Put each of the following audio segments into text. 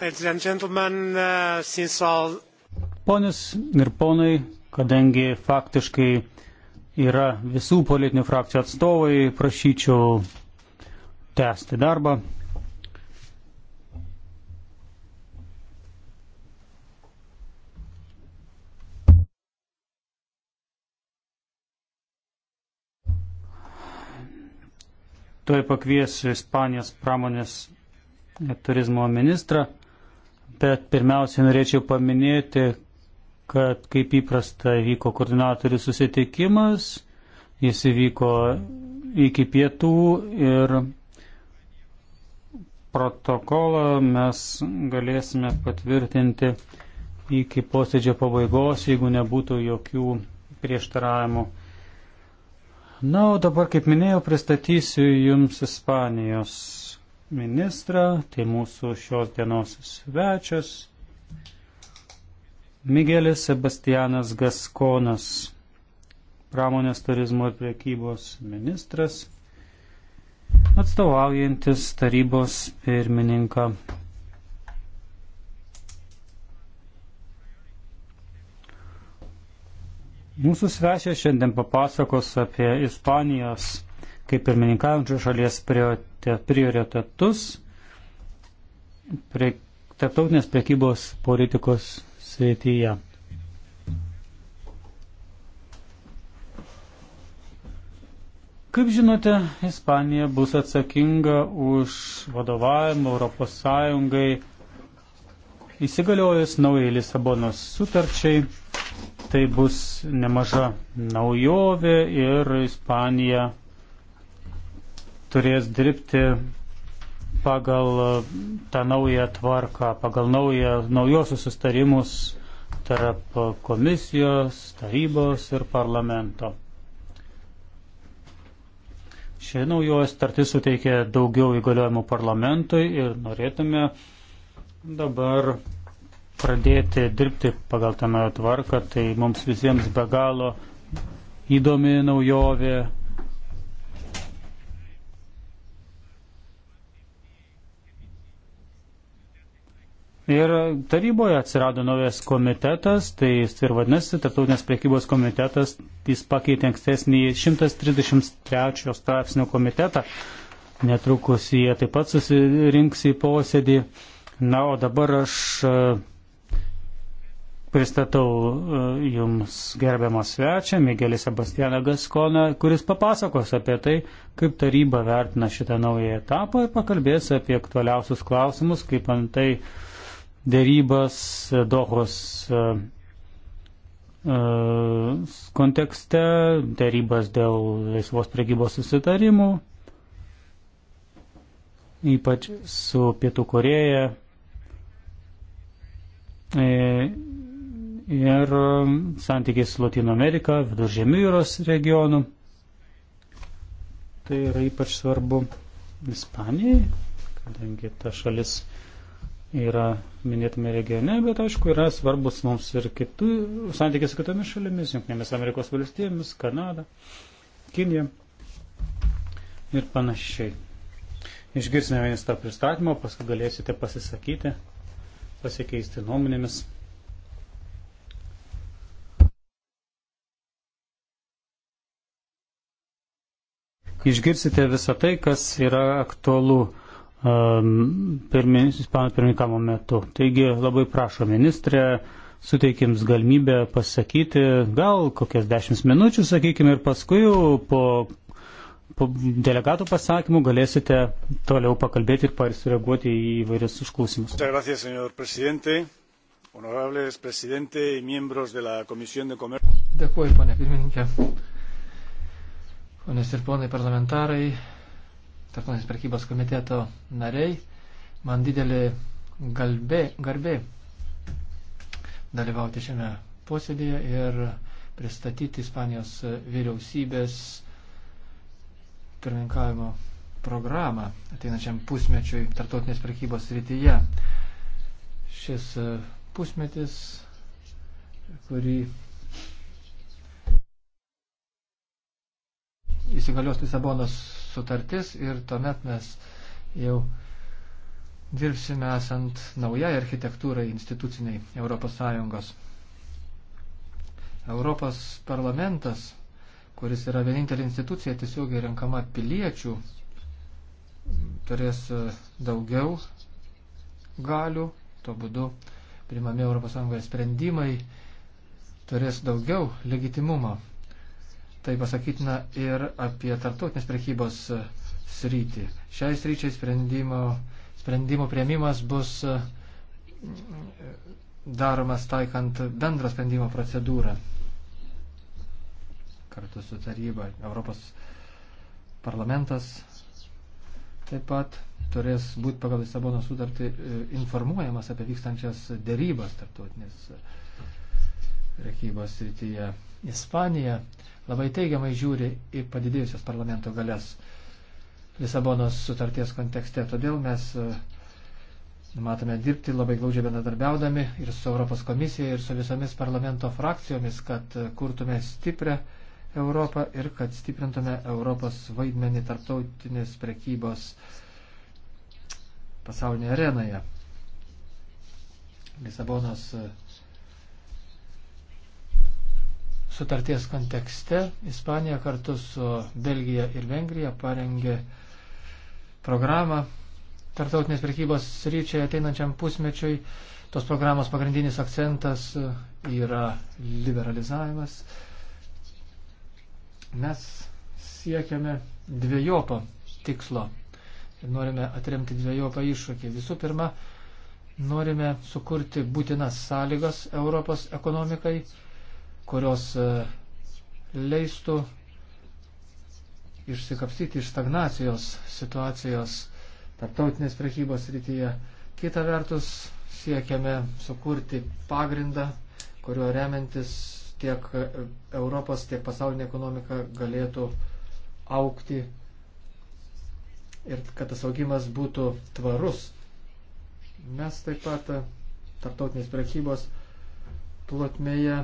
Uh, Ponius ir ponai, kadangi faktiškai yra visų politinių frakcijų atstovai, prašyčiau tęsti darbą. Tuoj pakviesiu Ispanijos pramonės turizmo ministrą, bet pirmiausiai norėčiau paminėti, kad kaip įprasta vyko koordinatorių susitikimas, jis įvyko iki pietų ir protokolą mes galėsime patvirtinti iki posėdžio pabaigos, jeigu nebūtų jokių prieštaravimų. Na, o dabar, kaip minėjau, pristatysiu Jums Ispanijos ministrą, tai mūsų šios dienos svečias Migelis Sebastianas Gaskonas, pramonės turizmo ir priekybos ministras, atstovaujantis tarybos pirmininką. Mūsų svečias šiandien papasakos apie Ispanijos kaip pirmininkaujančių šalies prioritetus prie tarptautinės prekybos politikos srityje. Kaip žinote, Ispanija bus atsakinga už vadovavimą Europos Sąjungai įsigaliojus naujai Lisabonos sutarčiai. Tai bus nemaža naujovė ir Ispanija turės dirbti pagal tą naują tvarką, pagal naują, naujosius sustarimus tarp komisijos, tarybos ir parlamento. Ši naujoji startis suteikia daugiau įgaliojimų parlamentui ir norėtume dabar pradėti dirbti pagal tą naują tvarką. Tai mums visiems be galo įdomi naujovė, Ir taryboje atsirado naujas komitetas, tai jis ir vadinasi, Tartautinės priekybos komitetas, jis pakeitė ankstesnį 133 straipsnio komitetą. Netrukus jie taip pat susirinks į posėdį. Na, o dabar aš e, pristatau e, jums gerbiamą svečią, Miguelį Sebastianą Gaskoną, kuris papasakos apie tai, kaip taryba vertina šitą naują etapą ir pakalbės apie aktualiausius klausimus, kaip antai tai dėrybas Dohos e, e, kontekste, dėrybas dėl laisvos prekybos susitarimų, ypač su Pietų Koreja. E, ir santykiai su Latino Amerika, Viduržėmių jūros regionu. Tai yra ypač svarbu Ispanijai, kadangi ta šalis yra minėtame regione, bet aišku yra svarbus mums ir kitų santykiai su kitomis šalimis, Junktinėmis Amerikos valstybėmis, Kanada, Kinija ir panašiai. Išgirsime vienas tą pristatymą, paskui galėsite pasisakyti, pasikeisti nuomonėmis. Išgirsite visą tai, kas yra aktualu Ehm, ispanų pirmininkamo metu. Taigi labai prašo ministrė, suteikim galimybę pasakyti gal kokias dešimt minučių, sakykime, ir paskui po, po delegatų pasakymų galėsite toliau pakalbėti ir sureaguoti į įvairius užklausimus. Dėkuoju, ponė pirmininkė. Ponės ir ponai parlamentarai, Tarptautinės prekybos komiteto nariai, man didelė galbė, garbė dalyvauti šiame posėdėje ir pristatyti Ispanijos vyriausybės pirmininkavimo programą ateinačiam pusmečiui tarptautinės prekybos rytyje. Šis e, pusmetis, kurį įsigalios Lisabonos sutartis ir tuomet mes jau dirbsime esant naujai architektūrai instituciniai ES. Europos parlamentas, kuris yra vienintelė institucija tiesiogiai renkama piliečių, turės e, daugiau galių, to būdu primami ES sprendimai turės daugiau legitimumo. Tai pasakytina ir apie tarptautinės prekybos sritį. Šiai sryčiai sprendimo, sprendimo prieimimas bus mm, daromas taikant bendrą sprendimo procedūrą kartu su taryba. Europos parlamentas taip pat turės būti pagal Lisabono sutartį e, informuojamas apie vykstančias dėrybas tarptautinės prekybos srityje. Ispanija labai teigiamai žiūri į padidėjusios parlamento galės Lisabonos sutarties kontekste. Todėl mes e, matome dirbti labai glaudžiai bendradarbiaudami ir su Europos komisija, ir su visomis parlamento frakcijomis, kad e, kurtume stiprią Europą ir kad stiprintume Europos vaidmenį tarptautinės prekybos pasaulinėje arenoje. Lisabonos e, sutarties kontekste Ispanija kartu su Belgija ir Vengrija parengė programą tartautinės prekybos ryčiai ateinančiam pusmečiui. Tos programos pagrindinis akcentas yra liberalizavimas. Mes siekiame dviejopo tikslo ir norime atremti dviejopą iššūkį. Visų pirma, norime sukurti būtinas sąlygas Europos ekonomikai kurios e, leistų išsikapstyti iš stagnacijos situacijos tarptautinės prekybos rytyje. Kita vertus, siekiame sukurti pagrindą, kuriuo remiantis tiek Europos, tiek pasaulinė ekonomika galėtų aukti ir kad tas augimas būtų tvarus. Mes taip pat tarptautinės prekybos plotmėje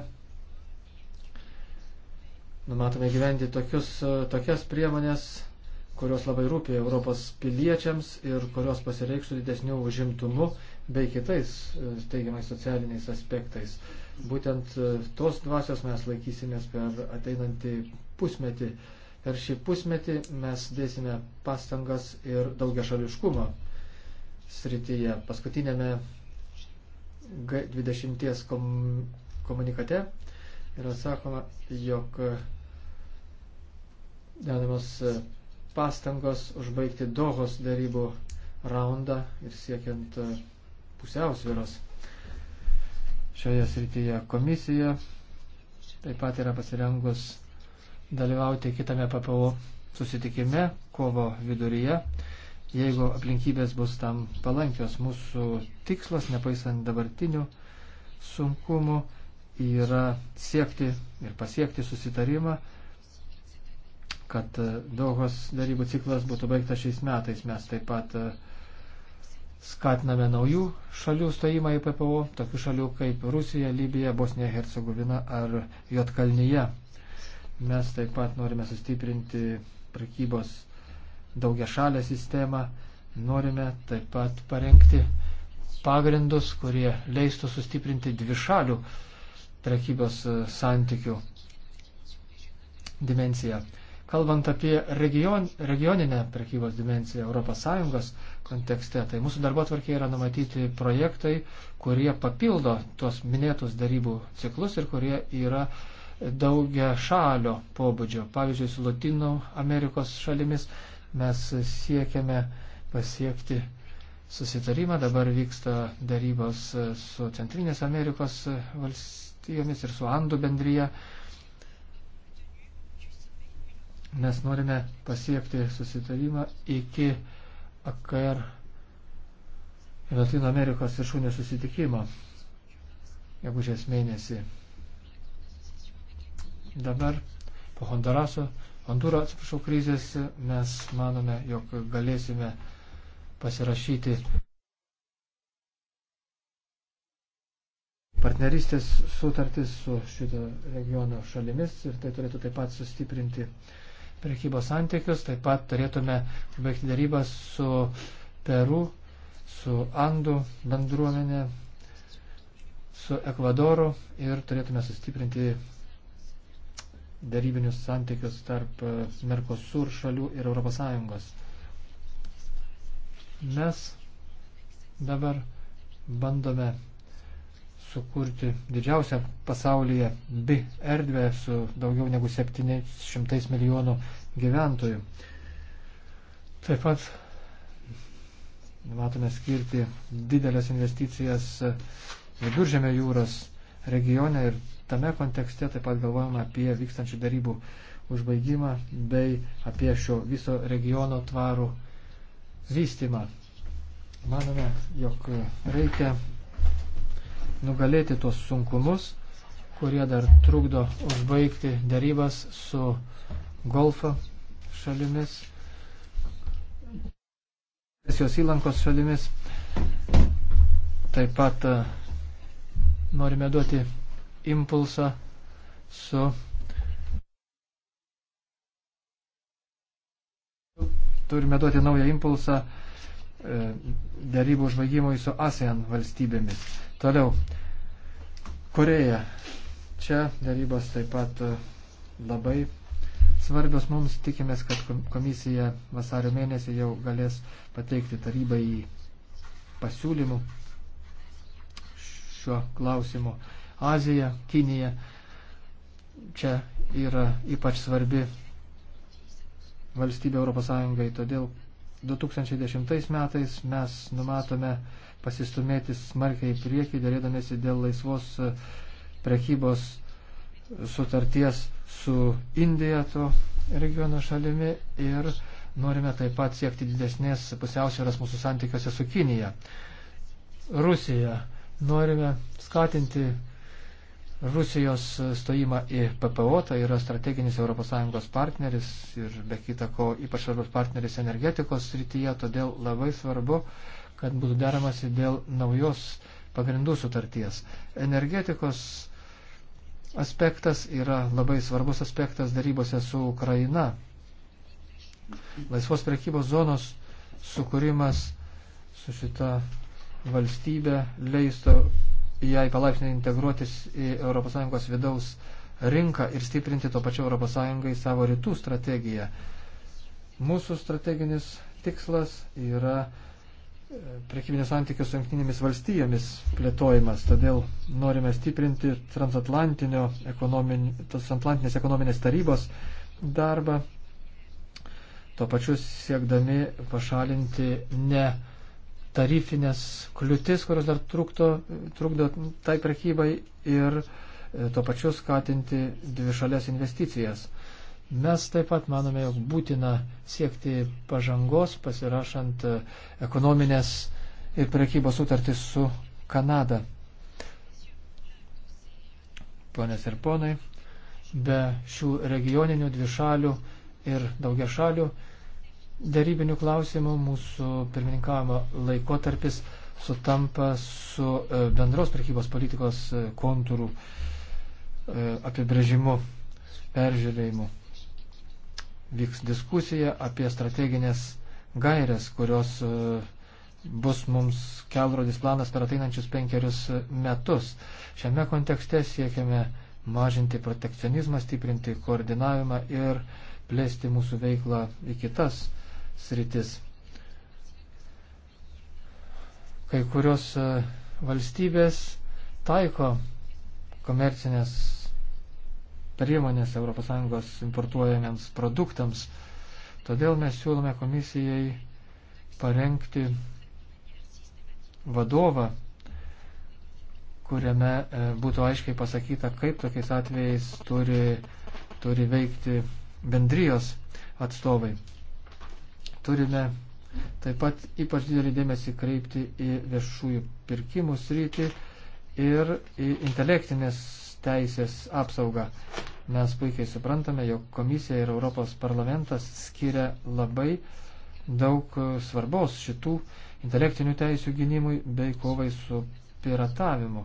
numatome gyventi tokius, e, tokias priemonės, kurios labai rūpia Europos piliečiams ir kurios pasireikštų didesnių užimtumu bei kitais e, teigiamais socialiniais aspektais. Būtent e, tos dvasios mes laikysimės per ateinantį pusmetį. Per šį pusmetį mes dėsime pastangas ir daugiašališkumo srityje. Paskutinėme G20 komunikate yra sakoma, jog dedamos e, pastangos užbaigti Dohos darybų raundą ir siekiant e, pusiausviros. Šioje srityje komisija taip pat yra pasirengus dalyvauti kitame PPO susitikime kovo viduryje, jeigu aplinkybės bus tam palankios. Mūsų tikslas, nepaisant dabartinių sunkumų, yra siekti ir pasiekti susitarimą kad e, Dohos darybų ciklas būtų baigtas šiais metais. Mes taip pat e, skatiname naujų šalių stojimą į PPO, tokių šalių kaip Rusija, Libija, Bosnija, Hercegovina ar Jotkalnyje. Mes taip pat norime sustiprinti prekybos daugia šalę sistemą, norime taip pat parengti pagrindus, kurie leistų sustiprinti dvišalių prekybos e, santykių dimensiją. Kalbant apie region, regioninę prekybos dimenciją ES kontekste, tai mūsų darbo tvarkė yra numatyti projektai, kurie papildo tuos minėtus darybų ciklus ir kurie yra daugia šalio pobūdžio. Pavyzdžiui, su Latino Amerikos šalimis mes siekiame pasiekti susitarimą. Dabar vyksta darybos su Centrinės Amerikos valstybėmis ir su Andų bendryje. Mes norime pasiekti susitarimą iki AKR ir Latino Amerikos viršūnė susitikimo, jeigu žies mėnesį. Dabar po Honduraso, Honduro atsiprašau krizės mes manome, jog galėsime pasirašyti partnerystės sutartis su šito regiono šalimis ir tai turėtų taip pat sustiprinti uh, prekybos santykius, taip pat turėtume baigti darybas su Peru, su Andų bendruomenė, su Ekvadoru ir turėtume sustiprinti darybinius santykius tarp e, Merkosur šalių ir ES. Mes dabar bandome sukurti didžiausią pasaulyje bi erdvę su daugiau negu 700 milijonų gyventojų. Taip pat matome skirti didelės investicijas viduržėmio jūros regione ir tame kontekste taip pat galvojame apie vykstančių darybų užbaigimą bei apie šio viso regiono tvarų vystimą. Manome, jog reikia nugalėti tos sunkumus, kurie dar trukdo užbaigti darybas su Golfo šalimis, Persijos įlankos šalimis. Taip pat e, norime duoti impulsą su turime duoti naują impulsą e, darybų užvaigimui su ASEAN valstybėmis. Toliau. Koreja. Čia darybos taip pat e, labai svarbios mums. Tikimės, kad komisija vasario mėnesį jau galės pateikti tarybai į pasiūlymų šiuo klausimu. Azija, Kinija. Čia yra ypač svarbi valstybė Europos Sąjungai, todėl 2010 metais mes numatome pasistumėti smarkiai į priekį, dėrėdamėsi dėl laisvos e, prekybos sutarties su Indija, to regiono šalimi ir norime taip pat siekti didesnės pusiausvėros mūsų santykiuose su Kinija. Rusija. Norime skatinti Rusijos stojimą į PPO, tai yra strateginis ES partneris ir be kita ko ypač svarbus partneris energetikos srityje, todėl labai svarbu, kad būtų deramasi dėl naujos pagrindų sutarties. Energetikos aspektas yra labai svarbus aspektas darybose su Ukraina. Laisvos prekybos zonos sukūrimas su šita valstybė leistų jai palaipsniui integruotis į ES vidaus rinką ir stiprinti to pačiu ES savo rytų strategiją. Mūsų strateginis tikslas yra prekybinių santykių su jungtinėmis valstijomis plėtojimas. Todėl norime stiprinti ekonomin, transatlantinės ekonominės tarybos darbą, tuo pačiu siekdami pašalinti ne tarifinės kliūtis, kurios dar trukdo, trukdo tai prekybai ir e, tuo pačiu skatinti dvišalės investicijas. Mes taip pat manome, jog būtina siekti pažangos pasirašant e, ekonominės ir prekybos sutartys su Kanada. Ponės ir ponai, be šių regioninių dvišalių ir daugia šalių dėrybinių klausimų mūsų pirmininkavimo laikotarpis sutampa su e, bendros prekybos politikos e, kontūrų apibrėžimu, peržiūrėjimu vyks diskusija apie strateginės gairias, kurios e, bus mums kelrodis planas per ateinančius penkerius metus. Šiame kontekste siekiame mažinti protekcionizmą, stiprinti koordinavimą ir plėsti mūsų veiklą į kitas sritis. Kai kurios e, valstybės taiko komercinės priemonės ES importuojamiems produktams. Todėl mes siūlome komisijai parengti vadovą, kuriame e, būtų aiškiai pasakyta, kaip tokiais atvejais turi, turi veikti bendrijos atstovai. Turime taip pat ypač didelį dėmesį kreipti į viešųjų pirkimų sritį ir į intelektinės teisės apsaugą. Mes puikiai suprantame, jog komisija ir Europos parlamentas skiria labai daug svarbos šitų intelektinių teisių gynimui bei kovai su piratavimu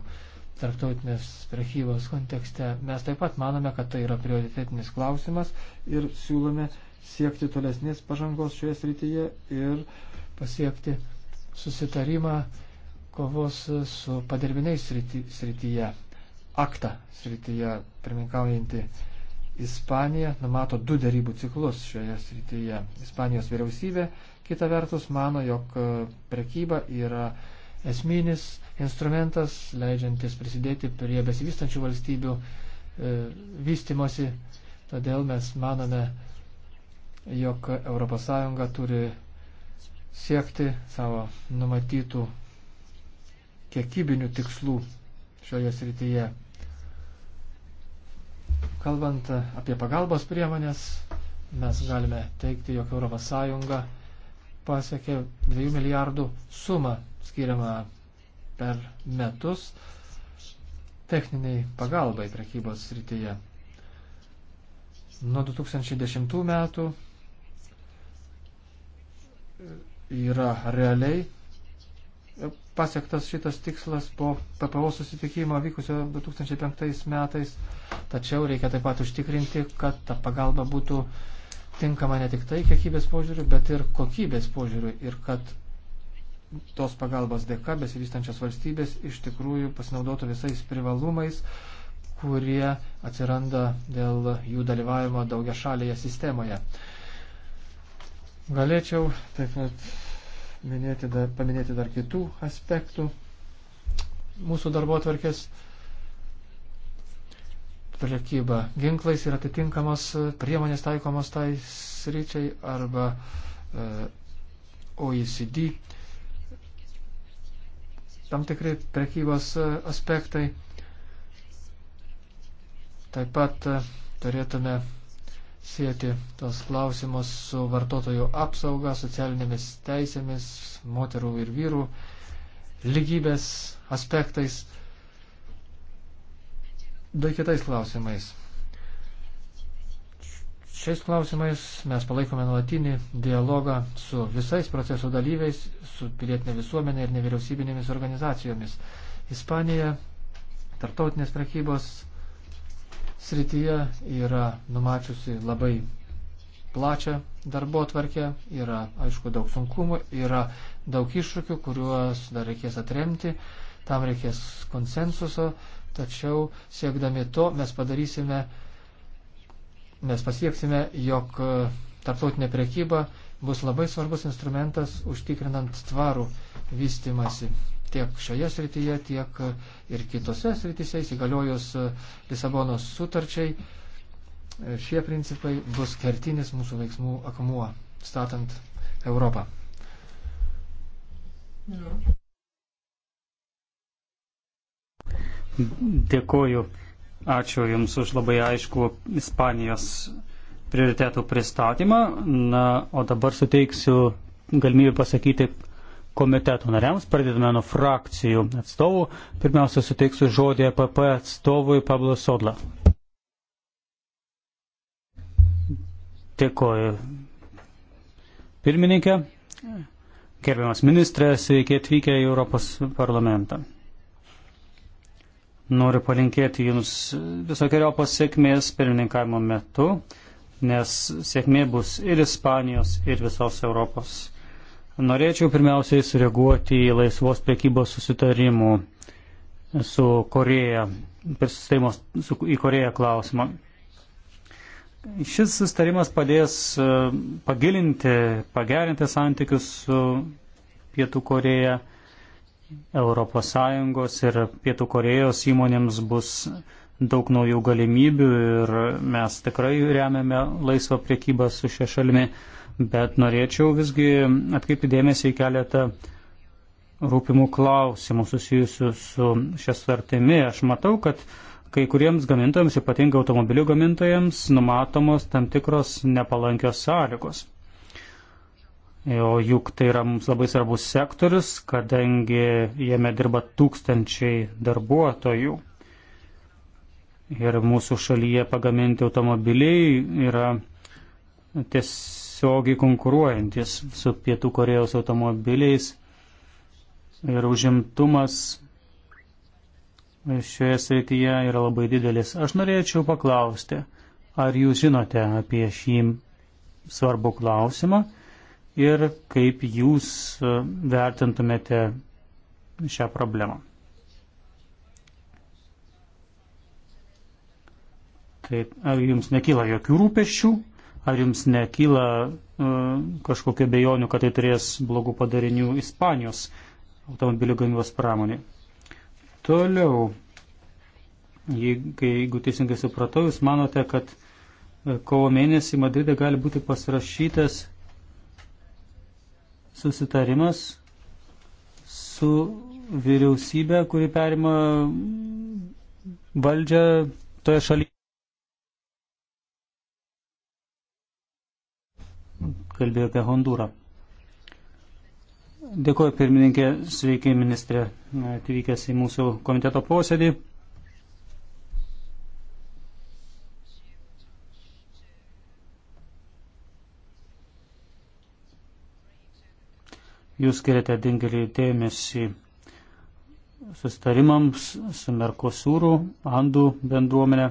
tarptautinės prekybos kontekste. Mes taip pat manome, kad tai yra prioritetinis klausimas ir siūlome siekti tolesnės pažangos šioje srityje ir pasiekti susitarimą kovos su padirbiniais srityje aktą srityje pirmininkaujantį Ispanija numato du dėrybų ciklus šioje srityje. Ispanijos vyriausybė kita vertus mano, jog e, prekyba yra esminis instrumentas, leidžiantis prisidėti prie besivystančių valstybių e, vystimosi. Todėl mes manome, jog ES turi siekti savo numatytų kiekybinių tikslų šioje srityje. Kalbant apie pagalbos priemonės, mes galime teikti, jog ES pasiekė 2 milijardų sumą skiriamą per metus techniniai pagalbai prekybos srityje. Nuo 2010 metų yra realiai pasiektas šitas tikslas po PPO susitikimo vykusio 2005 metais, tačiau reikia taip pat užtikrinti, kad ta pagalba būtų tinkama ne tik tai kiekybės požiūrių, bet ir kokybės požiūrių ir kad tos pagalbos dėka besivystančios valstybės iš tikrųjų pasinaudotų visais privalumais, kurie atsiranda dėl jų dalyvavimo daugia šalėje sistemoje. Galėčiau taip pat minėti dar, paminėti dar kitų aspektų mūsų darbo atvarkės. Prekyba ginklais ir atitinkamos priemonės taikomos tai sričiai arba e, OECD tam tikri prekybos e, aspektai. Taip pat e, turėtume sėti tos klausimus su vartotojų apsauga, socialinėmis teisėmis, moterų ir vyrų lygybės aspektais bei kitais klausimais. Šiais klausimais mes palaikome nuolatinį dialogą su visais proceso dalyviais, su pilietinė visuomenė ir nevyriausybinėmis organizacijomis. Ispanija, tarptautinės prekybos srityje yra numačiusi labai plačią darbo atvarkę, yra aišku daug sunkumų, yra daug iššūkių, kuriuos dar reikės atremti, tam reikės konsensuso, tačiau siekdami to mes padarysime, mes pasieksime, jog e, tarptautinė prekyba bus labai svarbus instrumentas užtikrinant tvarų vystimasi tiek šioje srityje, tiek ir kitose srityse įsigaliojus Lisabonos sutarčiai. Šie principai bus kertinis mūsų veiksmų akmuo, statant Europą. Dėkoju. Ačiū Jums už labai aišku Ispanijos prioritetų pristatymą. Na, o dabar suteiksiu galimybę pasakyti komiteto nariams, pradedame nuo frakcijų atstovų. Pirmiausia, suteiksiu žodį APP e atstovui Pablo Sodla. Dėkoju. Pirmininkė, gerbiamas ministrė, sveiki atvykę į Europos parlamentą. Noriu palinkėti Jums visokiojo pasiekmės pirmininkavimo metu, nes sėkmė bus ir Ispanijos, ir visos Europos Norėčiau pirmiausiai sureaguoti į laisvos priekybos susitarimų su Koreja, per susitarimą su, į Koreją klausimą. Šis sustarimas padės e, pagilinti, pagerinti santykius su Pietų Koreja, ES ir Pietų Korejos įmonėms bus daug naujų galimybių ir mes tikrai remiame laisvą priekybą su šia šalimi bet norėčiau visgi atkreipti dėmesį į keletą rūpimų klausimų susijusių su šia svartimi. Aš matau, kad kai kuriems gamintojams, ypatingai automobilių gamintojams, numatomos tam tikros nepalankios sąlygos. O juk tai yra mums labai svarbus sektorius, kadangi jame dirba tūkstančiai darbuotojų. Ir mūsų šalyje pagaminti automobiliai yra ties tiesiogiai konkuruojantis su Pietų Korejos automobiliais ir užimtumas šioje srityje yra labai didelis. Aš norėčiau paklausti, ar jūs žinote apie šį svarbų klausimą ir kaip jūs e, vertintumėte šią problemą. Taip, ar jums nekyla jokių rūpeščių Ar jums nekyla e, kažkokio bejonių, kad tai turės blogų padarinių Ispanijos automobilių gamybos pramonė? Toliau, jeigu teisingai supratau, jūs manote, kad e, kovo mėnesį Madride gali būti pasirašytas susitarimas su vyriausybė, kuri perima valdžią toje šalyje. kalbėjo apie Hondūrą. Dėkuoju pirmininkė, sveiki ministrė atvykęs į mūsų komiteto posėdį. Jūs skiriate dingelį dėmesį sustarimams su Merkosūru, Andų bendruomenė,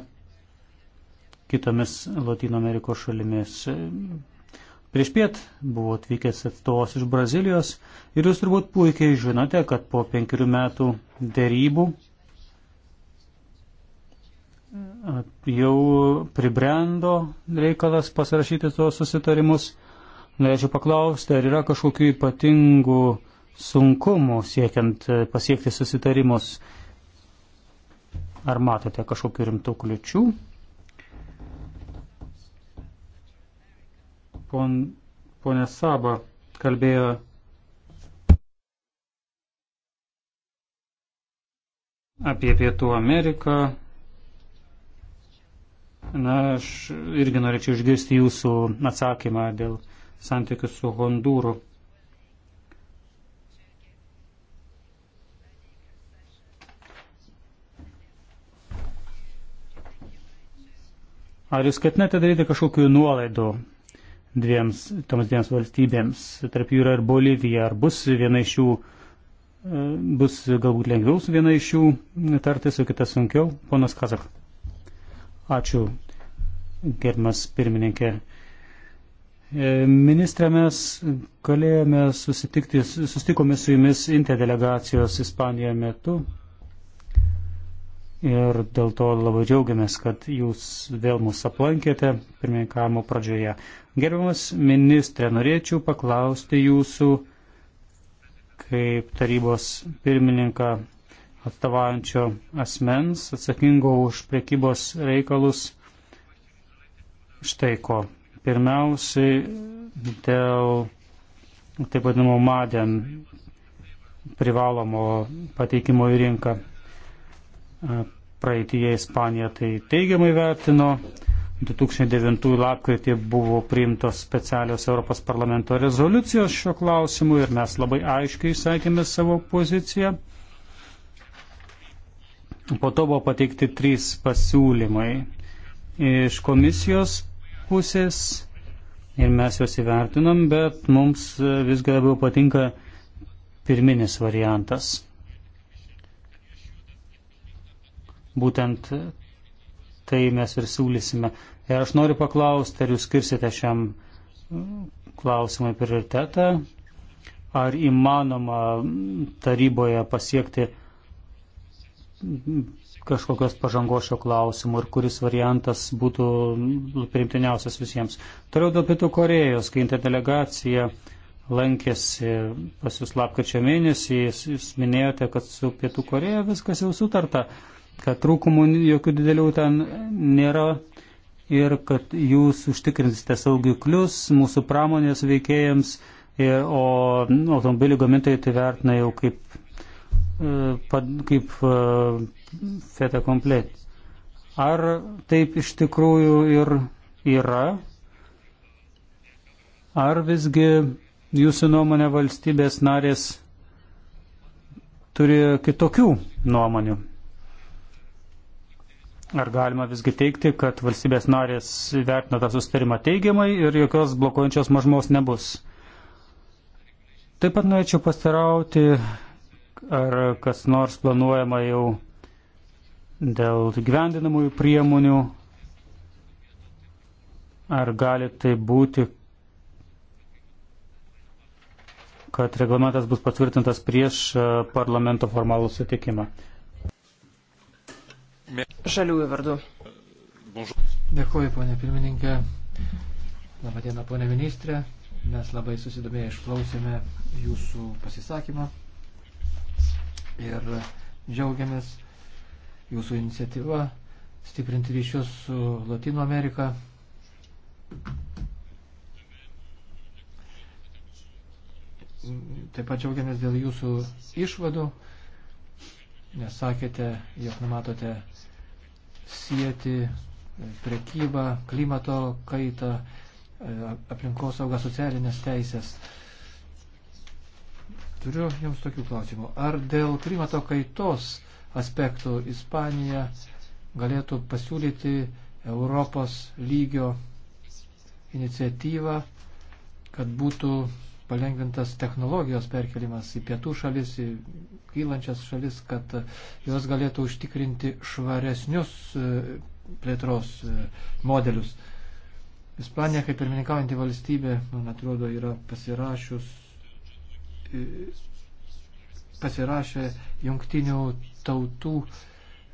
kitomis Latino Amerikos šalimis. Prieš piet buvo atvykęs atstovas iš Brazilijos ir jūs turbūt puikiai žinote, kad po penkerių metų dėrybų jau pribrendo reikalas pasirašyti tuos susitarimus. Norėčiau paklausti, ar yra kažkokių ypatingų sunkumų siekiant e, pasiekti susitarimus? Ar matote kažkokių rimtų kliučių? pon, ponė Saba kalbėjo apie Pietų Ameriką. Na, aš irgi norėčiau išgirsti jūsų atsakymą dėl santykių su Hondūru. Ar jūs ketinate daryti kažkokių nuolaidų dviems, toms dviems valstybėms. Tarp jų yra ir Bolivija. Ar bus viena iš jų, e, bus galbūt lengviau su viena iš jų tartis, su kita sunkiau? Ponas Kazak. Ačiū, gerbimas pirmininkė. E, ministrė, mes galėjome susitikti, susitikome su jumis Inte delegacijos Ispanijoje metu ir dėl to labai džiaugiamės, kad jūs vėl mus aplankėte pirmininkavimo pradžioje. Gerbiamas ministrė, norėčiau paklausti jūsų kaip tarybos pirmininką atstovaujančio asmens, atsakingo už priekybos reikalus. Štai ko. Pirmiausiai dėl taip vadinamo madėm privalomo pateikimo į rinką Praeitie Ispanija tai teigiamai vertino. 2009 lapkritį buvo priimtos specialios Europos parlamento rezoliucijos šio klausimu ir mes labai aiškiai išsakėme savo poziciją. Po to buvo pateikti trys pasiūlymai iš komisijos pusės ir mes juos įvertinom, bet mums visgi labiau patinka pirminis variantas. Būtent tai mes ir siūlysime. Ir aš noriu paklausti, ar jūs skirsite šiam klausimui prioritetą, ar įmanoma taryboje pasiekti kažkokios pažangos šio klausimu ir kuris variantas būtų priimtiniausias visiems. Toliau dėl Pietų Korejos, kai interdelegacija lankėsi pas jūs lapkačio mėnesį, jūs, jūs minėjote, kad su Pietų Koreja viskas jau sutarta. Uh, kad trūkumų jokių didelių ten nėra ir kad jūs užtikrinsite saugiklius mūsų pramonės veikėjams, o automobilių gamintojai tai vertina jau kaip, e, kaip e, feta komplet. Ar taip iš tikrųjų ir yra? Ar visgi jūsų nuomonė valstybės narės turi kitokių nuomonių? Ar galima visgi teikti, kad valstybės narės vertina tą sustarimą teigiamai ir jokios blokuojančios mažmos nebus? Taip pat norėčiau pastarauti, ar kas nors planuojama jau dėl gyvendinamųjų priemonių, ar gali tai būti, kad reglamentas bus patvirtintas prieš e, parlamento formalų sutikimą. Žaliųjų vardu. Dėkuoju, ponė pirmininkė. Labadiena, ponė ministrė. Mes labai susidomėję išklausėme jūsų pasisakymą ir džiaugiamės jūsų iniciatyva stiprinti ryšius su Latino Amerika. Taip pat džiaugiamės dėl jūsų išvadų, nes sakėte, jog numatote sieti prekybą, klimato kaitą, e, aplinkosaugą, socialinės teisės. Turiu Jums tokių klausimų. Ar dėl klimato kaitos aspektų Ispanija galėtų pasiūlyti Europos lygio iniciatyvą, kad būtų palengvintas technologijos perkelimas į pietų šalis, į kylančias šalis, kad jos galėtų užtikrinti švaresnius e, plėtros e, modelius. Ispanija, kaip pirmininkaujantį valstybę, man atrodo, yra pasirašius, e, pasirašė jungtinių tautų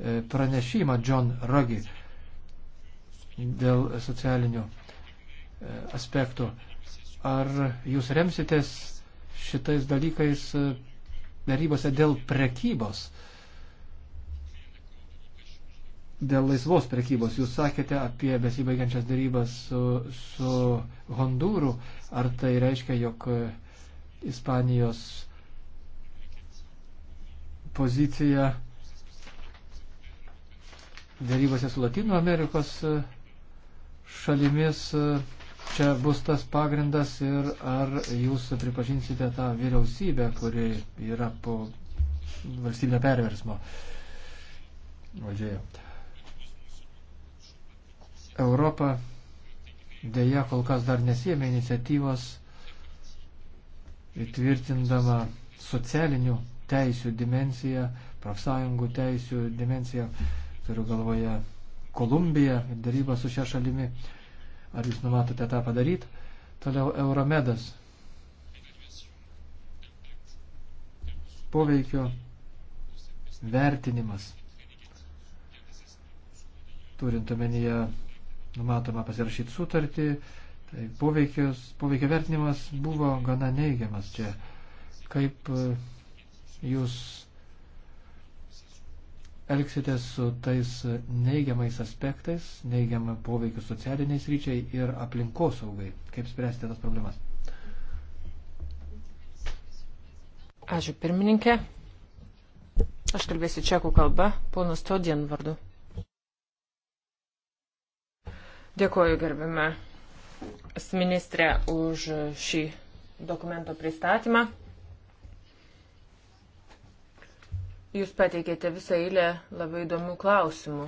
pranešimą John Ruggie dėl socialinių aspektų. Ar jūs remsitės šitais dalykais e, darybose dėl prekybos? Dėl laisvos prekybos. Jūs sakėte apie besibaigiančias darybas su, su Hondūru. Ar tai reiškia, jog e, Ispanijos pozicija darybose su Latino Amerikos e, šalimis čia bus tas pagrindas ir ar jūs pripažinsite tą vyriausybę, kuri yra po valstybinio perversmo valdžioje. Europa dėja kol kas dar nesėmė iniciatyvos įtvirtindama socialinių teisių dimenciją, profsąjungų teisių dimenciją, turiu galvoje Kolumbiją ir darybą su šia šalimi. Ar jūs numatote tą padaryti? Toliau Euromedas. Poveikio vertinimas. Turint omenyje numatoma pasirašyti sutartį, tai poveikios, poveikio vertinimas buvo gana neigiamas čia. Kaip e, jūs elgsitės su tais neigiamais aspektais, neigiamą poveikiu socialiniais ryčiai ir aplinkosaugai? Kaip spręsite tas problemas? Ačiū pirmininkė. Aš kalbėsiu čekų kalba, ponas Todien vardu. Dėkuoju gerbime ministrė už šį dokumento pristatymą. Jūs pateikėte visą eilę labai įdomių klausimų.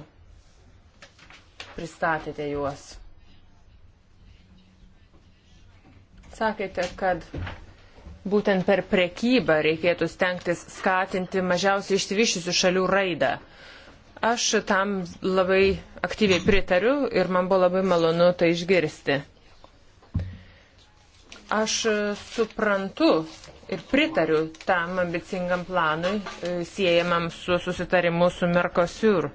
Pristatėte juos. Sakėte, kad būtent per prekybą reikėtų stengtis skatinti mažiausiai išsivyščiusių šalių raidą. Aš tam labai aktyviai pritariu ir man buvo labai malonu tai išgirsti. Aš suprantu ir pritariu tam ambicingam planui, e, siejamam su susitarimu su Merkosiur.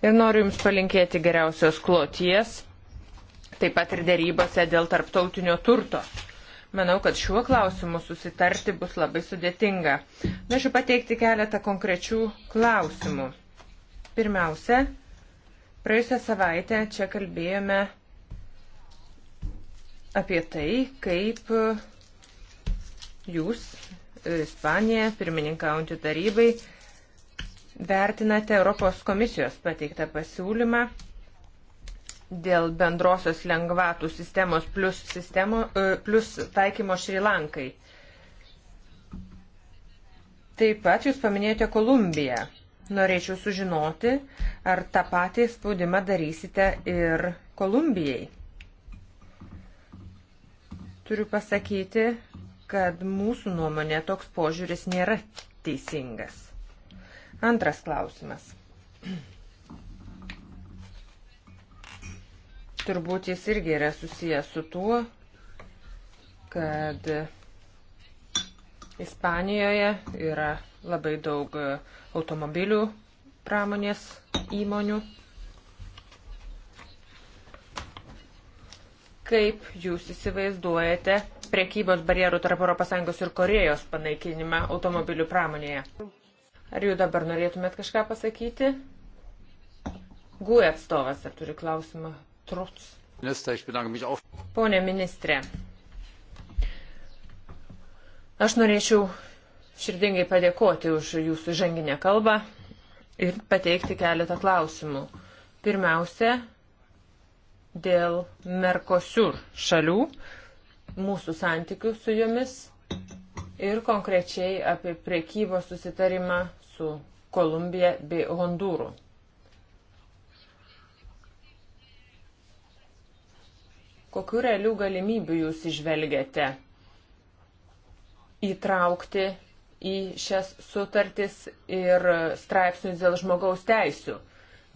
Ir noriu Jums palinkėti geriausios kloties, taip pat ir dėrybose dėl tarptautinio turto. Manau, kad šiuo klausimu susitarti bus labai sudėtinga. Norėčiau pateikti keletą konkrečių klausimų. Pirmiausia, praėjusią savaitę čia kalbėjome apie tai, kaip jūs, e, Ispanija, pirmininkaujantį tarybai, vertinate Europos komisijos pateiktą pasiūlymą dėl bendrosios lengvatų sistemos plus, sistemo, e, plus taikymo Šrilankai. Taip pat jūs paminėjote Kolumbiją. Norėčiau sužinoti, ar tą patį spaudimą darysite ir Kolumbijai. Turiu pasakyti, kad mūsų nuomonė toks požiūris nėra teisingas. Antras klausimas. Turbūt jis irgi yra susijęs su tuo, kad Ispanijoje yra labai daug automobilių pramonės įmonių. Kaip jūs įsivaizduojate, priekybos barjerų tarp ES ir Korejos panaikinimą automobilių pramonėje. Ar jau dabar norėtumėt kažką pasakyti? GUE atstovas, ar turi klausimą? Truts. Pone ministrė, aš norėčiau širdingai padėkoti už jūsų žanginę kalbą ir pateikti keletą klausimų. Pirmiausia, dėl Merkosur šalių, mūsų santykių su jomis ir konkrečiai apie priekybos susitarimą su Kolumbija bei Hondūru. Kokiu realių galimybių jūs išvelgiate įtraukti į šias sutartis ir straipsnius dėl žmogaus teisių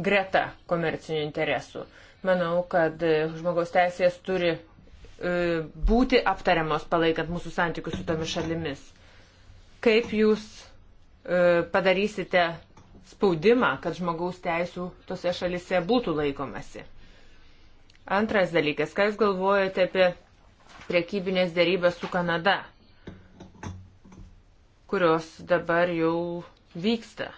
greta komercinių interesų? Manau, kad žmogaus teisės turi E, būti aptariamos palaikant mūsų santykius su tomis šalimis. Kaip jūs e, padarysite spaudimą, kad žmogaus teisų tose šalise būtų laikomasi? Antras dalykas, ką jūs galvojate apie priekybinės dėrybės su Kanada, kurios dabar jau vyksta?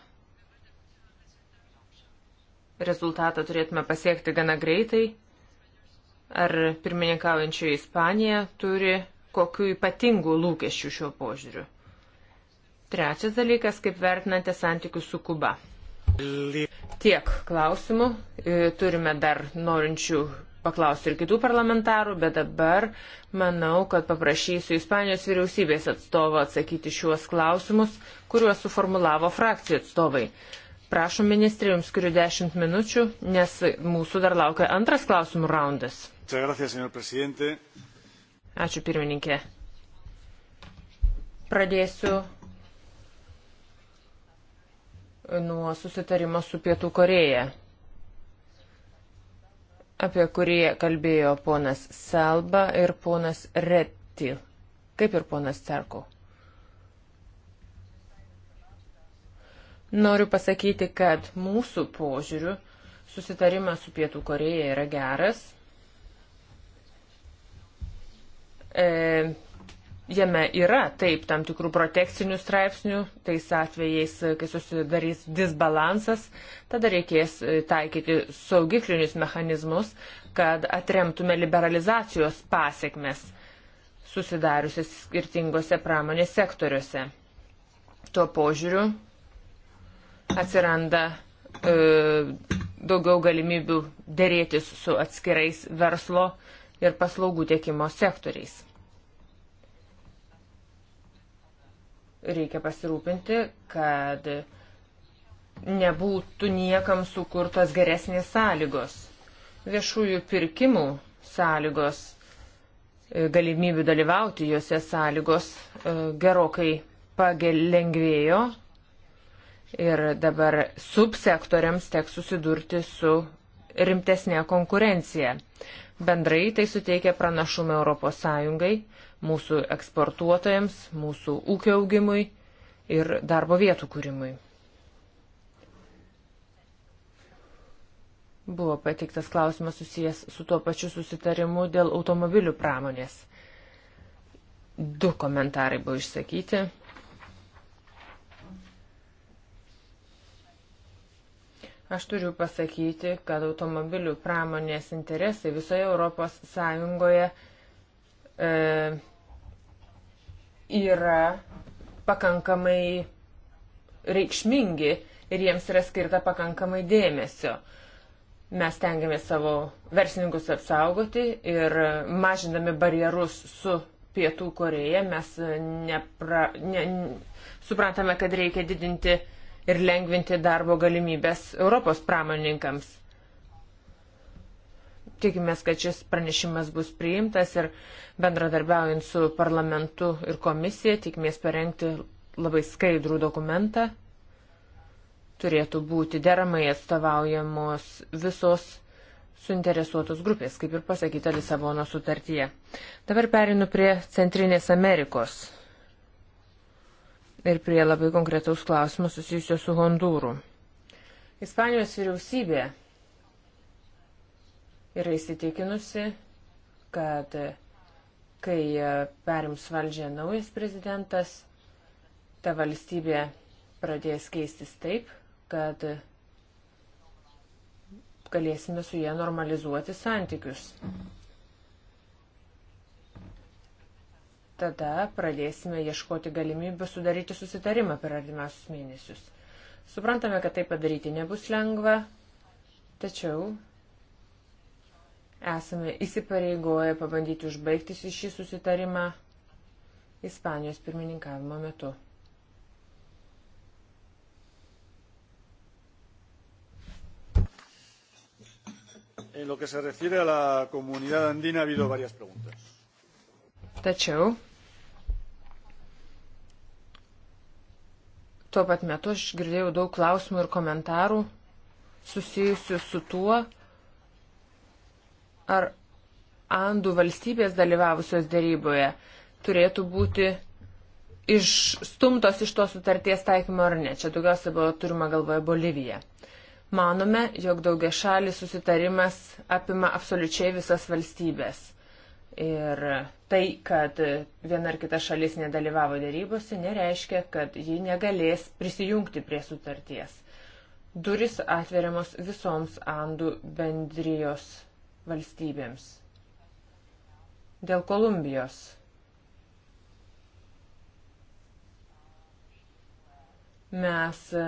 Rezultatą turėtume pasiekti gana greitai Ar pirmininkaujančioji Ispanija turi kokiu ypatingu lūkesčiu šiuo požiūriu? Trečias dalykas, kaip vertinate santykius su Kuba. Tiek klausimų. E, turime dar norinčių paklausti ir kitų parlamentarų, bet dabar manau, kad paprašysiu Ispanijos vyriausybės atstovo atsakyti šiuos klausimus, kuriuos suformulavo frakcijų atstovai. Prašom ministrė, jums skiriu 10 minučių, nes mūsų dar laukia antras klausimų raundas. Ačiū pirmininkė. Pradėsiu nuo susitarimo su Pietų Koreja, apie kurį kalbėjo ponas Salba ir ponas Retti, kaip ir ponas Cerkau. Noriu pasakyti, kad mūsų požiūriu susitarimas su Pietų Koreja yra geras. E, jame yra taip tam tikrų protekcinių straipsnių, tais atvejais, kai susidarys disbalansas, tada reikės e, taikyti saugiklinius mechanizmus, kad atremtume liberalizacijos pasiekmes susidariusias skirtingose pramonės sektoriuose. Tuo požiūriu atsiranda e, daugiau galimybių dėrėtis su atskirais verslo ir paslaugų tiekimo sektoriais. Reikia pasirūpinti, kad nebūtų niekam sukurtos geresnės sąlygos. Viešųjų pirkimų sąlygos, e, galimybių dalyvauti juose sąlygos e, gerokai pagelengvėjo Ir dabar subsektoriams teks susidurti su rimtesnė konkurencija. Bendrai tai suteikia pranašumą ES, mūsų eksportuotojams, mūsų ūkio augimui ir darbo vietų kūrimui. Buvo pateiktas klausimas susijęs su tuo pačiu susitarimu dėl automobilių pramonės. Du komentarai buvo išsakyti. Aš turiu pasakyti, kad automobilių pramonės interesai visoje Europos Sąjungoje e, yra pakankamai reikšmingi ir jiems yra skirta pakankamai dėmesio. Mes tengiamės savo verslininkus apsaugoti ir mažindami barjerus su Pietų Koreja mes nepra, ne, suprantame, kad reikia didinti uh, ir lengvinti darbo galimybės Europos pramoninkams. Tikimės, kad šis pranešimas bus priimtas ir bendradarbiaujant su parlamentu ir komisija, tikimės parengti labai skaidrų dokumentą. Turėtų būti deramai atstovaujamos visos suinteresuotos grupės, kaip ir pasakyta Lisabono sutartyje. Dabar perinu prie Centrinės Amerikos ir prie labai konkretaus klausimo susijusio su Hondūru. Ispanijos vyriausybė yra įsitikinusi, kad kai perims valdžią naujas prezidentas, ta valstybė pradės keistis taip, kad galėsime su jie normalizuoti santykius. Mhm tada pradėsime ieškoti galimybių sudaryti susitarimą per artimiausius mėnesius. Suprantame, kad tai padaryti nebus lengva, tačiau esame įsipareigoję pabandyti užbaigti šį susitarimą Ispanijos pirmininkavimo metu. En lo que se refiere a la comunidad andina ha habido varias preguntas. Tačiau tuo pat metu aš girdėjau daug klausimų ir komentarų susijusių su tuo, ar Andų valstybės dalyvavusios dėryboje turėtų būti išstumtos iš to sutarties taikymo ar ne. Čia daugiausia buvo turima galvoje Bolivija. Manome, jog daugia šalis susitarimas apima absoliučiai visas valstybės. Ir tai, kad viena ar kita šalis nedalyvavo dėrybose, nereiškia, kad ji negalės prisijungti prie sutarties. Duris atveriamos visoms Andų bendrijos valstybėms. Dėl Kolumbijos. Mes e,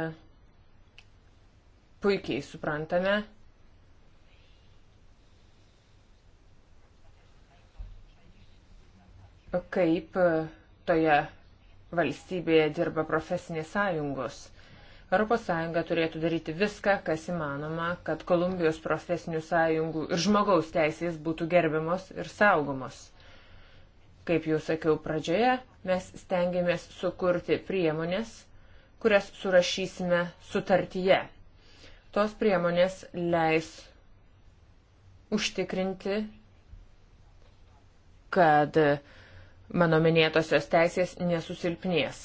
puikiai suprantame, kaip e, toje valstybėje dirba profesinės sąjungos. ES turėtų daryti viską, kas įmanoma, kad Kolumbijos profesinių sąjungų ir žmogaus teisės būtų gerbiamos ir saugomos. Kaip jau sakiau pradžioje, mes stengiamės sukurti priemonės, kurias surašysime sutartyje. Tos priemonės leis užtikrinti, kad uh, mano minėtosios teisės nesusilpnės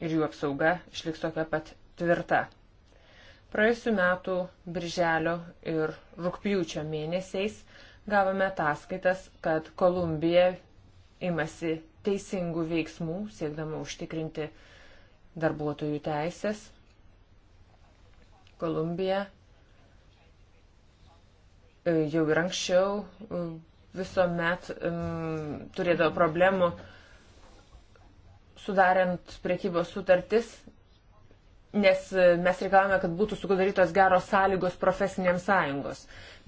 ir jų apsauga išliks tokia pat tvirta. Praėjusiu metu birželio ir rūpjūčio mėnesiais gavome ataskaitas, kad Kolumbija imasi teisingų veiksmų, siekdama užtikrinti darbuotojų teisės. Kolumbija e, jau ir anksčiau e, visuomet um, turėdavo problemų sudarant priekybos sutartis, nes e, mes reikalavome, kad būtų sudarytos geros sąlygos profesinėms sąjungos.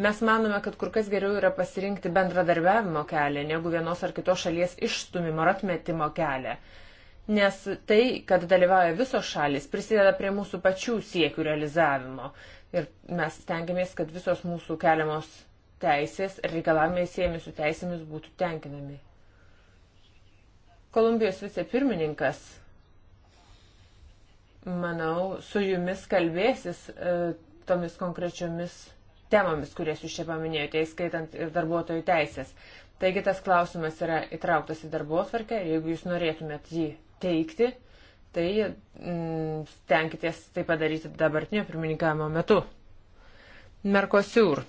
Mes manome, kad kur kas geriau yra pasirinkti bendradarbiavimo kelią, negu vienos ar kitos šalies išstumimo ar atmetimo kelią. Nes tai, kad dalyvauja visos šalis, prisideda prie mūsų pačių siekių realizavimo. Ir mes stengiamės, kad visos mūsų keliamos teisės reikalavimai siejami su teisėmis būtų tenkinami. Kolumbijos vicepirmininkas, manau, su jumis kalbėsis e, tomis konkrečiomis temomis, kurias jūs čia paminėjote, įskaitant ir darbuotojų teisės. Taigi tas klausimas yra įtrauktas į darbo atvarkę ir jeigu jūs norėtumėt jį teikti, tai mm, stenkitės tai padaryti dabartinio pirmininkavimo metu. Merkosiūr.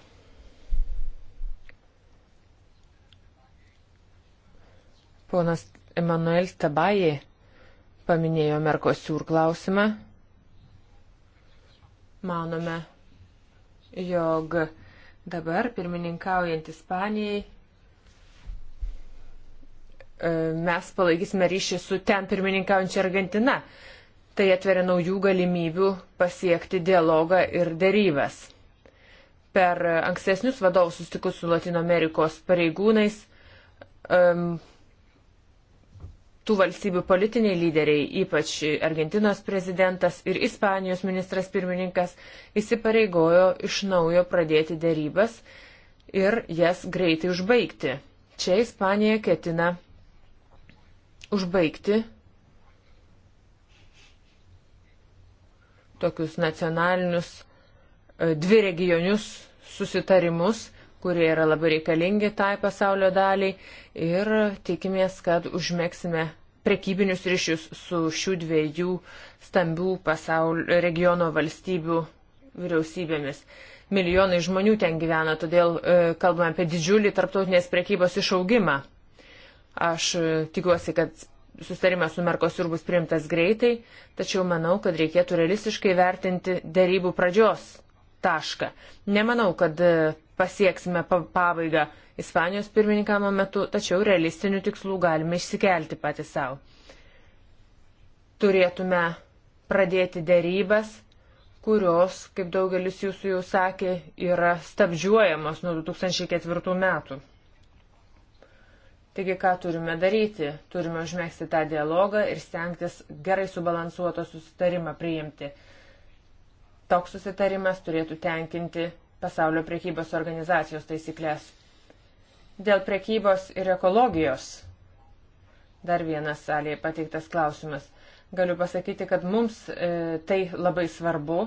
Ponas Emanuelis Tabaji paminėjo Merkosiūr klausimą. Manome, jog dabar pirmininkaujant Ispanijai e, mes palaikysime ryšį su ten pirmininkaujančia Argentina. Tai atveria naujų galimybių pasiekti dialogą ir dėrybas. Per ankstesnius vadovus sustikus su Latino Amerikos pareigūnais um, tų valstybių politiniai lyderiai, ypač Argentinos prezidentas ir Ispanijos ministras pirmininkas, įsipareigojo iš naujo pradėti dėrybas ir jas greitai užbaigti. Čia Ispanija ketina užbaigti tokius nacionalinius e, dvi regionius susitarimus, kurie yra labai reikalingi tai pasaulio daliai ir tikimės, kad užmėgsime prekybinius ryšius su šių dviejų stambių pasaulio regiono valstybių vyriausybėmis. Milijonai žmonių ten gyvena, todėl e, kalbame apie didžiulį tarptautinės prekybos išaugimą. Aš e, tikiuosi, kad sustarimas su Merkosur bus priimtas greitai, tačiau manau, kad reikėtų realistiškai vertinti dėrybų pradžios tašką. Nemanau, kad e, pasieksime pabaigą Ispanijos pirmininkamo metu, tačiau realistinių tikslų galime išsikelti patys savo. Turėtume pradėti dėrybas, kurios, kaip daugelis jūsų jau sakė, yra stabdžiuojamos nuo 2004 metų. Taigi, ką turime daryti? Turime užmėgsti tą dialogą ir stengtis gerai subalansuotą susitarimą priimti. Toks susitarimas turėtų tenkinti pasaulio priekybos organizacijos taisyklės. Dėl priekybos ir ekologijos. Dar vienas salėje pateiktas klausimas. Galiu pasakyti, kad mums e, tai labai svarbu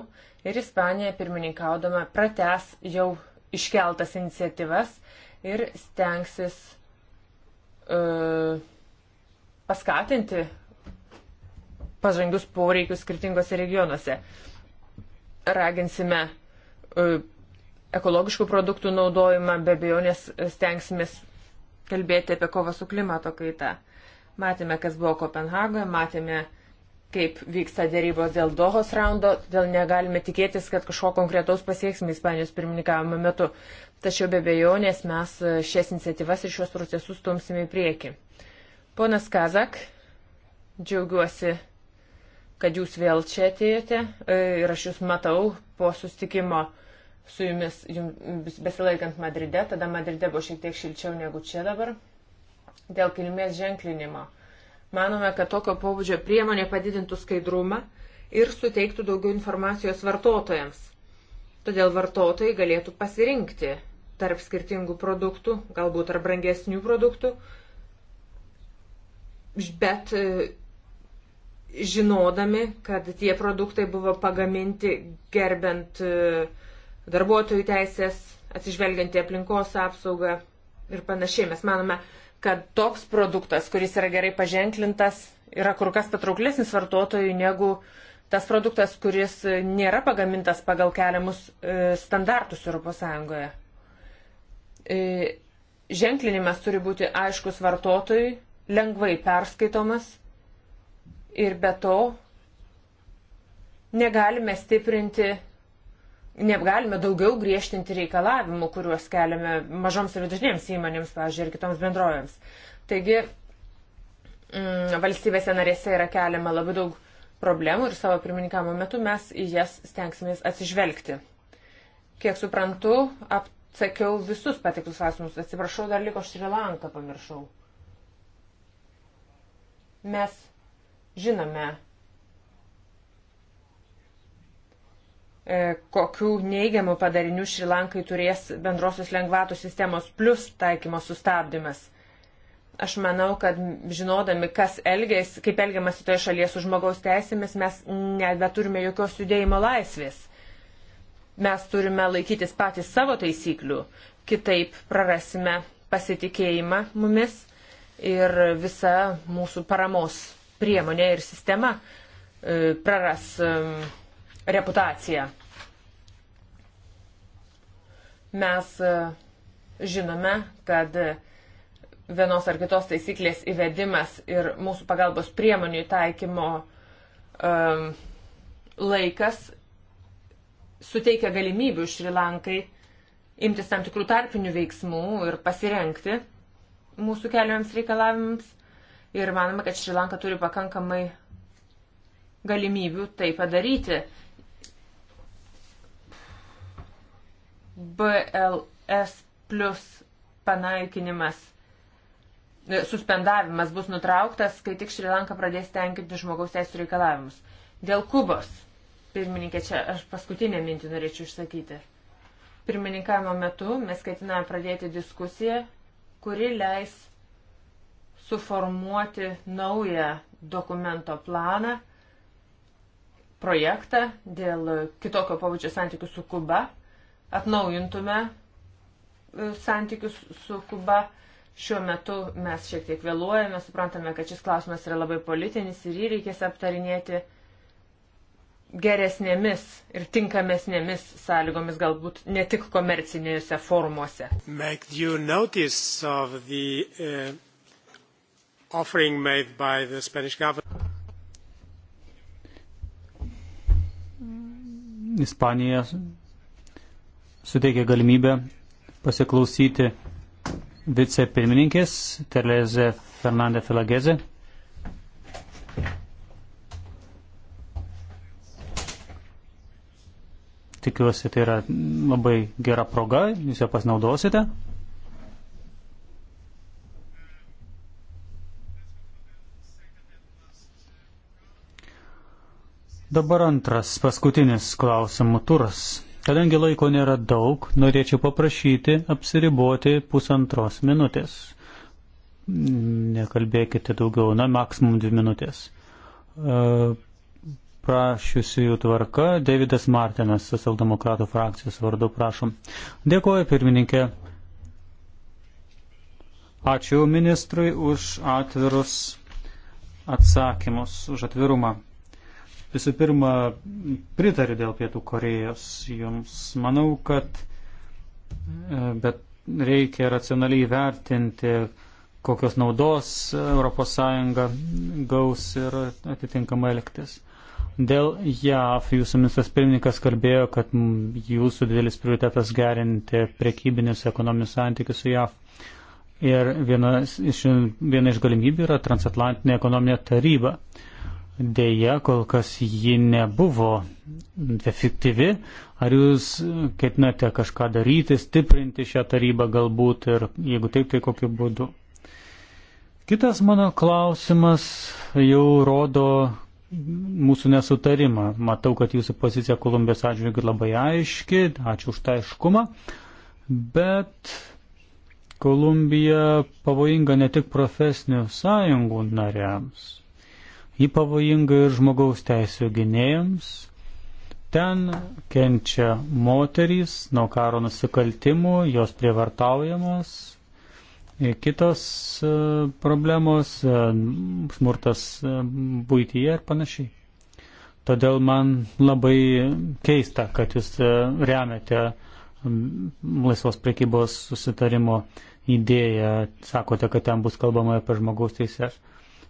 ir Ispanija pirmininkaudama prates jau iškeltas iniciatyvas ir stengsis e, paskatinti pažangius poreikius skirtingose regionuose raginsime e, ekologiškų produktų naudojimą, be abejonės stengsimės kalbėti apie kovą su klimato kaita. Matėme, kas buvo Kopenhagoje, matėme, kaip vyksta dėrybos dėl Dohos raundo, todėl negalime tikėtis, kad kažko konkretaus pasieksime Ispanijos pirmininkavimo metu. Tačiau be abejonės mes šias iniciatyvas ir šios procesus stumsime į priekį. Ponas Kazak, džiaugiuosi kad jūs vėl čia atėjote e, ir aš jūs matau po sustikimo su jumis, jums besilaikant Madride. Tada Madride buvo šiek tiek šilčiau negu čia dabar. Dėl kilmės ženklinimo. Manome, kad tokio pobūdžio priemonė padidintų skaidrumą ir suteiktų daugiau informacijos vartotojams. Todėl vartotojai galėtų pasirinkti tarp skirtingų produktų, galbūt ar brangesnių produktų, bet e, žinodami, kad tie produktai buvo pagaminti gerbent e, darbuotojų teisės, atsižvelgiant į aplinkos apsaugą ir panašiai. Mes manome, kad toks produktas, kuris yra gerai paženklintas, yra kur kas patrauklesnis vartotojui negu tas produktas, kuris nėra pagamintas pagal keliamus e, standartus ES. E, ženklinimas turi būti aiškus vartotojui, lengvai perskaitomas Ir be to negalime stiprinti, negalime daugiau griežtinti reikalavimų, kuriuos keliame mažoms ir vidutinėms įmonėms, pavyzdžiui, ir kitoms bendrovėms. Taigi mm, valstybėse narėse yra keliama labai daug problemų ir savo pirmininkamo metu mes į jas stengsimės atsižvelgti. Kiek suprantu, apsakiau visus patiktus klausimus. Atsiprašau, dar liko Šri Lanka pamiršau. Mes Žinome, e, kokių neigiamų padarinių Šrilankai turės bendrosios lengvatų sistemos plus taikymo sustabdymas. Aš manau, kad žinodami, kas elgės, kaip elgiamasi toje šalyje su žmogaus teisėmis, mes nebeturime jokios judėjimo laisvės. Mes turime laikytis patys savo taisyklių, kitaip prarasime pasitikėjimą mumis ir visą mūsų paramos priemonė ir sistema e, praras e, reputaciją. Mes e, žinome, kad vienos ar kitos taisyklės įvedimas ir mūsų pagalbos priemonių taikymo um, laikas suteikia galimybių Šrilankai imtis tam tikrų tarpinių veiksmų ir pasirenkti mūsų keliams reikalavimams ir manome, kad Šrilanka turi pakankamai galimybių tai padaryti. BLS plus panaikinimas, e, suspendavimas bus nutrauktas, kai tik Šrilanka pradės tenkinti žmogaus teisų reikalavimus. Dėl Kubos, pirmininkė, čia aš paskutinę mintį norėčiau išsakyti. Pirmininkavimo metu mes ketiname pradėti diskusiją, kuri leis suformuoti naują dokumento planą, projektą dėl kitokio pavadžio santykių su Kuba, atnaujintume e, santykius su Kuba. Šiuo metu mes šiek tiek vėluojame, suprantame, kad šis klausimas yra labai politinis ir jį reikės aptarinėti geresnėmis ir tinkamesnėmis sąlygomis, galbūt ne tik komercinėse formuose. The, uh offering made by the Spanish government. Ispanija suteikė galimybę pasiklausyti vicepirmininkės Terleze Fernandė Filageze. Tikiuosi, tai yra labai gera proga, jūs ją pasinaudosite. Dabar antras, paskutinis klausimų turas. Kadangi laiko nėra daug, norėčiau paprašyti apsiriboti pusantros minutės. Nekalbėkite daugiau, na, maksimum dvi minutės. E, Prašysiu tvarka, Davidas Martinas, Socialdemokratų frakcijos vardu, prašom. Dėkuoju, pirmininkė. Ačiū ministrui už atvirus atsakymus, už atvirumą. Visų pirma, pritariu dėl Pietų Korejos jums. Manau, kad e, bet reikia racionaliai vertinti, kokios naudos ES gaus ir atitinkamai elgtis. Dėl JAF jūsų ministras pirmininkas kalbėjo, kad jūsų didelis prioritetas gerinti prekybinius ekonominius santykius su JAF. Ir viena iš, viena iš galimybių yra transatlantinė ekonominė taryba. Deja, kol kas ji nebuvo efektyvi. Ar jūs ketinate kažką daryti, stiprinti šią tarybą galbūt ir jeigu taip, tai kokiu būdu? Kitas mano klausimas jau rodo mūsų nesutarimą. Matau, kad jūsų pozicija Kolumbijos atžvilgių labai aiški, ačiū už tą aiškumą, bet Kolumbija pavojinga ne tik profesinių sąjungų nariams. Ji pavojinga ir žmogaus teisų gynėjams. Ten kenčia moterys nuo karo nusikaltimų, jos prievartaujamos. Ir e, kitos e, problemos, e, smurtas būtyje ir panašiai. Todėl man labai keista, kad jūs remiate laisvos prekybos susitarimo idėją, sakote, kad ten bus kalbama apie žmogaus teises.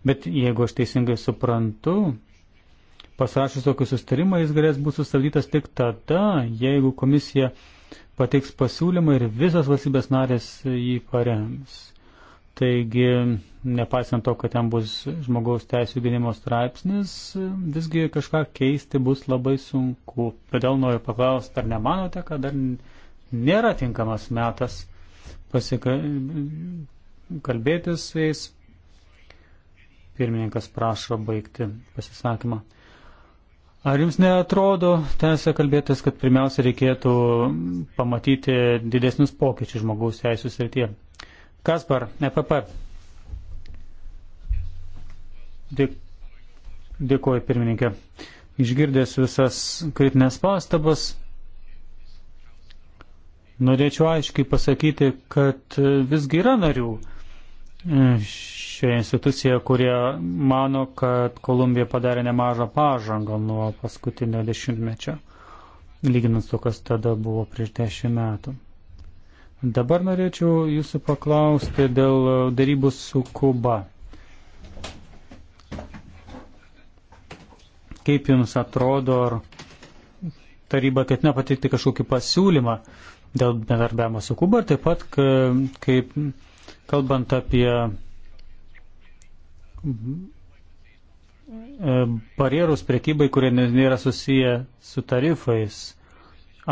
Bet jeigu aš teisingai suprantu, pasirašus tokį sustarimą jis galės būti sustabdytas tik tada, jeigu komisija pateiks pasiūlymą ir visas valstybės narės jį parems. Taigi, nepaisant to, kad ten bus žmogaus teisų gynimo straipsnis, visgi kažką keisti bus labai sunku. Todėl noriu paklausti, ar nemanote, kad dar nėra tinkamas metas pasika... kalbėtis su jais, Pirmininkas prašo baigti pasisakymą. Ar jums netrodo, tęsia kalbėtas, kad pirmiausia reikėtų pamatyti didesnius pokyčius žmogaus teisų srityje? Kaspar, EPP. Dėkuoju, pirmininkė. Išgirdęs visas kritinės pastabas, norėčiau aiškiai pasakyti, kad visgi yra narių šioje institucijoje, kurie mano, kad Kolumbija padarė nemažą pažangą nuo paskutinio dešimtmečio, lyginant su, kas tada buvo prieš dešimt metų. Dabar norėčiau jūsų paklausti dėl darybų su Kuba. Kaip jums atrodo, ar taryba ketina pateikti kažkokį pasiūlymą dėl bendarbiavimo su Kuba ir taip pat, kaip kalbant apie Mhm. barjerus priekybai, kurie nėra susiję su tarifais.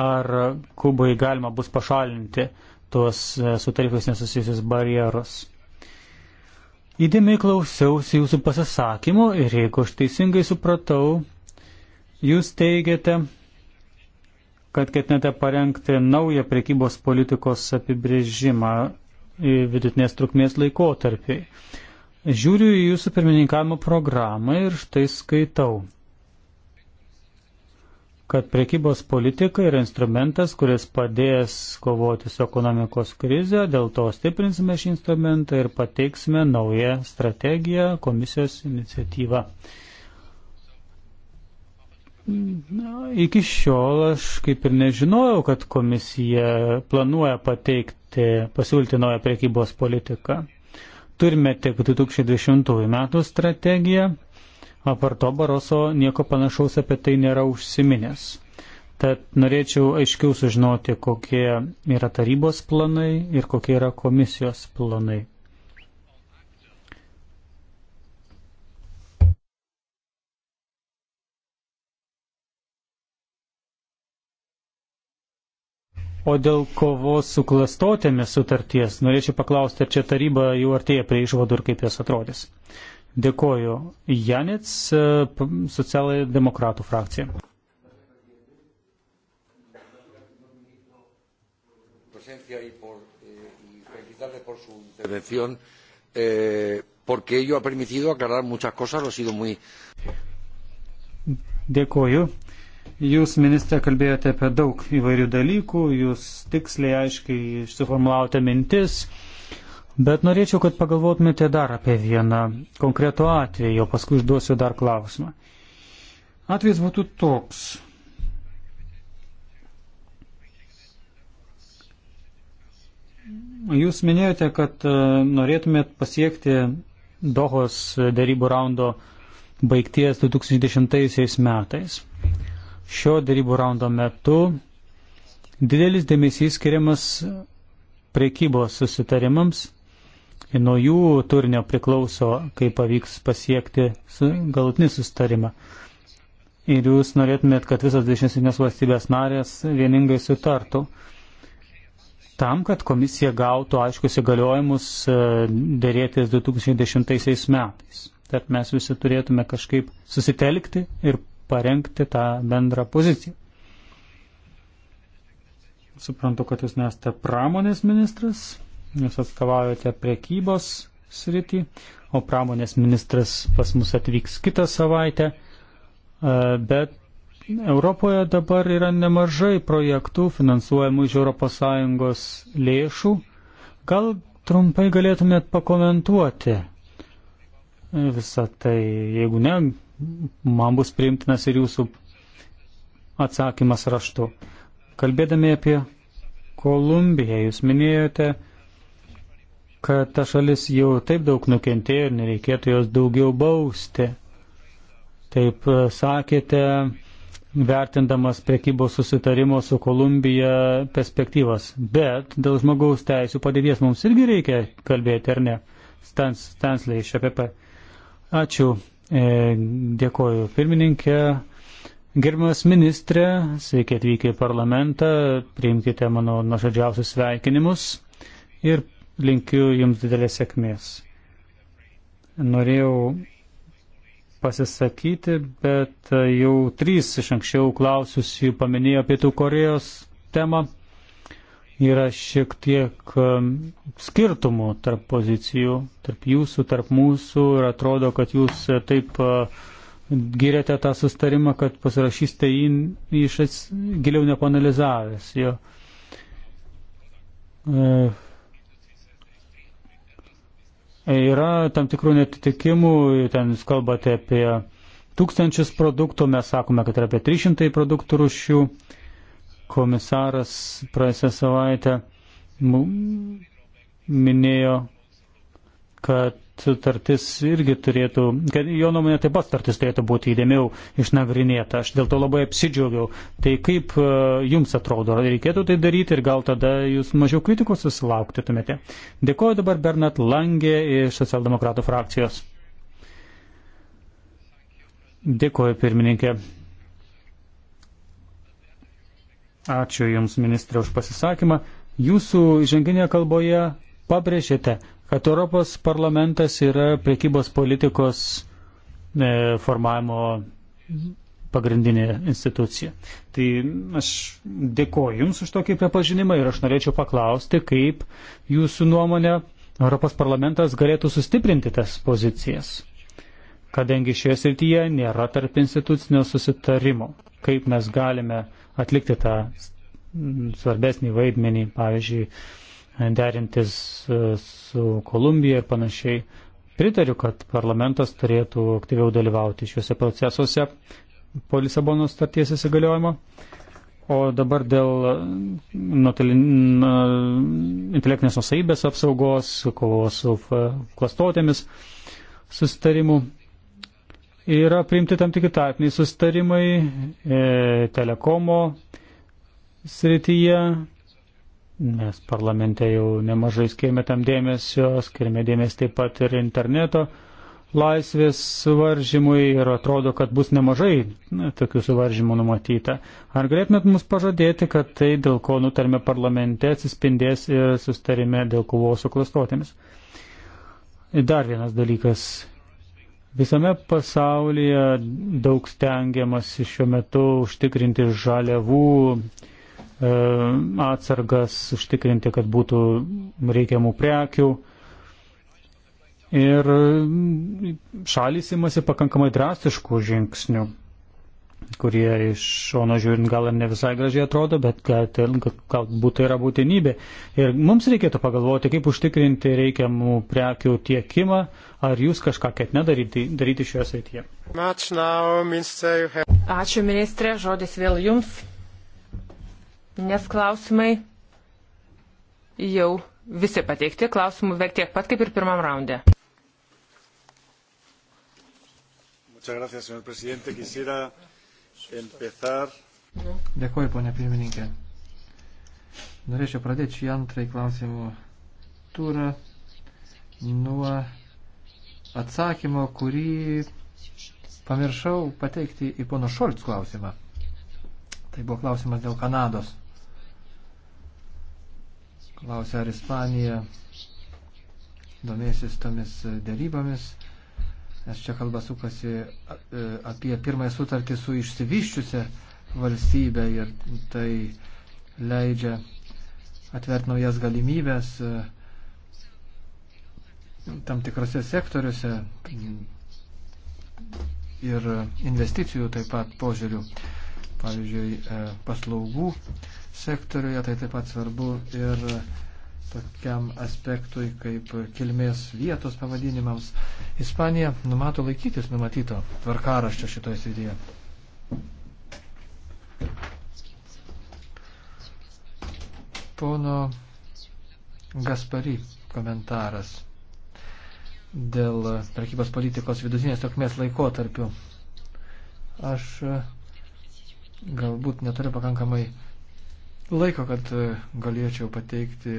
Ar Kubai galima bus pašalinti tuos e, su tarifais nesusijusius barjerus? Įdėmiai klausiausi jūsų pasisakymų ir jeigu aš teisingai supratau, jūs teigiate, kad ketinate parengti naują prekybos politikos apibrėžimą vidutinės trukmės laikotarpiai. Žiūriu į jūsų pirmininkavimo programą ir štai skaitau, kad priekybos politika yra instrumentas, kuris padės kovoti su ekonomikos krize, dėl to stiprinsime šį instrumentą ir pateiksime naują strategiją komisijos iniciatyvą. Na, iki šiol aš kaip ir nežinojau, kad komisija planuoja pateikti, pasiūlyti naują priekybos politiką. Turime tik 2020 metų strategiją, aparto Baroso nieko panašaus apie tai nėra užsiminęs. Tad norėčiau aiškiau sužinoti, kokie yra tarybos planai ir kokie yra komisijos planai. O dėl kovos su klastotėmis sutarties, norėčiau paklausti, ar čia taryba jau artėja prie išvadų ir kaip jas atrodys. Dėkoju. Janic, e, socialai demokratų frakcija. Eh, eh, Dėkoju. Jūs, ministrė, kalbėjote apie daug įvairių dalykų, jūs tiksliai, aiškiai suformulavote mintis, bet norėčiau, kad pagalvotumėte dar apie vieną konkretų atvejį, o paskui užduosiu dar klausimą. Atvejis būtų toks. Jūs minėjote, kad e, norėtumėt pasiekti Dohos darybų raundo baigties 2010 metais. Šio darybų raundo metu didelis dėmesys skiriamas prekybos susitarimams ir nuo jų turinio priklauso, kaip pavyks pasiekti su, galutinį susitarimą. Ir jūs norėtumėt, kad visas 27 valstybės narės vieningai sutartų. Tam, kad komisija gautų aiškus įgaliojimus e, dėrėtis 2010 metais. Tad mes visi turėtume kažkaip susitelkti ir parengti tą bendrą poziciją. Suprantu, kad jūs nesate pramonės ministras, jūs atstovaujate prekybos sritį, o pramonės ministras pas mus atvyks kitą savaitę, e, bet Europoje dabar yra nemažai projektų finansuojamų iš ES lėšų. Gal trumpai galėtumėt pakomentuoti visą tai, jeigu ne, man bus priimtinas ir jūsų atsakymas raštu. Kalbėdami apie Kolumbiją, jūs minėjote, kad ta šalis jau taip daug nukentėjo ir nereikėtų jos daugiau bausti. Taip e, sakėte, vertindamas prekybos susitarimo su Kolumbija perspektyvas. Bet dėl žmogaus teisų padėties mums irgi reikia kalbėti, ar ne? Stans, Stansley iš APP. E Ačiū, E, dėkoju pirmininkė. Gerbiamas ministrė, sveiki atvykę į parlamentą, priimkite mano nuoširdžiausius sveikinimus ir linkiu Jums didelės sėkmės. Norėjau pasisakyti, bet jau trys iš anksčiau klausiusių paminėjo Pietų Korejos temą yra šiek tiek um, skirtumų tarp pozicijų, tarp jūsų, tarp mūsų ir atrodo, kad jūs uh, taip uh, girėte tą sustarimą, kad pasirašysite jį iš ats... giliau nepanalizavęs. Jo. E, yra tam tikrų netitikimų, ten jūs kalbate apie tūkstančius produktų, mes sakome, kad yra apie 300 produktų rušių. E, komisaras praėjusią savaitę minėjo, kad sutartis irgi turėtų, kad jo nuomonė taip pat sutartis turėtų būti įdėmiau išnagrinėta. Aš dėl to labai apsidžiaugiau. Tai kaip e, jums atrodo, ar reikėtų tai daryti ir gal tada jūs mažiau kritikos susilauktytumėte? Dėkuoju dabar Bernat Langė iš socialdemokratų frakcijos. Dėkuoju pirmininkė. Ačiū Jums, ministrė, už pasisakymą. Jūsų ženginėje kalboje pabrėžėte, kad Europos parlamentas yra priekybos politikos e, formavimo pagrindinė institucija. Tai aš dėkoju Jums už tokį pripažinimą ir aš norėčiau paklausti, kaip Jūsų nuomonė Europos parlamentas galėtų sustiprinti tas pozicijas, kadangi šioje srityje nėra tarp institucinio susitarimo. Kaip mes galime uh, atlikti tą svarbesnį vaidmenį, pavyzdžiui, derintis e, su Kolumbija ir panašiai. Pritariu, kad parlamentas turėtų aktyviau dalyvauti šiuose procesuose po Lisabono starties įsigaliojimo. O dabar dėl e, intelektinės nusaibės apsaugos, kovos su klastotėmis susitarimų yra priimti tam tikri tarpiniai sustarimai e, telekomo srityje. Mes parlamente jau nemažai skirime tam dėmesio, skirime dėmesį taip pat ir interneto laisvės suvaržymui ir atrodo, kad bus nemažai na, tokių suvaržymų numatyta. Ar galėtumėt mums pažadėti, kad tai, dėl ko nutarime parlamente, atsispindės ir sustarime dėl kovos su klastotėmis? Dar vienas dalykas Visame pasaulyje daug stengiamasi šiuo metu užtikrinti žaliavų e, atsargas, užtikrinti, kad būtų reikiamų prekių. Ir šalis imasi pakankamai drastiškų žingsnių kurie iš šono žiūrint gal ir ne visai gražiai atrodo, bet tai galbūt gal tai yra būtinybė. Ir mums reikėtų pagalvoti, kaip užtikrinti reikiamų prekių tiekimą, ar jūs kažką ketina daryti, daryti šioje srityje. Ačiū ministrė, žodis vėl jums, nes klausimai jau visi pateikti, klausimų beveik tiek pat kaip ir pirmam raunde. Muchas gracias, señor presidente. Quisiera empezar. Dėkuoju, ponė pirmininkė. Norėčiau pradėti šį antrąjį klausimų turą nuo atsakymo, kurį pamiršau pateikti į pono Šolc klausimą. Tai buvo klausimas dėl Kanados. Klausė, ar Ispanija domėsis tomis dėrybomis nes čia kalba sukasi e, apie pirmąją sutartį su išsivyščiusią valstybę ir tai leidžia atvert naujas galimybės e, tam tikrose sektoriuose mm, ir investicijų taip pat požiūrių, pavyzdžiui, e, paslaugų sektoriuje, tai taip pat svarbu ir tokiam aspektui kaip kilmės vietos pavadinimams. Ispanija numato laikytis numatyto tvarkaraščio šitoje srityje. Pono Gaspari komentaras dėl prekybos politikos vidutinės trukmės laikotarpių. Aš e, galbūt neturiu pakankamai laiko, kad e, galėčiau pateikti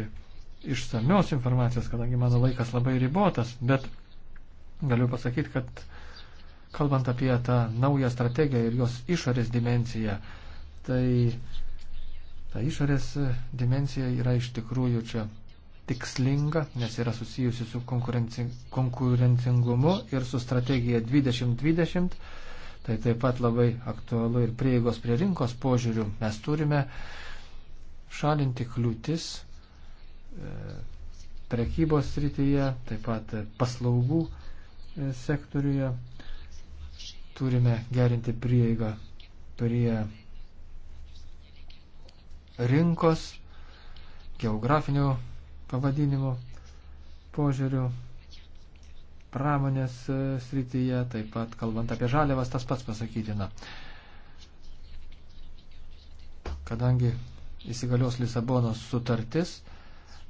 išsamios informacijos, kadangi mano laikas labai ribotas, bet galiu pasakyti, kad kalbant apie tą naują strategiją ir jos išorės dimenciją, tai ta išorės dimencija yra iš tikrųjų čia tikslinga, nes yra susijusi su konkurencingumu ir su strategija 2020. Tai taip pat labai aktualu ir prieigos prie rinkos požiūrių. Mes turime šalinti kliūtis E, prekybos srityje, taip pat paslaugų e, sektoriuje. Turime gerinti prieigą prie rinkos, geografinių pavadinimų požiūrių, pramonės e, srityje, taip pat kalbant apie žalėvas, tas pats pasakytina. Kadangi įsigalios Lisabonos sutartis,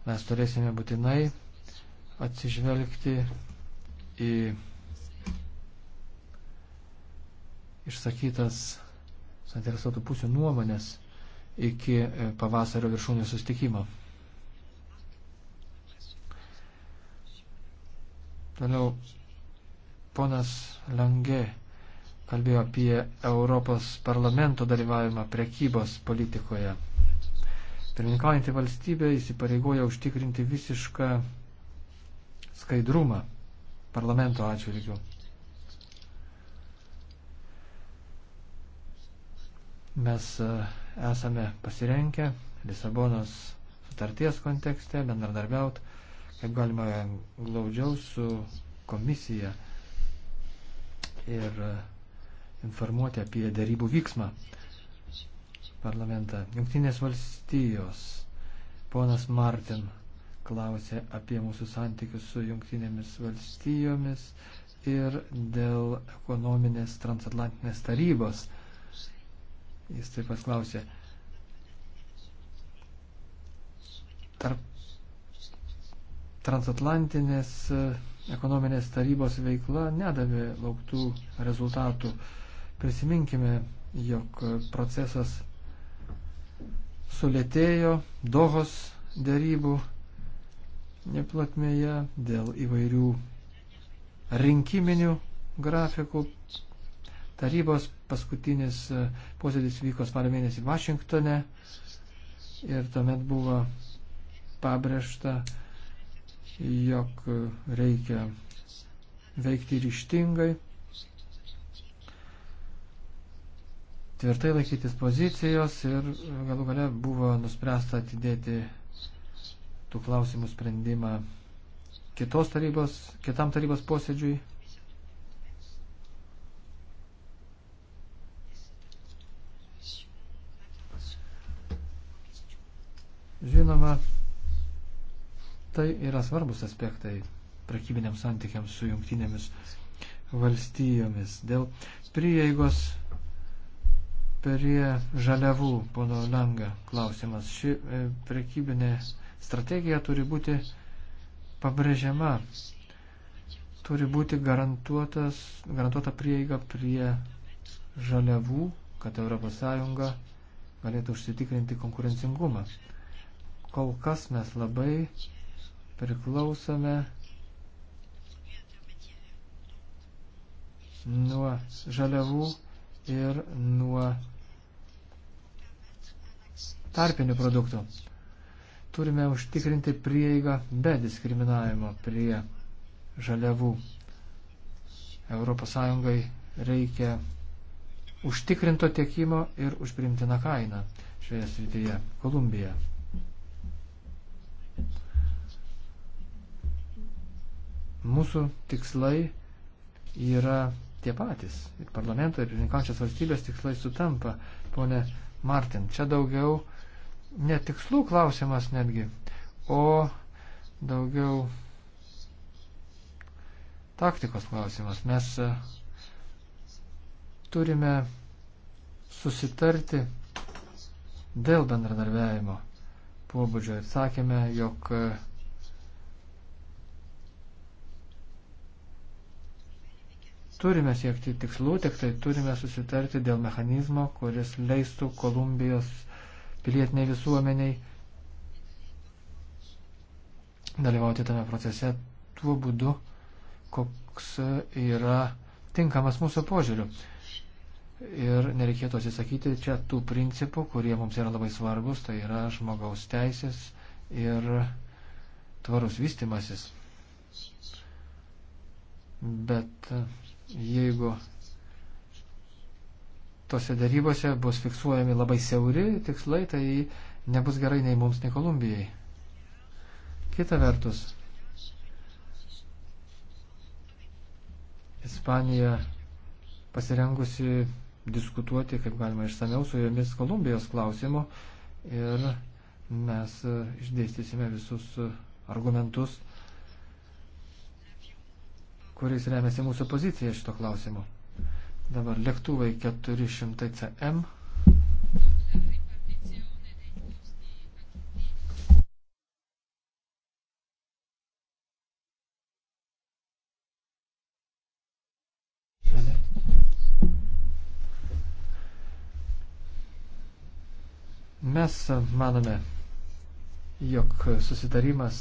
Mes turėsime būtinai atsižvelgti į išsakytas suinteresuotų pusių nuomonės iki e, pavasario viršūnių sustikimo. Toliau ponas Langė kalbėjo apie Europos parlamento dalyvavimą prekybos politikoje. Pirmininkaujantį valstybę įsipareigoja užtikrinti visišką skaidrumą parlamento atžvilgių. Mes e, esame pasirenkę Lisabonos sutarties kontekste bendradarbiaut, kaip galima glaudžiau su komisija ir e, informuoti apie darybų vyksmą parlamentą. Junktinės valstijos. Ponas Martin klausė apie mūsų santykius su Junktinėmis valstijomis ir dėl ekonominės transatlantinės tarybos. Jis taip pat klausė, tarp transatlantinės e, ekonominės tarybos veikla nedavė lauktų rezultatų. Prisiminkime, jog procesas sulėtėjo Dohos dėrybų neplatmėje dėl įvairių rinkiminių grafikų. Tarybos paskutinis e, posėdis vyko spalio mėnesį Vašingtone ir tuomet buvo pabrėžta, jog reikia veikti ryštingai, tvirtai laikytis pozicijos ir galų gale buvo nuspręsta atidėti tų klausimų sprendimą kitos tarybos, kitam tarybos posėdžiui. Žinoma, tai yra svarbus aspektai prekybiniams santykiams su jungtinėmis valstijomis dėl prieigos prie žaliavų, pono Langa, klausimas. Ši e, prekybinė strategija turi būti pabrėžiama, turi būti garantuota prieiga prie žaliavų, kad ES galėtų užsitikrinti konkurencingumą. Kol kas mes labai priklausome nuo žaliavų ir nuo tarpinių produktų. Turime užtikrinti prieigą be diskriminavimo prie žaliavų. ES reikia užtikrinto tiekimo ir užprimtiną kainą šioje srityje - Kolumbija. Mūsų tikslai yra tie patys. Ir parlamento, ir rinkančios valstybės tikslai sutampa, ponė Martin. Čia daugiau netikslų klausimas netgi, o daugiau taktikos klausimas. Mes e, turime susitarti dėl bendradarbiavimo pobūdžio ir sakėme, jog e, turime siekti tikslų, tik tai turime susitarti dėl mechanizmo, kuris leistų Kolumbijos pilietiniai visuomeniai dalyvauti tame procese tuo būdu, koks yra tinkamas mūsų požiūriu. Ir nereikėtų atsisakyti čia tų principų, kurie mums yra labai svarbus, tai yra žmogaus teisės ir tvarus vystimasis. Bet jeigu tose darybose bus fiksuojami labai siauri tikslai, tai nebus gerai nei mums, nei Kolumbijai. Kita vertus, Ispanija pasirengusi diskutuoti, kaip galima išsameu, su jomis Kolumbijos klausimu ir mes išdėstysime visus argumentus, kuriais remiasi mūsų pozicija šito klausimu. Dabar lėktuvai 400 cm. Mes manome, jog susitarimas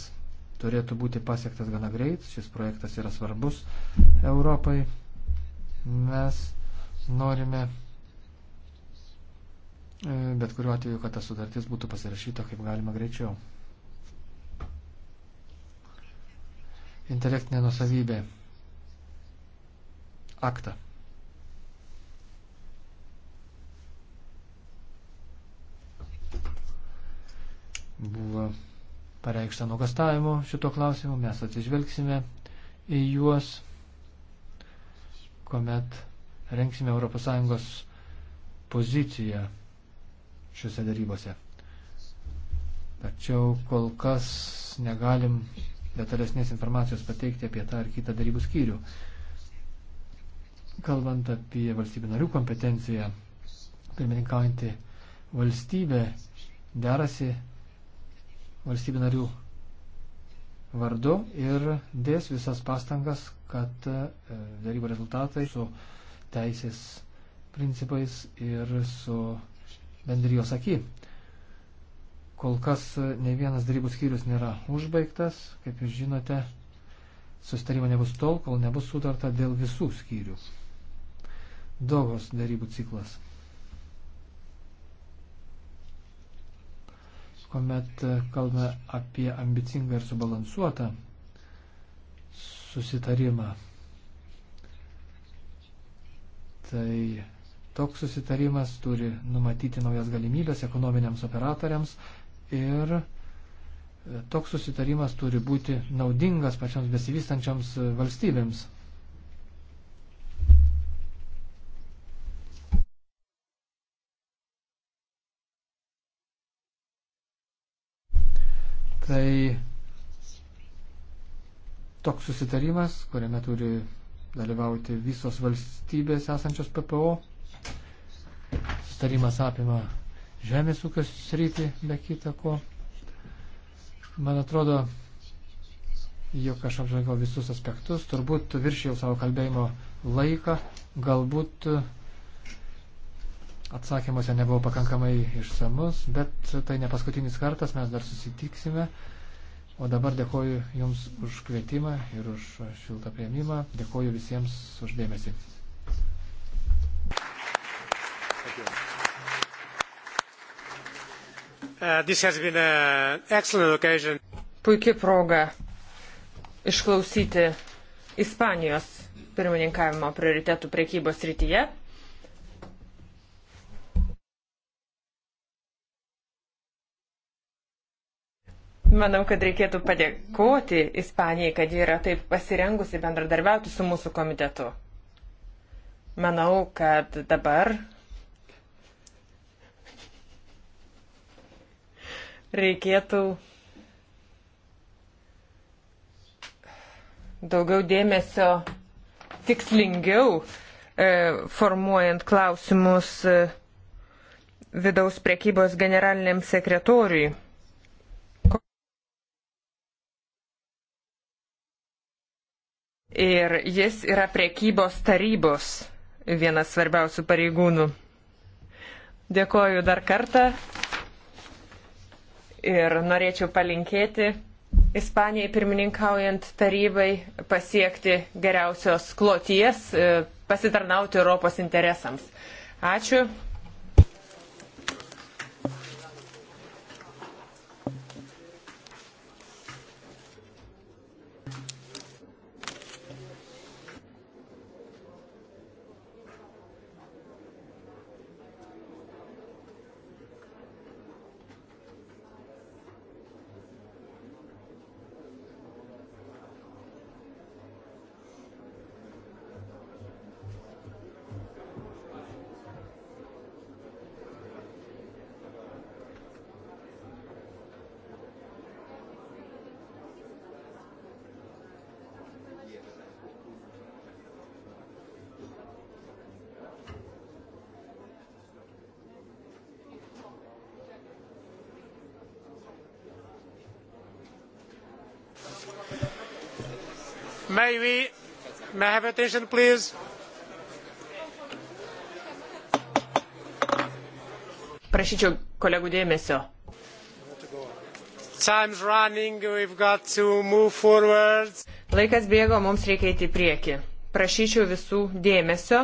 turėtų būti pasiektas gana greit, šis projektas yra svarbus Europai. Mes norime e, bet kuriuo atveju, kad ta sutartis būtų pasirašyta kaip galima greičiau. Intelektinė nusavybė. Aktą. Buvo pareikšta nugastavimo šito klausimu, mes atsižvelgsime į juos kuomet renksime ES poziciją šiuose darybose. Tačiau kol kas negalim detalesnės informacijos pateikti apie tą ar kitą darybų skyrių. Kalbant apie valstybių narių kompetenciją, pirmininkaujantį valstybę derasi valstybių narių vardu ir dės visas pastangas, kad e, dėrybų rezultatai su teisės principais ir su bendrijos aky. Kol kas e, ne vienas dėrybų skyrius nėra užbaigtas, kaip jūs žinote, sustarimo nebus tol, kol nebus sutarta dėl visų skyrių. Dogos dėrybų ciklas. kuomet kalbame apie ambicingą ir subalansuotą susitarimą. Tai toks susitarimas turi numatyti naujas galimybės ekonominiams operatoriams ir toks susitarimas turi būti naudingas pačioms besivystančioms valstybėms. Tai toks susitarimas, kuriame turi dalyvauti visos valstybės esančios PPO. Susitarimas apima žemės ūkio sritį, be kita ko. Man atrodo, jog aš apžvelgiau visus aspektus, turbūt viršėjau savo kalbėjimo laiką, galbūt uh, atsakymuose nebuvau pakankamai išsamus, bet tai ne paskutinis kartas, mes dar susitiksime. O dabar dėkoju Jums už kvietimą ir už šiltą prieimimą. Dėkoju visiems uždėmesį. Uh, Puikia proga išklausyti Ispanijos pirmininkavimo prioritetų priekybos rytyje. Manau, kad reikėtų padėkoti Ispanijai, kad ji yra taip pasirengusi bendradarbiauti su mūsų komitetu. Manau, kad dabar reikėtų daugiau dėmesio tikslingiau e, formuojant klausimus e, vidaus prekybos generaliniam sekretoriui. ir jis yra priekybos tarybos vienas svarbiausių pareigūnų. Dėkoju dar kartą ir norėčiau palinkėti Ispanijai pirmininkaujant tarybai pasiekti geriausios kloties, e, pasitarnauti Europos interesams. Ačiū. Ivy, may I have attention, please? Prašyčiau kolegų dėmesio. Time's running, we've got to move forward. Laikas bėgo, mums reikia eiti į priekį. Prašyčiau visų dėmesio.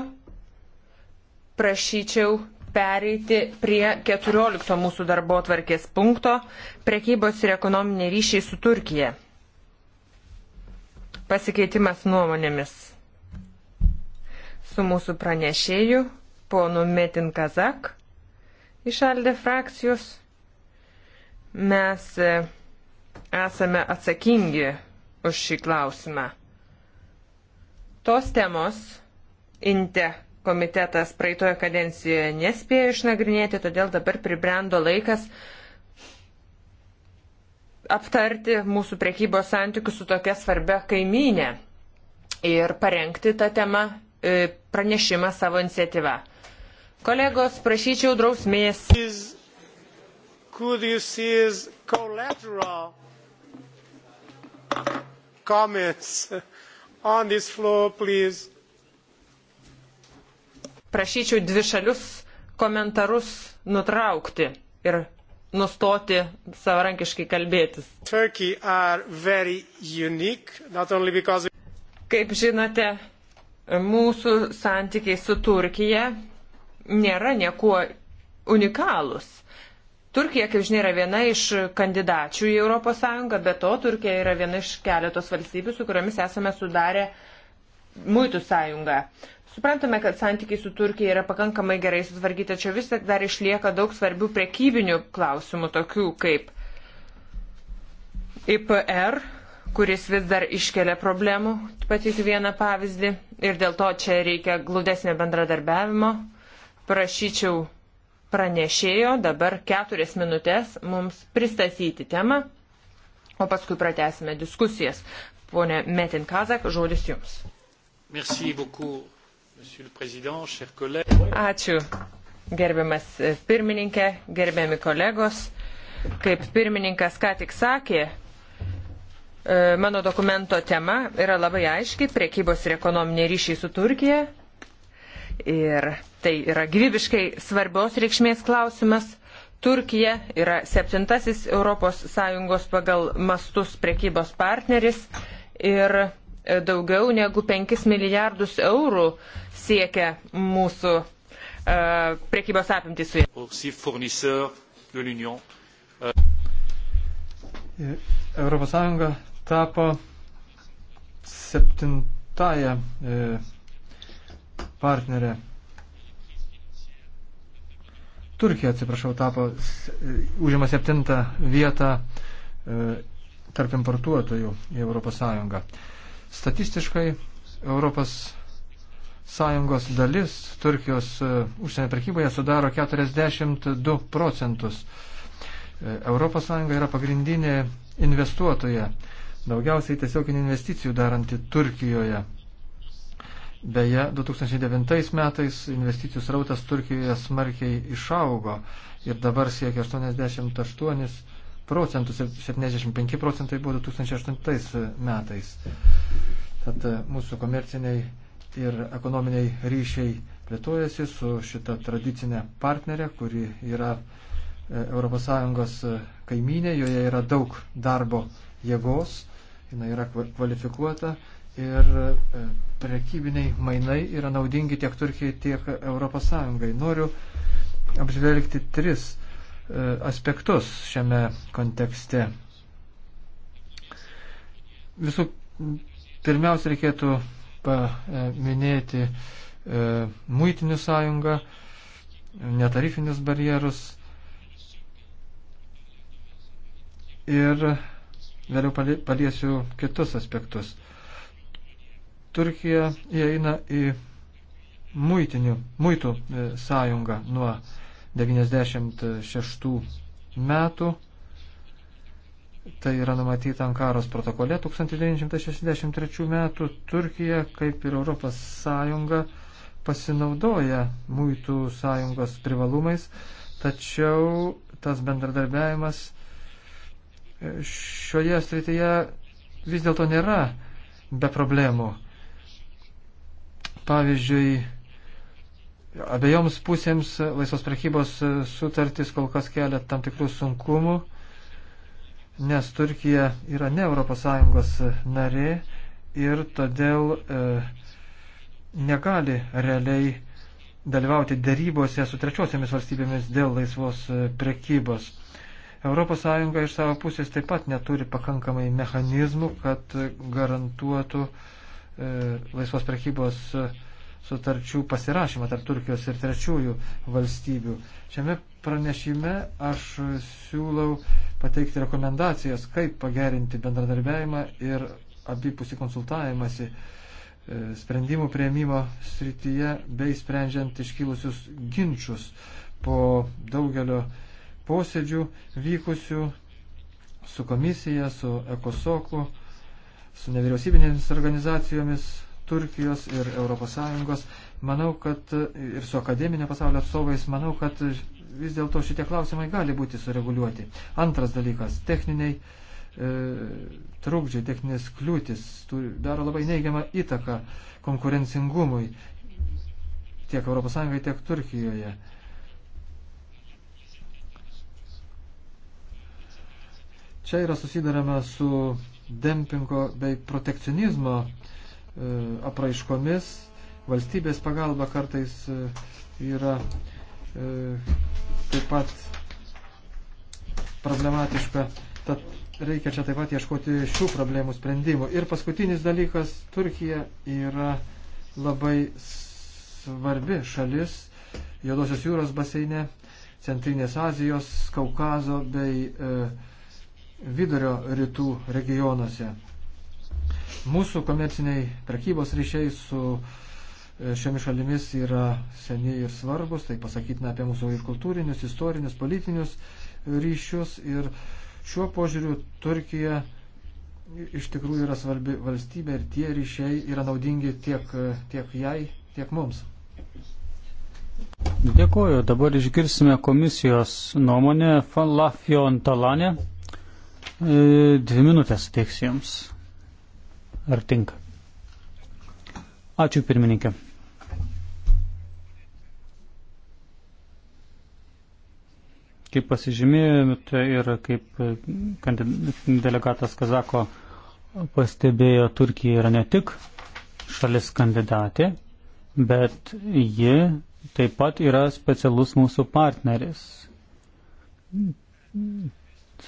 Prašyčiau pereiti prie 14 mūsų darbo tvarkės punkto - prekybos ir ekonominiai ryšiai su Turkija. Pasikeitimas nuomonėmis su mūsų pranešėju, ponu Metin Kazak iš Alde frakcijos. Mes e, esame atsakingi už šį klausimą. Tos temos Inte komitetas praeitoje kadencijoje nespėjo išnagrinėti, todėl dabar pribrendo laikas aptarti mūsų prekybos santykius su tokia svarbia kaimynė ir parengti tą temą e, pranešimą savo iniciatyvą. Kolegos, prašyčiau drausmės. Floor, prašyčiau dvišalius komentarus nutraukti ir nustoti savarankiškai kalbėtis. Unique, because... Kaip žinote, mūsų santykiai su Turkija nėra niekuo unikalūs. Turkija, kaip žinia, yra viena iš kandidačių į ES, bet to Turkija yra viena iš keletos valstybių, su kuriomis esame sudarę muitų sąjungą. Suprantame, kad santykiai su Turkija yra pakankamai gerai sutvarkyti, tačiau vis tik dar išlieka daug svarbių prekybinių klausimų, tokių kaip IPR, kuris vis dar iškelia problemų, pateikiu vieną pavyzdį, ir dėl to čia reikia glūdesnio bendradarbiavimo. Prašyčiau pranešėjo dabar keturias minutės mums pristatyti temą, o paskui pratesime diskusijas. Pone Metin Kazak, žodis jums. Merci beaucoup. Ačiū, gerbiamas e, pirmininkė, gerbiami kolegos. Kaip pirmininkas ką tik sakė, e, mano dokumento tema yra labai aiški - priekybos ir ekonominiai ryšiai su Turkija. Ir tai yra gyvybiškai svarbios reikšmės klausimas. Turkija yra septintasis ES pagal mastus prekybos partneris ir e, daugiau negu 5 milijardus eurų siekia mūsų uh, e, prekybos apimtis su jais. E, Europos Sąjunga tapo septintąją e, partnerę. Turkija, atsiprašau, tapo, užima septintą vietą tarp importuotojų į Europos Sąjungą. Statistiškai Europos sąjungos dalis Turkijos e, užsienio prekyboje sudaro 42 procentus. E, Europos sąjunga yra pagrindinė investuotoja, daugiausiai tiesioginių investicijų daranti Turkijoje. Beje, 2009 metais investicijų srautas Turkijoje smarkiai išaugo ir dabar siekia 88 procentus ir 75 procentai buvo 2008 metais. Tad e, mūsų komerciniai ir ekonominiai ryšiai plėtojasi su šita tradicinė partnerė, kuri yra ES e, kaiminė, joje yra daug darbo jėgos, jinai yra kvalifikuota ir e, prekybiniai mainai yra naudingi tiek Turkijai, tiek ES. Noriu apžvelgti tris e, aspektus šiame kontekste. Visų pirmiausia, reikėtų paminėti e, e, muitinių sąjungą, netarifinius barjerus ir vėliau paliesiu kitus aspektus. Turkija įeina į muitinių, muitų e, sąjungą nuo 96 metų Tai yra numatyta Ankaros protokole 1963 metų Turkija kaip ir Europos Sąjunga pasinaudoja muitų sąjungos privalumais, tačiau tas bendradarbiavimas e, šioje srityje vis dėlto nėra be problemų. Pavyzdžiui, abiejoms pusėms laisvos prekybos sutartys kol kas kelia tam tikrų sunkumų nes Turkija yra ne ES narė ir todėl e, negali realiai dalyvauti dėrybose su trečiosiamis valstybėmis dėl laisvos e, prekybos. ES iš savo pusės taip pat neturi pakankamai mechanizmų, kad garantuotų e, laisvos prekybos e, sutarčių pasirašymą tarp Turkijos ir trečiųjų valstybių. Šiame pranešime aš siūlau pateikti rekomendacijas, kaip pagerinti bendradarbiavimą ir abipusį konsultavimąsi e, sprendimų prieimimo srityje bei sprendžiant iškilusius ginčius po daugelio posėdžių vykusių su komisija, su ekosoku, su nevyriausybinėmis organizacijomis Turkijos ir ES. Manau, kad ir su akademinio pasaulio atstovais, manau, kad vis dėlto šitie klausimai gali būti sureguliuoti. Antras dalykas - techniniai e, trukdžiai, techninės kliūtis turi, daro labai neigiamą įtaką konkurencingumui tiek ES, tiek Turkijoje. Čia yra susidarama su dempingo bei protekcionizmo e, apraiškomis. Valstybės pagalba kartais e, yra e, E, taip pat problematiška. Tad reikia čia taip pat ieškoti šių problemų sprendimų. Ir paskutinis dalykas, Turkija yra labai svarbi šalis Jodosios jūros baseine, Centrinės Azijos, Kaukazo bei e, vidurio rytų regionuose. Mūsų komerciniai prekybos ryšiai su e, E, šiomis šalimis yra seni ir svarbus, tai pasakytina apie mūsų ir kultūrinius, istorinius, politinius ryšius. Ir šiuo požiūriu Turkija iš tikrųjų yra svarbi valstybė ir tie ryšiai yra naudingi tiek, e, tiek jai, tiek mums. Dėkuoju. Dabar išgirsime komisijos nuomonę. Lafion Talanė. E, dvi minutės teiks jums. Ar tinka? Ačiū pirmininkė. Kaip pasižymėjote ir kaip e, delegatas Kazako pastebėjo, Turkija yra ne tik šalis kandidatė, bet ji taip pat yra specialus mūsų partneris.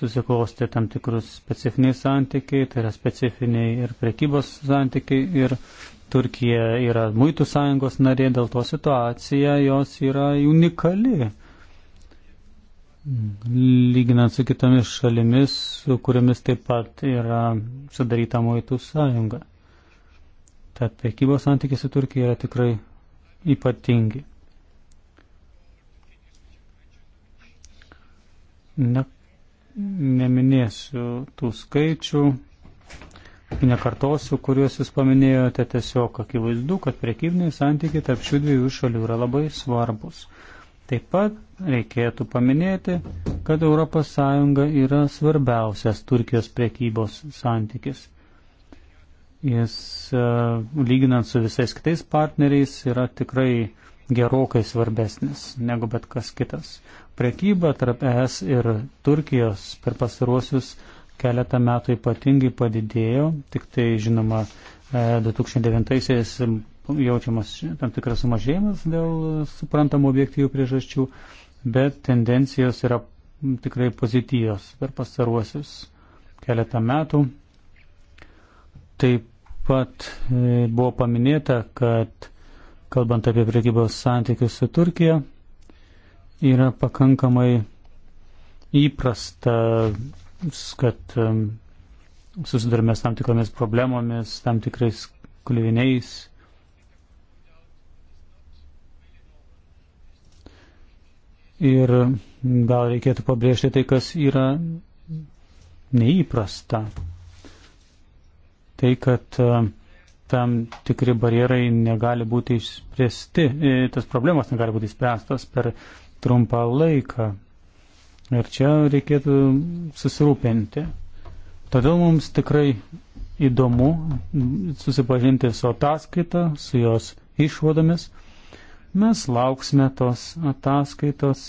Susiklosti tam tikrus specifiniai santykiai, tai yra specifiniai ir prekybos santykiai ir Turkija yra muitų sąjungos narė, dėl to situacija jos yra unikali lyginant su kitomis šalimis, su kuriomis taip pat yra sudaryta muitų sąjunga. Tad prekybos santykiai su Turkija yra tikrai ypatingi. Ne, neminėsiu tų skaičių, nekartosiu, kuriuos jūs paminėjote, tiesiog akivaizdu, kad prekybiniai santykiai tarp šių dviejų šalių yra labai svarbus. Taip pat reikėtų paminėti, kad ES yra svarbiausias Turkijos priekybos santykis. Jis, e, lyginant su visais kitais partneriais, yra tikrai gerokai svarbesnis negu bet kas kitas. Priekyba tarp ES ir Turkijos per pastaruosius keletą metų ypatingai padidėjo, tik tai žinoma 2009-aisiais e, jaučiamas tam tikras sumažėjimas dėl suprantamų objektyvių priežasčių, bet tendencijos yra tikrai pozityvios per pastaruosius keletą metų. Taip pat e, buvo paminėta, kad kalbant apie priekybos santykius su Turkija, yra pakankamai įprasta, kad susidurime tam tikromis problemomis, tam tikrais kliuviniais Ir gal reikėtų pabrėžti tai, kas yra neįprasta. Tai, kad e, tam tikri barjerai negali būti išspręsti, e, tas problemas negali būti išspręstas per trumpą laiką. Ir čia reikėtų susirūpinti. Todėl mums tikrai įdomu susipažinti su ataskaita, su jos išvadomis Mes lauksime tos ataskaitos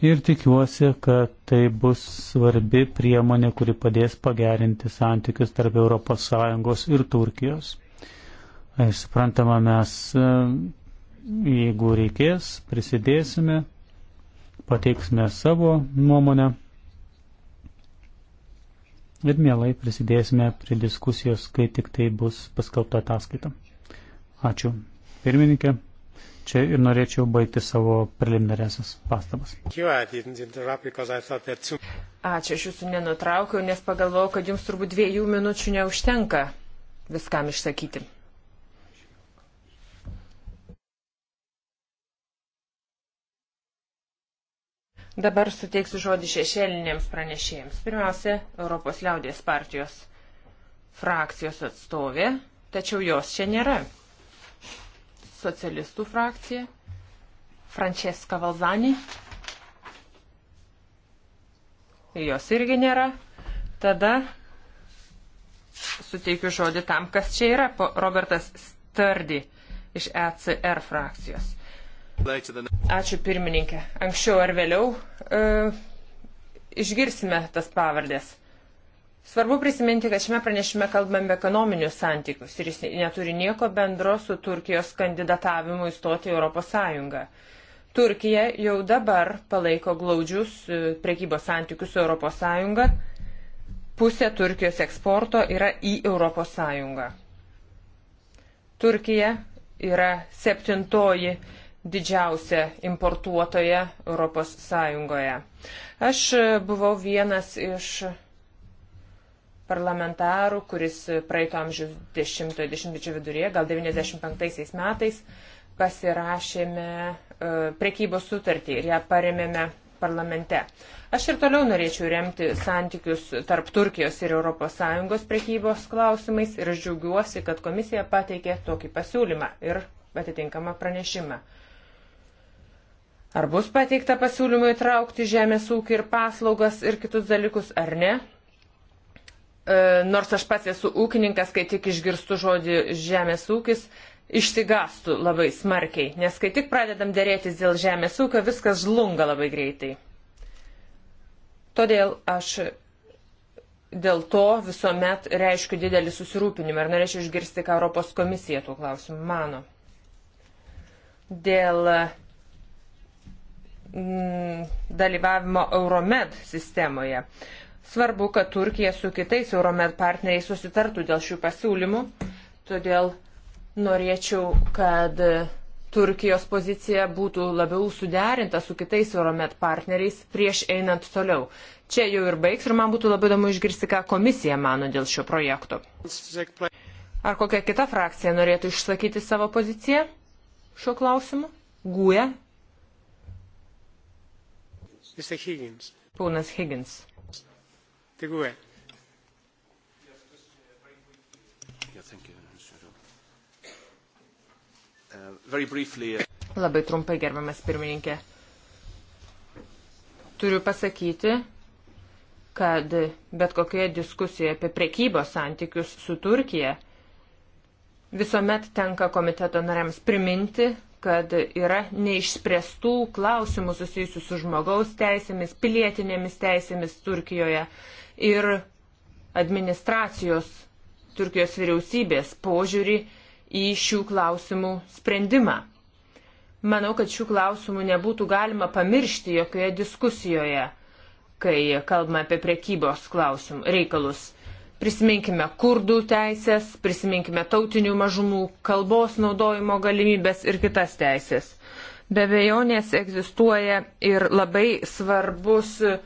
ir tikiuosi, kad tai bus svarbi priemonė, kuri padės pagerinti santykius tarp ES ir Turkijos. Ir suprantama, mes, e, jeigu reikės, prisidėsime, pateiksime savo nuomonę ir mielai prisidėsime prie diskusijos, kai tik tai bus paskelbta ataskaita. Ačiū. Pirmininkė čia ir norėčiau baigti savo preliminarėsias pastabas. Ačiū, aš jūsų nenutraukiau, nes pagalvojau, kad jums turbūt dviejų minučių neužtenka viskam išsakyti. Dabar suteiksiu žodį šešėlinėms pranešėjams. Pirmiausia, Europos liaudės partijos frakcijos atstovė, tačiau jos čia nėra socialistų frakcija, Francesca Valzani. Jos irgi nėra. Tada suteikiu žodį tam, kas čia yra, Robertas Sturdy iš ECR frakcijos. Ačiū pirmininkė. Anksčiau ar vėliau e, išgirsime tas pavardės. Svarbu prisiminti, kad šiame pranešime kalbame ekonominius santykius ir jis neturi nieko bendro su Turkijos kandidatavimu įstoti į Europos Sąjungą. Turkija jau dabar palaiko glaudžius e, prekybos santykius su Europos Sąjunga. Pusė Turkijos eksporto yra į Europos Sąjungą. Turkija yra septintoji didžiausia importuotoja Europos Sąjungoje. Aš e, buvau vienas iš parlamentarų, kuris praeito amžiaus 10-20 viduryje, gal 95 metais, pasirašėme e, prekybos sutartį ir ją paremėme parlamente. Aš ir toliau norėčiau remti santykius tarp Turkijos ir ES prekybos klausimais ir aš džiaugiuosi, kad komisija pateikė tokį pasiūlymą ir atitinkamą pranešimą. Ar bus pateikta pasiūlymų įtraukti žemės ūkį ir paslaugas ir kitus dalykus, ar ne, E, nors aš pats esu ūkininkas, kai tik išgirstu žodį žemės ūkis, išsigastų labai smarkiai, nes kai tik pradedam dėrėtis dėl žemės ūkio, viskas žlunga labai greitai. Todėl aš dėl to visuomet reiškiu didelį susirūpinimą ir norėčiau išgirsti, ką Europos komisija tuo klausimu mano. Dėl mm, dalyvavimo Euromed sistemoje. Uh, Svarbu, kad Turkija su kitais Euromed partneriais susitartų dėl šių pasiūlymų, todėl norėčiau, kad Turkijos pozicija būtų labiau suderinta su kitais Euromed partneriais prieš einant toliau. Čia jau ir baigs ir man būtų labai įdomu išgirsti, ką komisija mano dėl šio projekto. Ar kokia kita frakcija norėtų išsakyti savo poziciją šiuo klausimu? Guja? Ponas Higgins the GUE. Uh, uh, Labai trumpai, gerbiamas pirmininkė. Turiu pasakyti, kad bet kokioje diskusijoje apie prekybos santykius su Turkija visuomet tenka komiteto nariams priminti, kad yra neišspręstų klausimų susijusių su žmogaus teisėmis, pilietinėmis teisėmis Turkijoje ir administracijos Turkijos vyriausybės požiūrį į šių klausimų sprendimą. Manau, kad šių klausimų nebūtų galima pamiršti jokioje diskusijoje, kai kalbame apie prekybos klausimų reikalus. Prisiminkime kurdų teisės, prisiminkime tautinių mažumų, kalbos naudojimo galimybės ir kitas teisės. Be bejonės egzistuoja ir labai svarbus uh,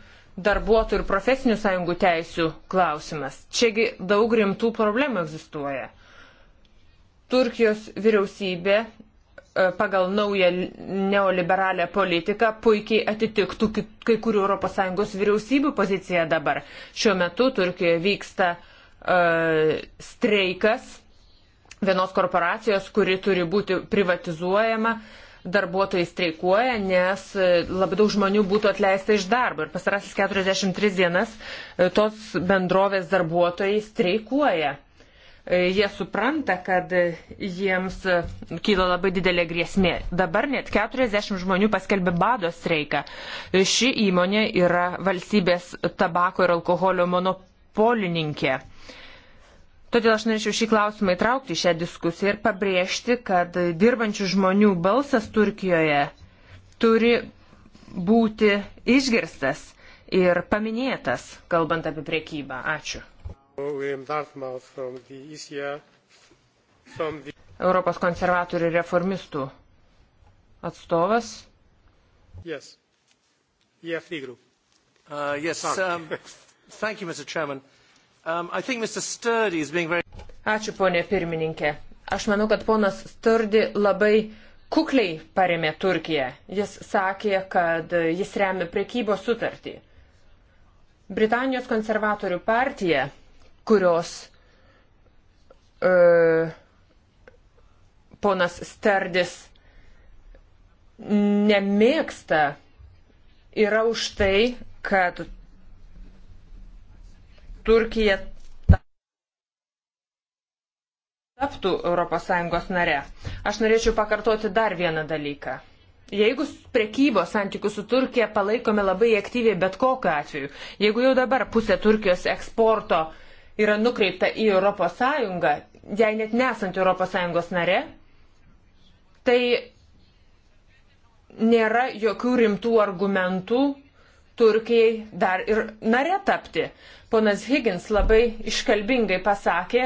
darbuotojų ir profesinių sąjungų teisių klausimas. Čiagi daug rimtų problemų egzistuoja. Turkijos vyriausybė e, pagal naują neoliberalią politiką puikiai atitiktų kai kurių ES vyriausybių poziciją dabar. Šiuo metu Turkijoje vyksta uh, streikas vienos korporacijos, kuri turi būti privatizuojama. Uh, darbuotojai streikuoja, nes e, labai daug žmonių būtų atleista iš darbo. Ir pasarasis 43 dienas e, tos bendrovės darbuotojai streikuoja. E, jie supranta, kad jiems kyla labai didelė grėsmė. Dabar net 40 žmonių paskelbė bado streiką. Ši įmonė yra valstybės tabako ir alkoholio monopolininkė Todėl aš norėčiau šį klausimą įtraukti į šią diskusiją ir pabrėžti, kad dirbančių žmonių balsas Turkijoje turi būti išgirstas ir paminėtas, kalbant apie priekybą. Ačiū. Europos konservatorių reformistų atstovas. Yes. EFD group. Uh, yes, ah. um, thank you, Mr. Chairman. Uh, Um, very... Ačiū, ponė pirmininkė. Aš manau, kad ponas Sturdi labai kukliai paremė Turkiją. Jis sakė, kad jis remia prekybos sutartį. Britanijos konservatorių partija, kurios e, ponas Sterdis nemėgsta, yra už tai, kad Turkija taptų ES nare. Aš norėčiau pakartoti dar vieną dalyką. Jeigu prekybos santykius su Turkija palaikome labai aktyviai bet kokiu atveju, jeigu jau dabar pusė Turkijos eksporto yra nukreipta į ES, jei net nesant ES nare, tai nėra jokių rimtų argumentų Turkijai dar ir nare tapti. Ponas Higgins labai iškalbingai pasakė,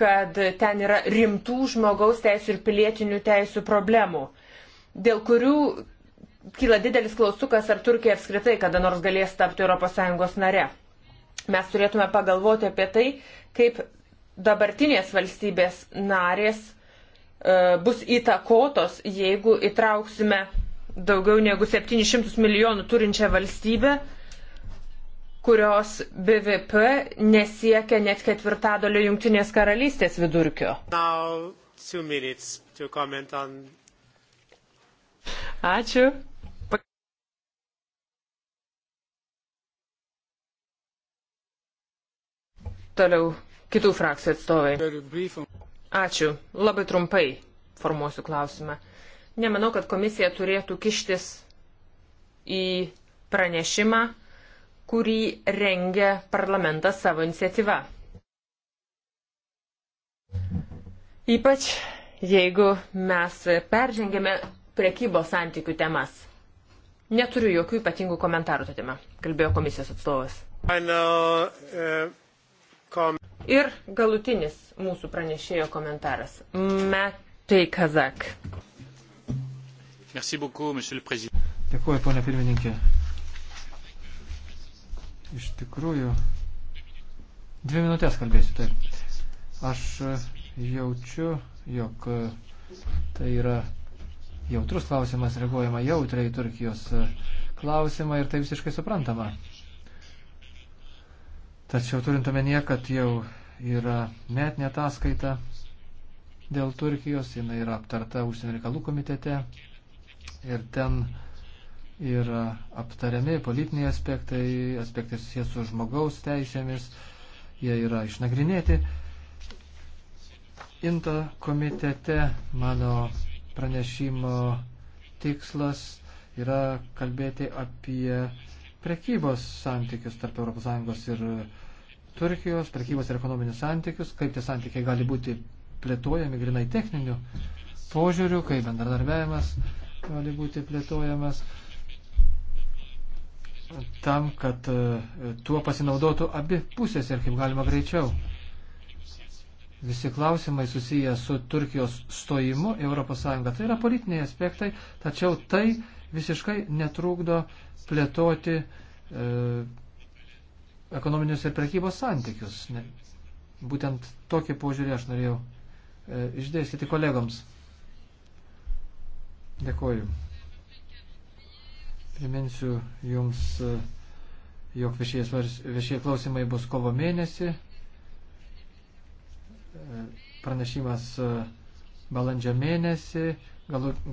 kad ten yra rimtų žmogaus teisų ir pilietinių teisų problemų, dėl kurių kyla didelis klaustukas, ar Turkija apskritai kada nors galės tapti ES nare. Mes turėtume pagalvoti apie tai, kaip dabartinės valstybės narės e, bus įtakotos, jeigu įtrauksime daugiau negu 700 milijonų turinčią valstybę, kurios BVP nesiekia net ketvirtadalio Junktinės karalystės vidurkio. On... Ačiū. Toliau kitų frakcijų atstovai. Ačiū. Labai trumpai formuosiu klausimą. Nemanau, kad komisija turėtų kištis į pranešimą, kurį rengia parlamentas savo iniciatyva. Ypač jeigu mes peržengėme priekybos santykių temas. Neturiu jokių ypatingų komentarų tą temą, kalbėjo komisijos atstovas. Know, uh, Ir galutinis mūsų pranešėjo komentaras. Metai Kazak. Dėkuoju, ponė pirmininkė. Iš tikrųjų, dvi minutės kalbėsiu, taip. Aš jaučiu, jog tai yra jautrus klausimas, reaguojama jautriai Turkijos klausimą ir tai visiškai suprantama. Tačiau turint omenyje, kad jau yra net netaskaita dėl Turkijos, jinai yra aptarta užsienio reikalų komitete, ir ten yra aptariami politiniai aspektai, aspektai susijęs su žmogaus teisėmis, jie yra išnagrinėti. Inta komitete mano pranešimo tikslas yra kalbėti apie prekybos santykius tarp ES ir Turkijos, prekybos ir ekonominius santykius, kaip tie santykiai gali būti plėtojami grinai techniniu požiūriu, kaip bendradarbiavimas gali būti plėtojamas tam, kad e, tuo pasinaudotų abi pusės ir kaip galima greičiau. Visi klausimai susiję su Turkijos stojimu ES. Tai yra politiniai aspektai, tačiau tai visiškai netrūkdo plėtoti e, ekonominius ir prekybos santykius. Ne, būtent tokį požiūrį aš norėjau e, išdėstyti kolegoms. Dėkuoju. Priminsiu Jums, eh, jog viešie klausimai bus kovo mėnesį. Eh, pranešimas eh, balandžio mėnesį,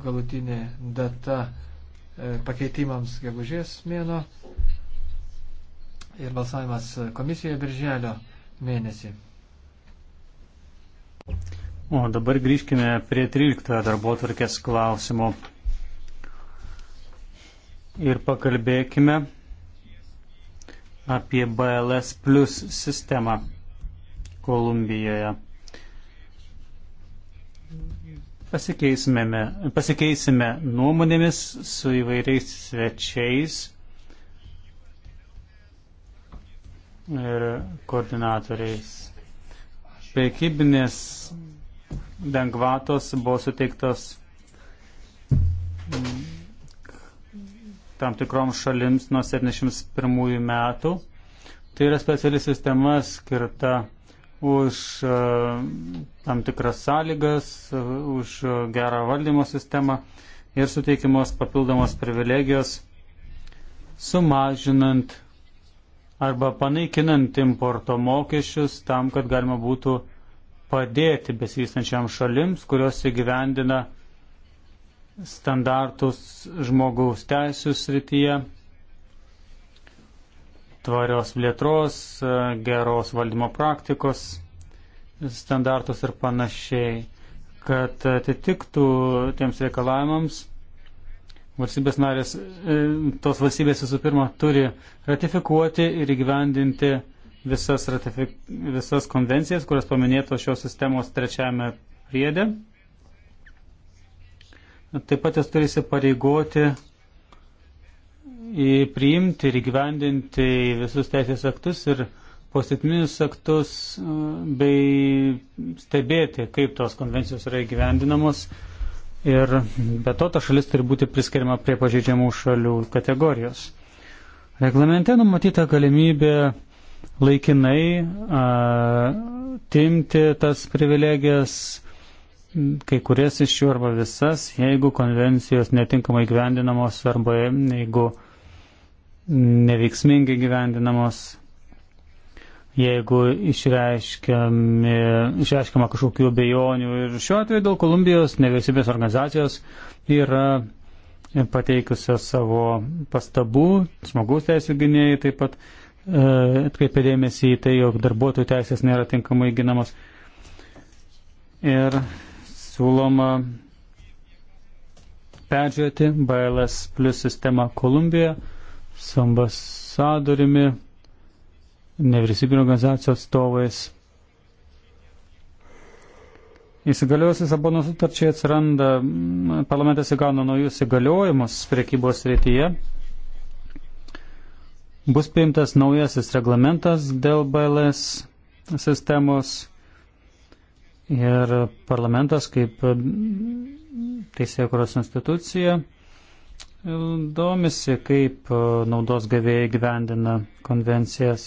galutinė data pakeitimams gegužės mėno ir balsavimas komisijoje birželio mėnesį. O dabar grįžkime prie 13 darbo tvarkės klausimo. Ir pakalbėkime apie BLS plus sistemą Kolumbijoje. Pasikeisime nuomonėmis su įvairiais svečiais ir koordinatoriais. Pekybinės lengvatos buvo suteiktos mm, tam tikroms šalims nuo 71 metų. Tai yra speciali sistema skirta už e, tam tikras sąlygas, už gerą valdymo sistemą ir suteikimos papildomos privilegijos, sumažinant arba panaikinant importo mokesčius tam, kad galima būtų padėti besivystančiam šalims, kurios įgyvendina standartus žmogaus teisų srityje, tvarios plėtros, geros valdymo praktikos standartus ir panašiai, kad atitiktų tiems reikalavimams. Valstybės narės, e, tos valstybės visų pirma turi ratifikuoti ir įgyvendinti visas, ratifik... visas konvencijas, kurias paminėtos šios sistemos trečiame priedė. Taip pat jis turi įsipareigoti priimti ir įgyvendinti visus teisės aktus ir positminius aktus e, bei stebėti, kaip tos konvencijos yra įgyvendinamos. Ir be to ta šalis turi būti priskiriama prie pažeidžiamų šalių kategorijos. Reglamente numatyta galimybė laikinai timti tas privilegijas, kai kurias iš jų arba visas, jeigu konvencijos netinkamai gyvendinamos arba jeigu neveiksmingai gyvendinamos, jeigu išreiškiama kažkokių bejonių. Ir šiuo atveju dėl Kolumbijos nevyriausybės organizacijos yra pateikusios savo pastabų, žmogaus teisų gynėjai taip pat. Uh, atkreipė dėmesį į tai, jog darbuotojų teisės nėra tinkamai ginamos. Ir siūloma peržiūrėti BLS plus sistemą Kolumbijoje su ambasadoriumi, nevyriausybinio organizacijos atstovais. Įsigaliojus Lisabono sutarčiai atsiranda, parlamentas įgauna naujus įgaliojimus priekybos rytyje Bus priimtas naujasis reglamentas dėl BLS sistemos ir parlamentas kaip teisėkuros institucija domisi, kaip naudos gavėjai gyvendina konvencijas.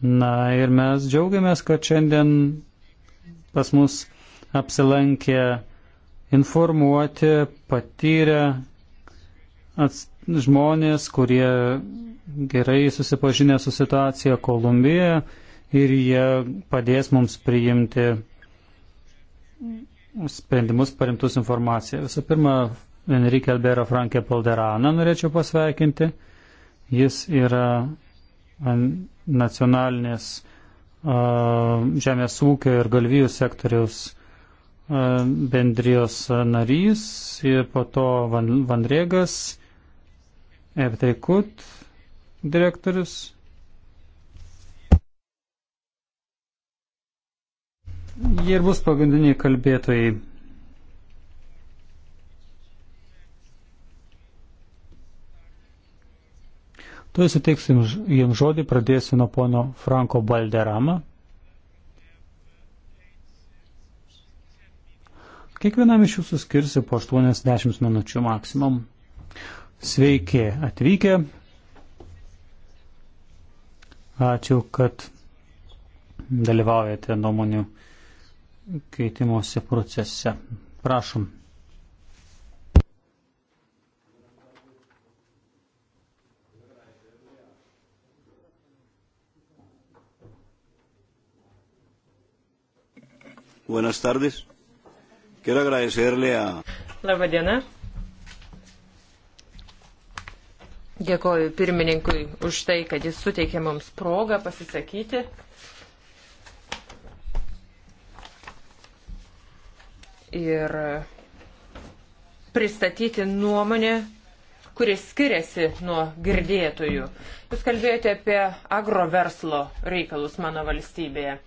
Na ir mes džiaugiamės, kad šiandien pas mus apsilankė informuoti, patyrę atstovai žmonės, kurie gerai susipažinę su situacija Kolumbijoje ir jie padės mums priimti sprendimus paremtus informaciją. Visų pirma, Enrique Albero Frankė Polderaną norėčiau pasveikinti. Jis yra nacionalinės uh, žemės ūkio ir galvijų sektoriaus uh, bendrijos narys ir po to Van, Vanrėgas FTKUT direktorius. Jie ir bus pagrindiniai kalbėtojai. Tu įsiteiksim jiems žodį, pradėsiu nuo pono Franko Balderama. Kiekvienam iš jūsų skirsiu po 80 minučių maksimum. Sveiki atvykę. Ačiū, kad dalyvaujate nuomonių keitimuose procese. Prašom. Buenas tardes. Quiero agradecerle a. Labą dieną. Dėkoju pirmininkui už tai, kad jis suteikė mums progą pasisakyti. Ir pristatyti nuomonę, kuris skiriasi nuo girdėtojų. Jūs kalbėjote apie agroverslo reikalus mano valstybėje.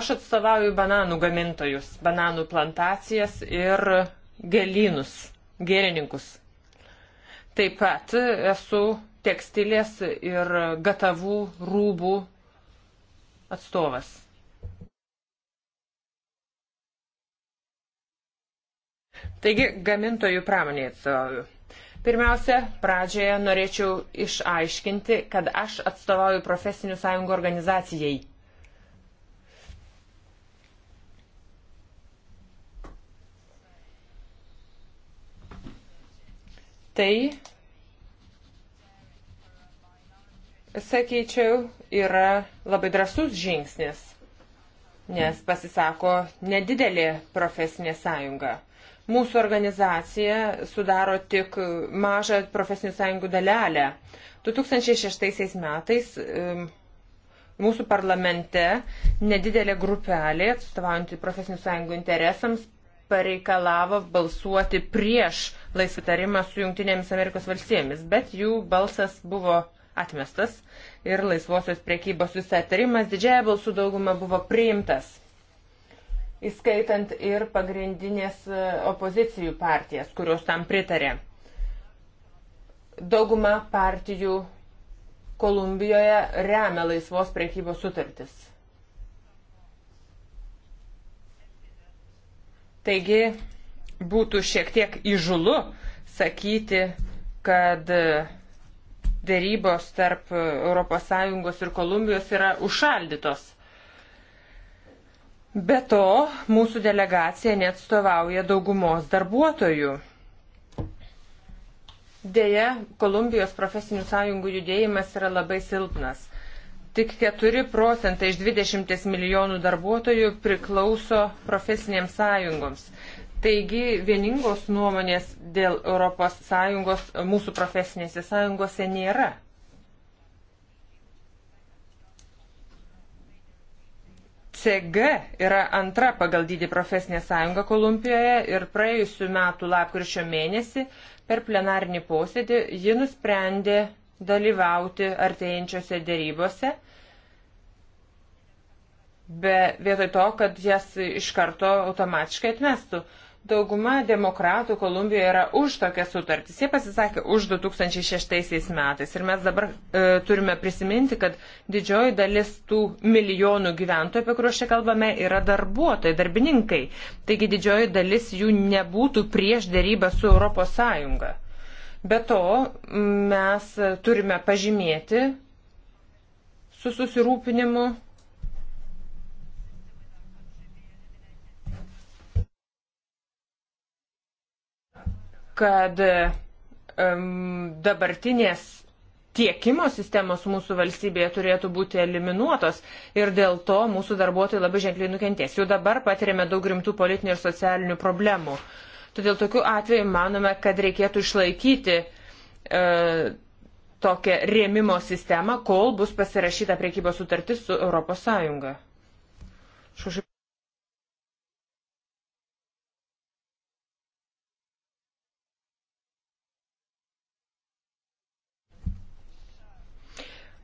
Aš atstovauju bananų gamintojus, bananų plantacijas ir gėlynus, gėlininkus Taip pat esu tekstilės ir gatavų rūbų atstovas. Taigi, gamintojų pramonėje atstovauju. Pirmiausia, pradžioje norėčiau išaiškinti, kad aš atstovauju profesinių sąjungų organizacijai tai, sakyčiau, yra labai drasus žingsnis, nes pasisako nedidelė profesinė sąjunga. Mūsų organizacija sudaro tik mažą profesinių sąjungų dalelę. 2006 metais mūsų parlamente nedidelė grupelė atstovaujanti profesinių sąjungų interesams pareikalavo balsuoti prieš laisvitarimą su Junktinėmis Amerikos valstybėmis, bet jų balsas buvo atmestas ir laisvosios priekybos susitarimas didžiaja balsų dauguma buvo priimtas, įskaitant ir pagrindinės e, opozicijų partijas, kurios tam pritarė. Dauguma partijų Kolumbijoje remia laisvos priekybos sutartis. Taigi būtų šiek tiek įžulu sakyti, kad e, dėrybos tarp ES ir Kolumbijos yra užšaldytos. Be to, mūsų delegacija neatstovauja daugumos darbuotojų. Deja, Kolumbijos profesinių sąjungų judėjimas yra labai silpnas. Tik 4 procentai iš 20 milijonų darbuotojų priklauso profesinėms sąjungoms. Taigi vieningos nuomonės dėl ES mūsų profesinėse sąjungose nėra. CG yra antra pagal dydį profesinė sąjunga Kolumbijoje ir praėjusiu metu lapkričio mėnesį per plenarinį posėdį ji nusprendė dalyvauti artėjančiose dėrybose, be vietoj to, kad jas iš karto automatiškai atmestų. Dauguma demokratų Kolumbijoje yra už tokias sutartis. Jie pasisakė už 2006 metais. Ir mes dabar e, turime prisiminti, kad didžioji dalis tų milijonų gyventojų, apie kuriuos čia kalbame, yra darbuotojai, darbininkai. Taigi didžioji dalis jų nebūtų prieš dėrybę su ES. Be to, mes turime pažymėti su susirūpinimu kad um, dabartinės tiekimo sistemos mūsų valstybėje turėtų būti eliminuotos ir dėl to mūsų darbuotojai labai ženkliai nukentės. Jau dabar patiriame daug rimtų politinių ir socialinių problemų. Uh, Todėl tokiu atveju manome, kad reikėtų išlaikyti e, tokią rėmimo sistemą, kol bus pasirašyta priekybos sutartis su ES. Šuši...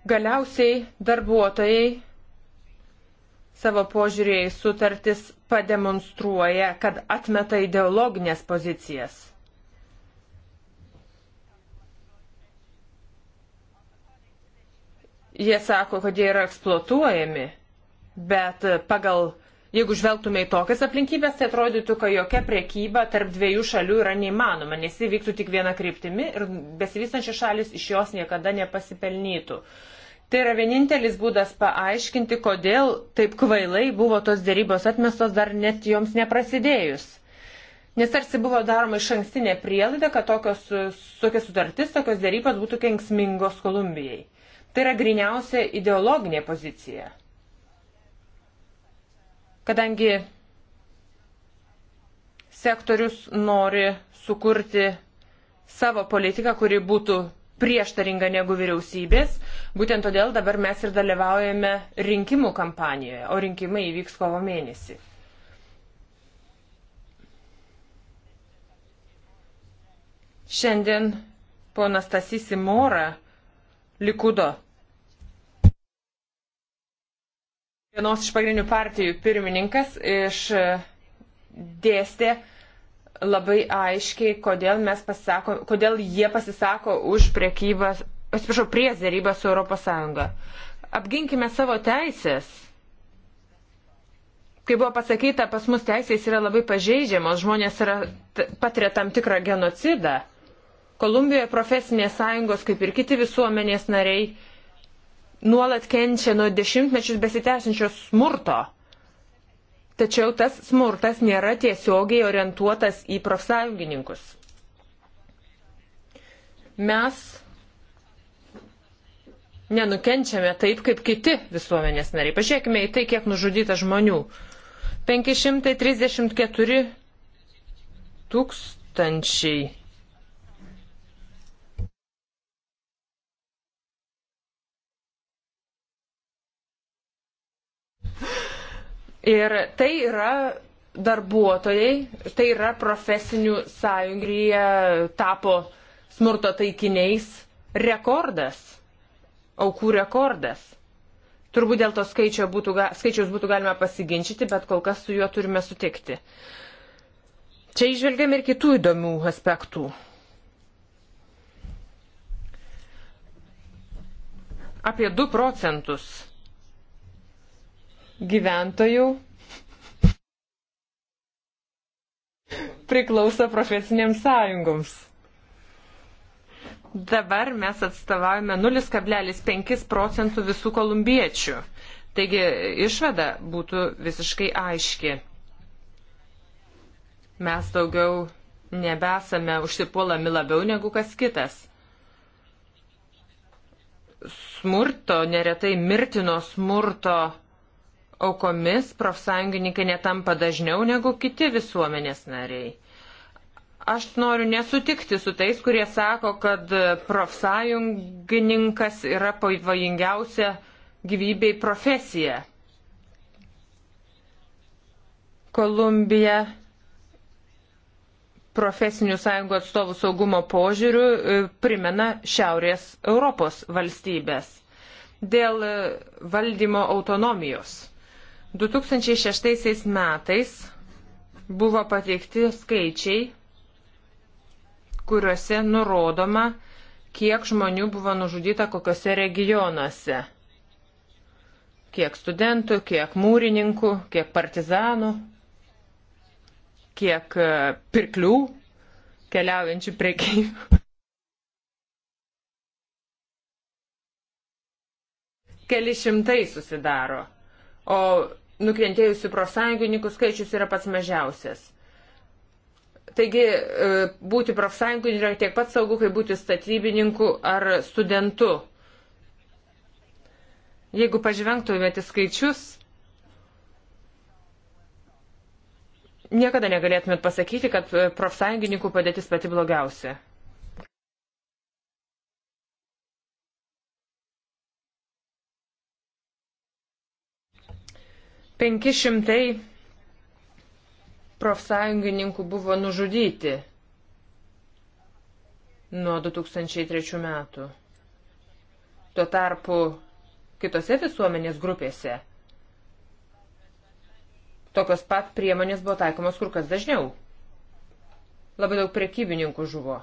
Galiausiai darbuotojai savo požiūrį į sutartis pademonstruoja, kad atmeta ideologinės pozicijas. Jie sako, kad jie yra eksploatuojami, bet pagal, jeigu žvelgtume į tokias aplinkybės, tai atrodytų, kad jokia priekyba tarp dviejų šalių yra neįmanoma, nes ji vyktų tik viena kryptimi ir besivystančios šalis iš jos niekada nepasipelnytų. Uh, Tai yra vienintelis būdas paaiškinti, kodėl taip kvailai buvo tos dėrybos atmestos dar net joms neprasidėjus. Nes tarsi buvo daroma iš ankstinė prielaida, kad tokios, tokia sutartis, tokios dėrybos būtų kenksmingos Kolumbijai. Tai yra griniausia ideologinė pozicija. Kadangi sektorius nori sukurti savo politiką, kuri būtų prieštaringa negu vyriausybės. Būtent todėl dabar mes ir dalyvaujame rinkimų kampanijoje, o rinkimai įvyks kovo mėnesį. Šiandien ponas Tasys Imora Likudo vienos iš pagrindinių partijų pirmininkas išdėstė, e, uh, labai aiškiai, kodėl, pasisako, kodėl jie pasisako už priekybą, atsiprašau, prieš dėrybą su ES. Apginkime savo teisės. Kaip buvo pasakyta, pas mus teisės yra labai pažeidžiamos, žmonės yra, patiria tam tikrą genocidą. Kolumbijoje profesinės sąjungos, kaip ir kiti visuomenės nariai, nuolat kenčia nuo dešimtmečius besitęsinčio smurto Tačiau tas smurtas nėra tiesiogiai orientuotas į profsąjungininkus. Mes nenukenčiame taip kaip kiti visuomenės nariai. Pažiūrėkime į tai, kiek nužudyta žmonių. 534 tūkstančiai Ir tai yra darbuotojai, tai yra profesinių sąjungryje tapo smurto taikiniais rekordas, aukų rekordas. Turbūt dėl to skaičio būtų, skaičiaus būtų galima pasiginčyti, bet kol kas su juo turime sutikti. Čia išvelgiam ir kitų įdomių aspektų. Apie 2 procentus gyventojų priklauso profesinėms sąjungoms. Dabar mes atstovaujame 0,5 procentų visų kolumbiečių. Taigi išvada būtų visiškai aiški. Mes daugiau nebesame užsipuolami labiau negu kas kitas. Smurto, neretai mirtino smurto aukomis profsąjungininkai netampa dažniau negu kiti visuomenės nariai. Aš noriu nesutikti su tais, kurie sako, kad profsąjungininkas yra pavojingiausia gyvybei profesija. Kolumbija profesinių sąjungų atstovų saugumo požiūrių e, primena Šiaurės Europos valstybės dėl e, valdymo autonomijos. 2006 metais buvo pateikti skaičiai, kuriuose nurodoma, kiek žmonių buvo nužudyta kokiuose regionuose. Kiek studentų, kiek mūrininkų, kiek partizanų, kiek e, pirklių keliaujančių prekeivių. Keli šimtai susidaro. O nukentėjusių profsąjungininkų skaičius yra pats mažiausias. Taigi e, būti profsąjungininku yra tiek pat saugu, kaip būti statybininku ar studentu. Jeigu pažvengtumėte skaičius, niekada negalėtumėt pasakyti, kad profsąjungininkų padėtis pati blogiausia. 500 profsąjungininkų buvo nužudyti nuo 2003 metų. Tuo tarpu kitose visuomenės grupėse tokios pat priemonės buvo taikomos kur kas dažniau. Labai daug prekybininkų žuvo.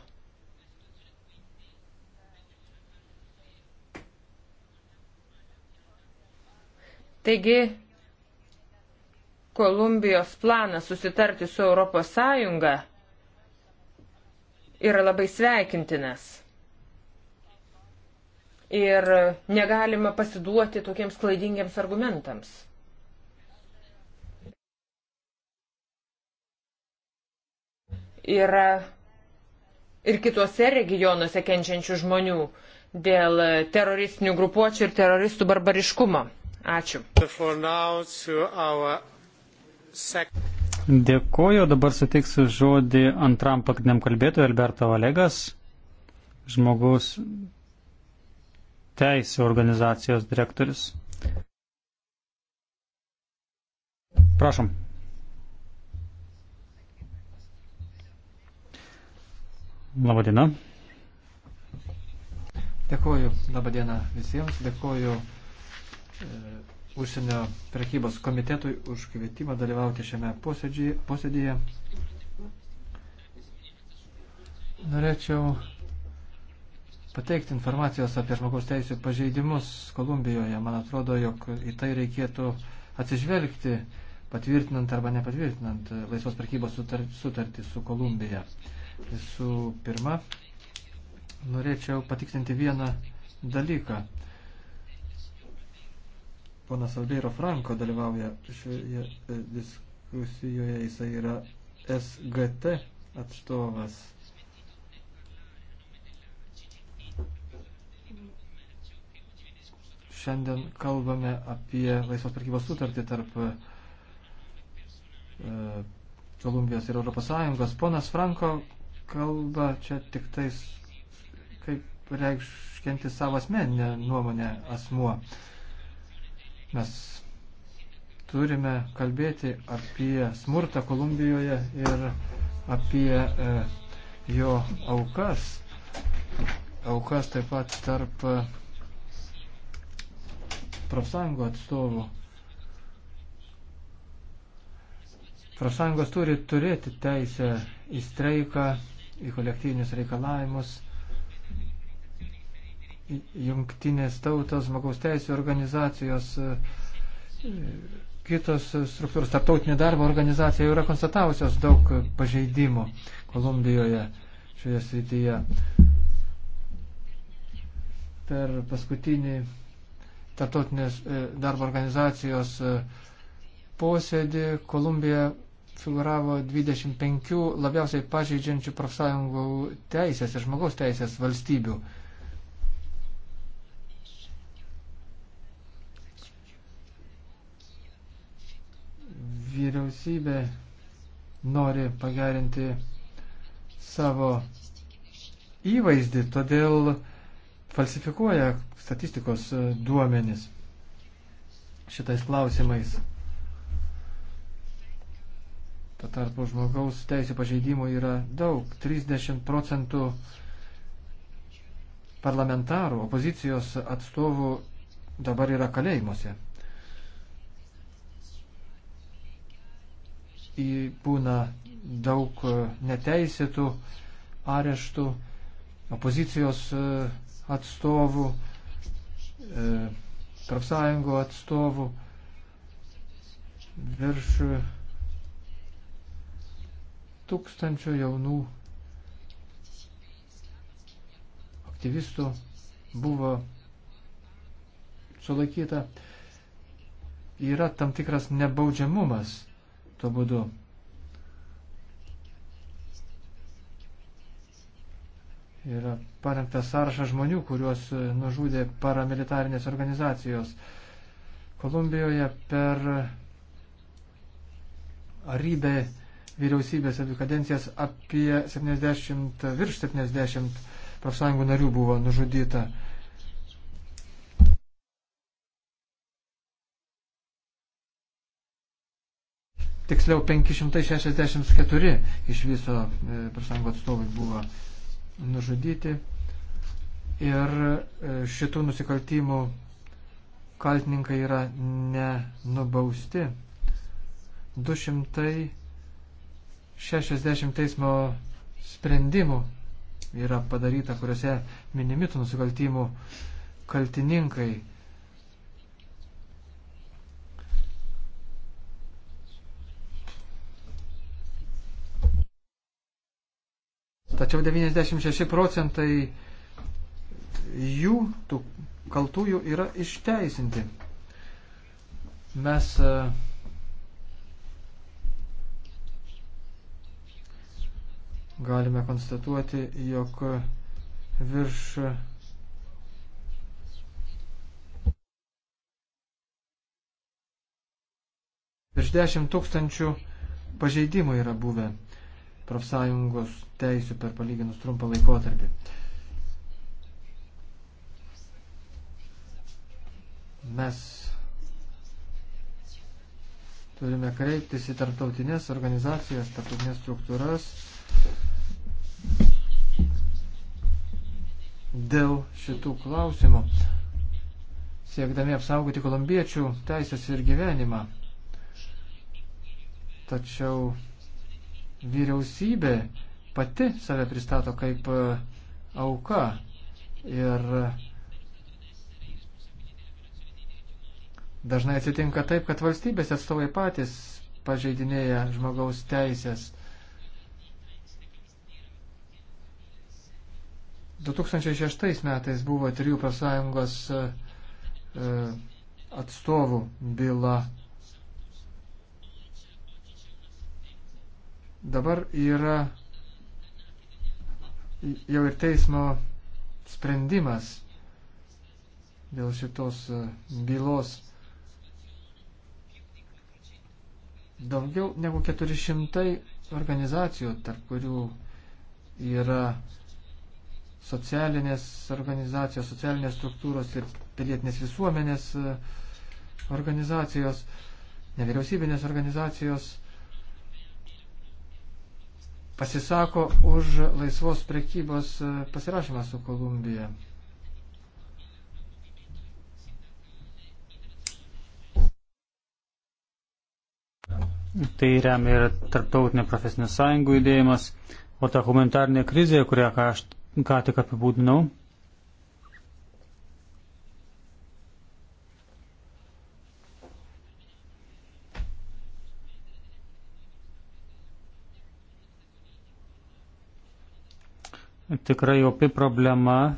Taigi, Kolumbijos planas susitarti su ES yra labai sveikintinas. Ir negalima pasiduoti tokiems klaidingiams argumentams. Yra ir kitose regionuose kenčiančių žmonių dėl teroristinių grupuočių ir teroristų barbariškumo. Ačiū. Dėkuoju, dabar suteiksiu žodį antram pagrindiniam kalbėtojui Alberto Olegas, žmogus teisų organizacijos direktorius. Prašom. Labadiena. Dėkuoju, labadiena visiems, dėkuoju. E, užsienio prekybos komitetui už kvietimą dalyvauti šiame posėdėje. Norėčiau pateikti informacijos apie žmogaus teisų pažeidimus Kolumbijoje. Man atrodo, jog į tai reikėtų atsižvelgti, patvirtinant arba nepatvirtinant laisvos prekybos sutartį su Kolumbija. Visų pirma, norėčiau patiksinti vieną dalyką ponas Albeiro Franko dalyvauja šioje e, diskusijoje, jisai yra SGT atstovas. Šiandien kalbame apie laisvos prekybos sutartį tarp e, Kolumbijos ir ES. Ponas Franko kalba čia tik tais kaip reikškinti savo asmeninę nuomonę asmuo. E, Mes turime kalbėti apie smurtą Kolumbijoje ir apie e, jo aukas. Aukas taip pat tarp e, profsąjungų atstovų. Profsąjungos turi turėti teisę į streiką, į kolektyvinius reikalavimus jungtinės tautos, žmogaus teisų organizacijos, e, kitos struktūros, tarptautinė darbo organizacija jau yra konstatavusios daug pažeidimų Kolumbijoje šioje srityje. Per paskutinį tarptautinės e, darbo organizacijos e, posėdį Kolumbija figuravo 25 labiausiai pažeidžiančių profsąjungų teisės ir žmogaus teisės valstybių. vyriausybė nori pagerinti savo įvaizdį, todėl falsifikuoja statistikos duomenis šitais klausimais. Tuo tarpu žmogaus teisų pažeidimų yra daug. 30 procentų parlamentarų, opozicijos atstovų dabar yra kalėjimuose. būna daug e, neteisėtų areštų, opozicijos e, atstovų, e, profsąjungų atstovų virš tūkstančio jaunų aktyvistų buvo sulaikyta. Yra tam tikras nebaudžiamumas tuo būdu. Yra parengtas sąrašas žmonių, kuriuos nužudė paramilitarinės organizacijos. Kolumbijoje per Arybę vyriausybės abi kadencijas apie 70, virš 70 profsąjungų narių buvo nužudyta. tiksliau 564 iš viso e, profsąjungų atstovai buvo nužudyti. Ir e, šitų nusikaltimų kaltininkai yra nenubausti. 260 teismo sprendimų yra padaryta, kuriuose minimi tų nusikaltimų kaltininkai Tačiau 96 procentai jų, tų kaltųjų, yra išteisinti. Mes e, galime konstatuoti, jog virš virš 10 tūkstančių pažeidimų yra buvę profsąjungos teisų per palyginus trumpą laikotarpį. Mes turime kreiptis į tarptautinės organizacijas, tarptautinės struktūras dėl šitų klausimų, siekdami apsaugoti kolumbiečių teisės ir gyvenimą. Tačiau vyriausybė pati save pristato kaip e, auka ir dažnai atsitinka taip, kad valstybės atstovai patys pažeidinėja žmogaus teisės. 2006 metais buvo trijų profsąjungos e, e, atstovų byla Dabar yra jau ir teismo sprendimas dėl šitos e, bylos. Daugiau negu 400 organizacijų, tarp kurių yra socialinės organizacijos, socialinės struktūros ir pilietinės visuomenės e, organizacijos, nevyriausybinės organizacijos pasisako už laisvos prekybos e, pasirašymą su Kolumbija. Tai remia ir tarptautinė profesinė sąjungų judėjimas, o ta humanitarinė krizė, kurią ką aš ką tik apibūdinau, tikrai opi problema.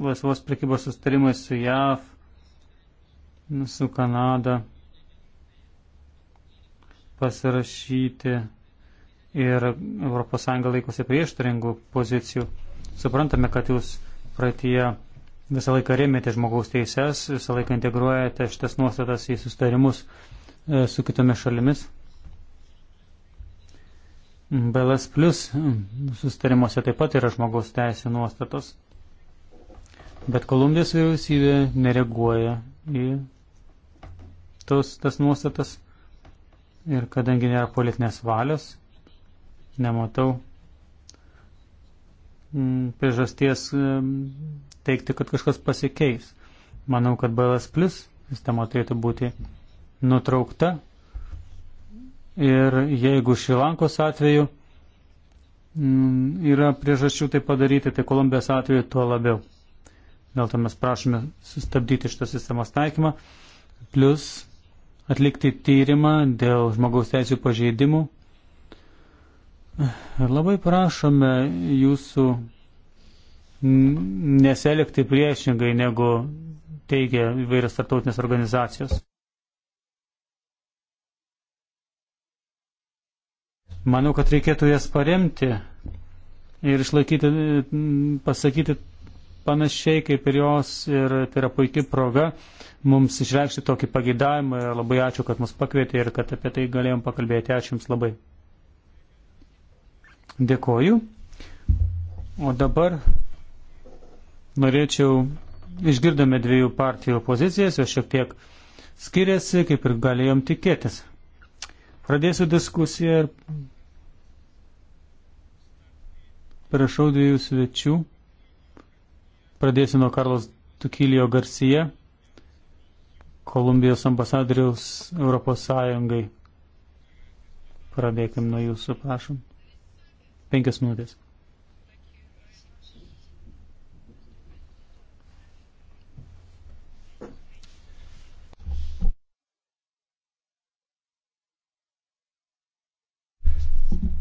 Laisvos prekybos sustarimai su JAV, su Kanada pasirašyti ir ES laikosi prieštaringų pozicijų. Suprantame, kad jūs praeitie visą laiką rėmėte žmogaus teises, visą laiką integruojate šitas nuostatas į sustarimus e, su kitomis šalimis. BLS plus sustarimuose taip pat yra žmogaus teisė nuostatos. Bet Kolumbijos vyriausybė nereaguoja į tos, tas nuostatas. Ir kadangi nėra politinės valios, nematau mm, priežasties mm, teikti, kad kažkas pasikeis. Manau, kad BLS plus sistema turėtų būti nutraukta Ir jeigu Šilankos atveju mm, yra priežasčių tai padaryti, tai Kolumbijos atveju tuo labiau. Dėl to mes prašome sustabdyti šitos sistemos taikymą, plus atlikti tyrimą dėl žmogaus teisų pažeidimų. Ir labai prašome jūsų neselekti priešingai, negu teigia įvairios tarptautinės organizacijos. Manau, kad reikėtų jas paremti ir išlaikyti, pasakyti panašiai kaip ir jos ir tai yra puikia proga mums išreikšti tokį pagėdavimą ir labai ačiū, kad mus pakvietė ir kad apie tai galėjom pakalbėti. Ačiū Jums labai. Dėkoju. O dabar norėčiau, išgirdome dviejų partijų pozicijas, jos šiek tiek skiriasi, kaip ir galėjom tikėtis. Pradėsiu diskusiją ir prašau dviejų svečių. Pradėsiu nuo Karlos Tukilio Garcia, Kolumbijos ambasadoriaus Europos Sąjungai. Pradėkim nuo jūsų, prašom. Penkias minutės.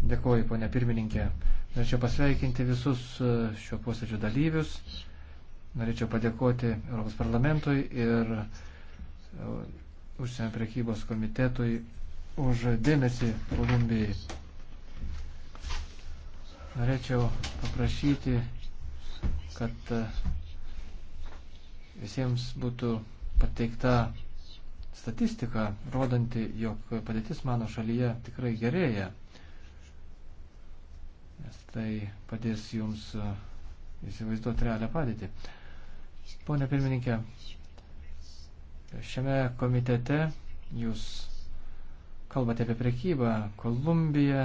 Dėkuoju, ponė pirmininkė. Norėčiau pasveikinti visus e, šio posėdžio dalyvius. Norėčiau padėkoti Europos parlamentui ir e, užsienio prekybos komitetui už dėmesį Kolumbijai. Norėčiau paprašyti, kad e, visiems būtų pateikta statistika, rodanti, jog padėtis mano šalyje tikrai gerėja nes tai padės jums e, įsivaizduoti realią padėtį. Pone pirmininkė, šiame komitete jūs kalbate apie prekybą. Kolumbija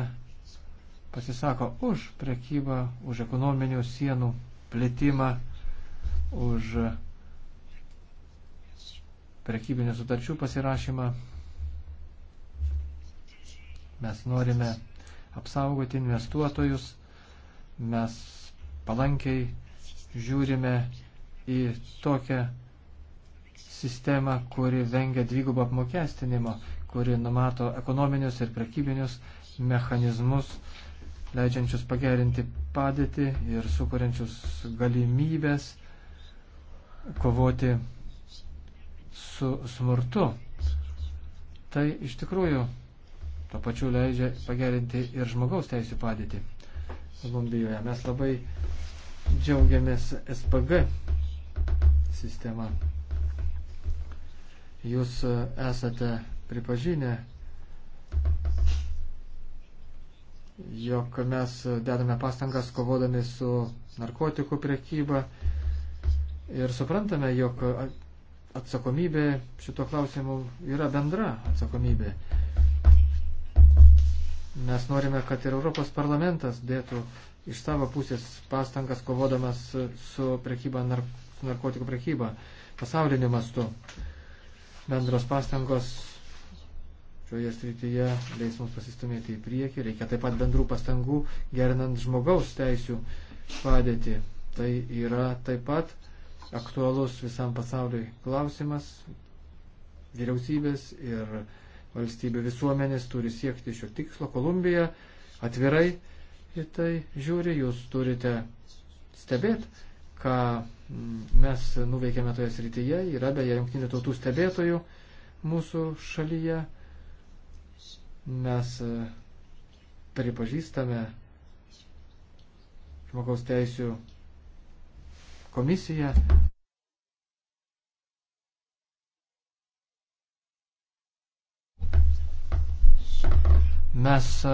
pasisako už prekybą, už ekonominių sienų plėtimą, už prekybinių sutarčių pasirašymą. Mes norime apsaugoti investuotojus. Mes palankiai žiūrime į tokią sistemą, kuri vengia dvigubą apmokestinimo, kuri numato ekonominius ir prekybinius mechanizmus, leidžiančius pagerinti padėtį ir sukuriančius galimybės kovoti su smurtu. Tai iš tikrųjų Tuo pačiu leidžia pagerinti ir žmogaus teisų padėtį Kolumbijoje. Mes labai džiaugiamės SPG sistema. Jūs e, esate pripažinę, jog mes dedame pastangas kovodami su narkotikų priekyba ir suprantame, jog atsakomybė šito klausimu yra bendra atsakomybė. Mes norime, kad ir Europos parlamentas dėtų iš savo pusės pastangas kovodamas su prekyba, su narkotikų prekyba pasauliniu mastu. Bendros pastangos šioje srityje leis mums pasistumėti į priekį. Reikia taip pat bendrų pastangų gerinant žmogaus teisių padėtį. Tai yra taip pat aktualus visam pasauliui klausimas. Vyriausybės ir valstybių visuomenės turi siekti šio tikslo. Kolumbija atvirai į tai žiūri, jūs turite stebėti, ką mes nuveikėme toje srityje. Yra beje jungtinių tautų stebėtojų mūsų šalyje. Mes e, pripažįstame žmogaus teisų komisiją Mes e,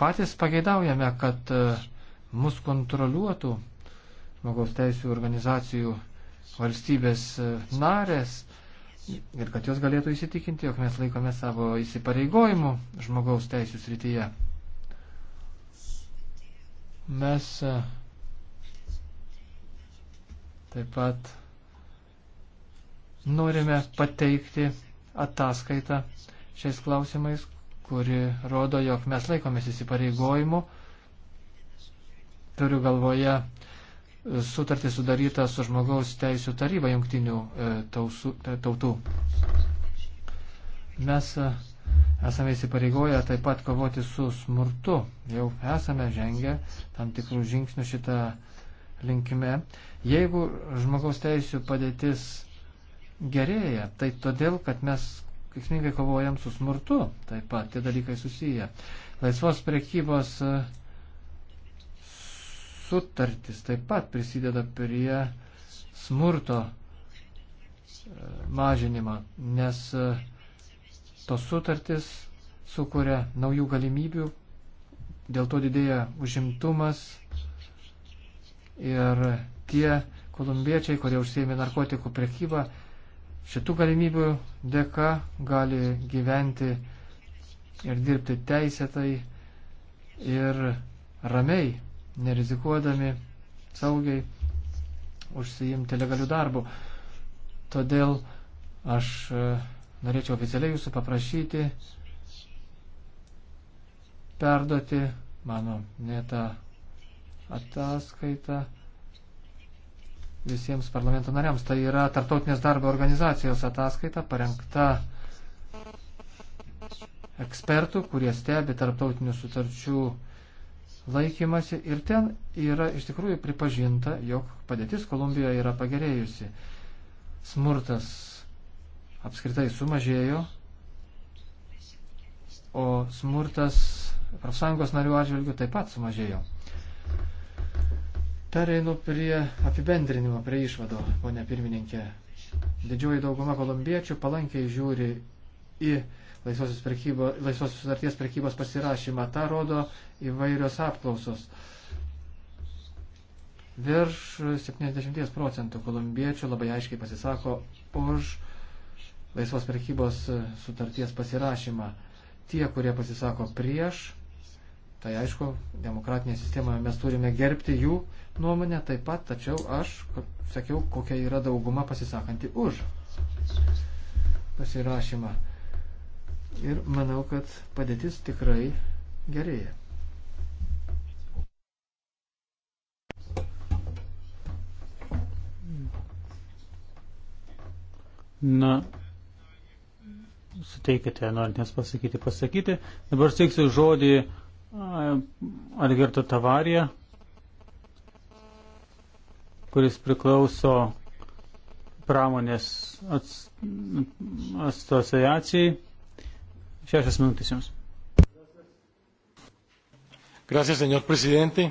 patys pageidaujame, kad e, mus kontroliuotų žmogaus teisų organizacijų valstybės e, narės ir kad jos galėtų įsitikinti, jog mes laikome savo įsipareigojimų žmogaus teisų srityje. Mes taip pat norime pateikti ataskaitą šiais klausimais, kuri rodo, jog mes laikomės įsipareigojimu. Turiu galvoje e, sutartį sudarytą su žmogaus teisų taryba jungtinių e, tausų, e, tautų. Mes esame įsipareigoję taip pat kovoti su smurtu. Jau esame žengę tam tikrų žingsnių šitą linkime. Jeigu žmogaus teisų padėtis gerėja, tai todėl, kad mes veiksmingai kovojam su smurtu, taip pat tie dalykai susiję. Laisvos prekybos e, sutartis taip pat prisideda prie smurto e, mažinimą, nes e, tos sutartis sukuria naujų galimybių, dėl to didėja užimtumas ir tie kolumbiečiai, kurie užsėmė narkotikų prekybą, Šitų galimybių dėka gali gyventi ir dirbti teisėtai ir ramiai, nerizikuodami, saugiai užsiimti legalių darbų. Todėl aš e, norėčiau oficialiai jūsų paprašyti perduoti mano netą ataskaitą visiems parlamento nariams. Tai yra Tartautinės darbo organizacijos ataskaita parengta ekspertų, kurie stebi tarptautinių sutarčių laikymasi ir ten yra iš tikrųjų pripažinta, jog padėtis Kolumbijoje yra pagerėjusi. Smurtas apskritai sumažėjo, o smurtas profsąjungos narių atžvilgių taip pat sumažėjo. Pereinu prie apibendrinimo, prie išvado, ponė pirmininkė. Didžioji dauguma kolumbiečių palankiai žiūri į laisvosios, prekybo, laisvosios sutarties prekybos pasirašymą. Ta rodo įvairios apklausos. Virš 70 procentų kolumbiečių labai aiškiai pasisako už laisvos prekybos sutarties pasirašymą. Tie, kurie pasisako prieš, Tai aišku, demokratinėje sistemoje mes turime gerbti jų nuomonę taip pat, tačiau aš sakiau, kokia yra dauguma pasisakanti už pasirašymą. Ir manau, kad padėtis tikrai gerėja. Na, suteikite, norint nes pasakyti, pasakyti. Dabar suteiksiu žodį Algerto Tavarija, kuris priklauso pramonės asociacijai. Šešias minutės jums. Gracias, señor presidente.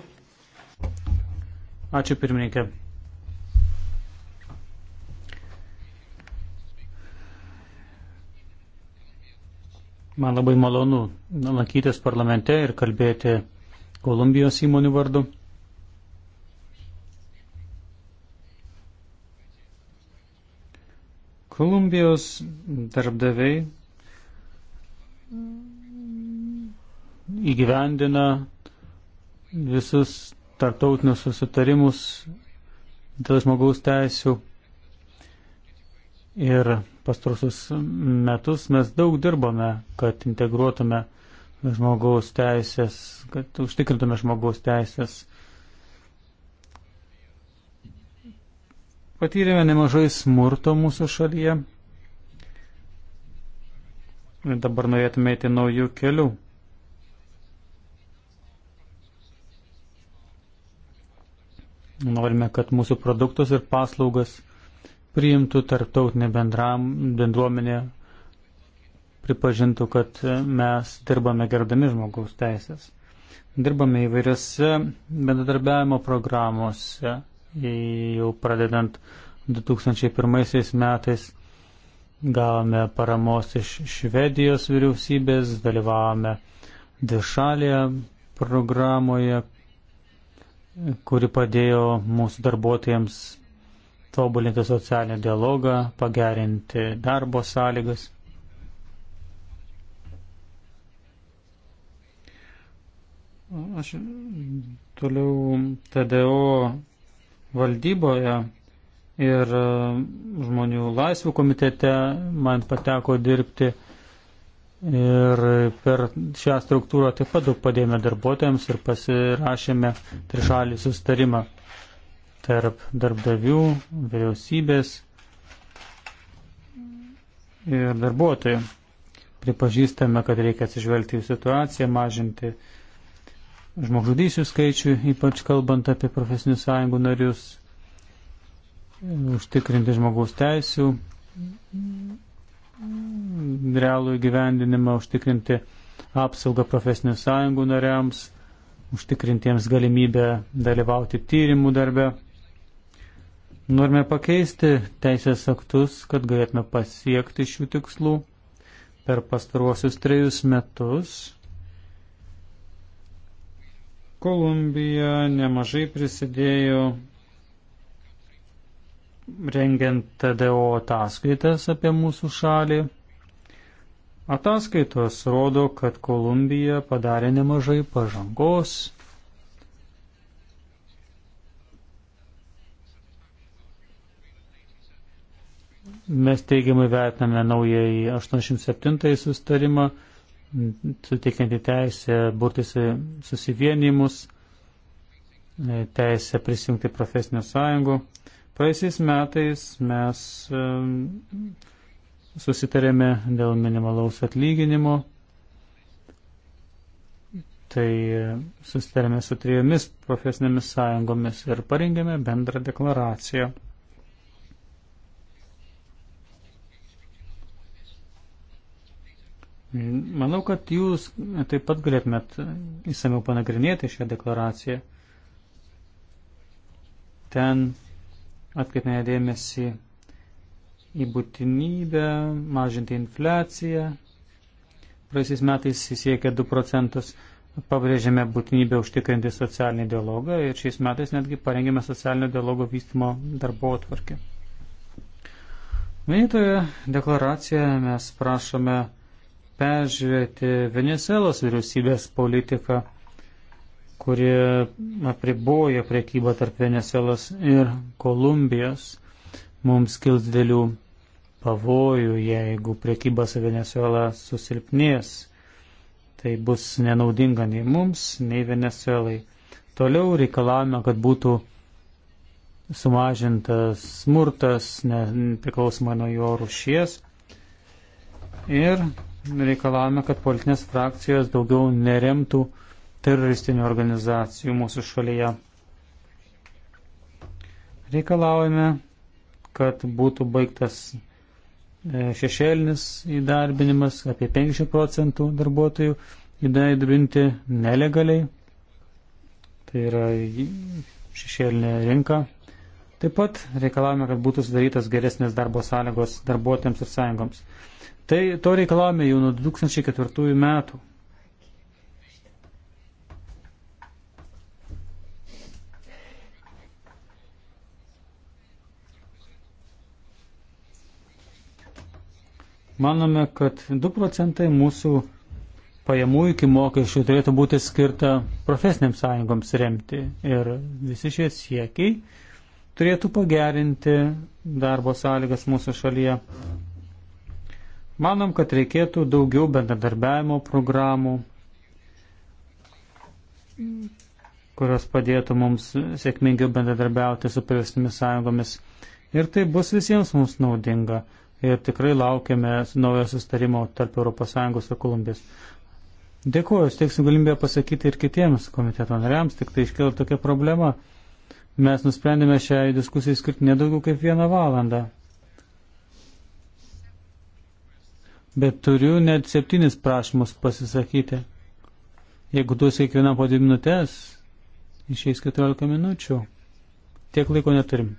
Ačiū pirmininkė. Man labai malonu lankytis parlamente ir kalbėti Kolumbijos įmonių vardu. Kolumbijos darbdaviai įgyvendina visus tarptautinius susitarimus dėl žmogaus teisų Ir pastarusius metus mes daug dirbome, kad integruotume žmogaus teisės, kad užtikrintume žmogaus teisės. Patyrėme nemažai smurto mūsų šalyje. Ir dabar norėtume eiti naujų kelių. Norime, kad mūsų produktus ir paslaugas priimtų tarptautinė bendram, bendruomenė, pripažintų, kad mes dirbame gerdami žmogaus teisės. Dirbame įvairiose bendradarbiavimo programuose, jau pradedant 2001 metais gavome paramos iš Švedijos vyriausybės, dalyvavome dvišalėje programoje, kuri padėjo mūsų darbuotojams tobulinti socialinį dialogą, pagerinti darbo sąlygas. Aš toliau TDO valdyboje ir e, žmonių laisvų komitete man pateko dirbti ir per šią struktūrą taip pat daug padėjome darbuotojams ir pasirašėme trišalį sustarimą tarp darbdavių, vyriausybės ir darbuotojų. Pripažįstame, kad reikia atsižvelgti į situaciją, mažinti žmogžudysių skaičių, ypač kalbant apie profesinių sąjungų narius, užtikrinti žmogaus teisų, realų įgyvendinimą, užtikrinti apsaugą profesinių sąjungų nariams, užtikrintiems galimybę dalyvauti tyrimų darbe. Norime pakeisti teisės aktus, kad galėtume pasiekti šių tikslų per pastaruosius trejus metus. Kolumbija nemažai prisidėjo rengiant TDO ataskaitas apie mūsų šalį. Ataskaitos rodo, kad Kolumbija padarė nemažai pažangos Mes teigiamai vertiname naująjį 87-ąjį sustarimą, suteikiantį teisę burtis susivienimus, e, teisę prisijungti profesinių sąjungų. Praeisiais metais mes e, susitarėme dėl minimalaus atlyginimo. Tai e, susitarėme su trijomis profesinėmis sąjungomis ir parengėme bendrą deklaraciją. Manau, kad jūs taip pat galėtumėt įsamiau panagrinėti šią deklaraciją. Ten atkreipėme dėmesį į būtinybę mažinti infliaciją. Praėjusiais metais jis siekė 2 procentus. Pabrėžėme būtinybę užtikrinti socialinį dialogą ir šiais metais netgi parengėme socialinio dialogo vystimo darbo atvarkę. Minėtoje deklaracijoje mes prašome peržiūrėti Venezuelos vyriausybės politiką, kuri apriboja priekybą tarp Venezuelos ir Kolumbijos. Mums kils dėlių pavojų, jeigu priekyba su Venezuela susilpnės. Tai bus nenaudinga nei mums, nei Venezuelai. Toliau reikalavome, kad būtų sumažintas smurtas, nepriklausomai nuo jo rušies. Ir reikalavome, kad politinės frakcijos daugiau neremtų teroristinių organizacijų mūsų šalyje. Reikalavome, kad būtų baigtas e, šešėlinis įdarbinimas, apie 50 procentų darbuotojų įdarbinti nelegaliai, tai yra šešėlinė rinka. Taip pat reikalavome, kad būtų sudarytas geresnės darbo sąlygos darbuotojams ir sąjungoms. Tai to reikalavome jau nuo 2004 metų. Manome, kad 2 procentai mūsų pajamų iki mokesčių turėtų būti skirta profesiniams sąjungoms remti. Ir visi šie siekiai turėtų pagerinti darbo sąlygas mūsų šalyje. Manom, kad reikėtų daugiau bendradarbiavimo programų, kurios padėtų mums sėkmingiau bendradarbiauti su privesnėmis sąjungomis. Ir tai bus visiems mums naudinga. Ir tikrai laukiame naujo sustarimo tarp ES ir Kolumbijos. Dėkuoju, steiksim galimybę pasakyti ir kitiems komiteto nariams, tik tai iškilo tokia problema. Mes nusprendėme šiai diskusijai skirti nedaugiau kaip vieną valandą. bet turiu net septynis prašymus pasisakyti. Jeigu duosi kiekvieną po dvi minutės, išeis 14 minučių. Tiek laiko neturim.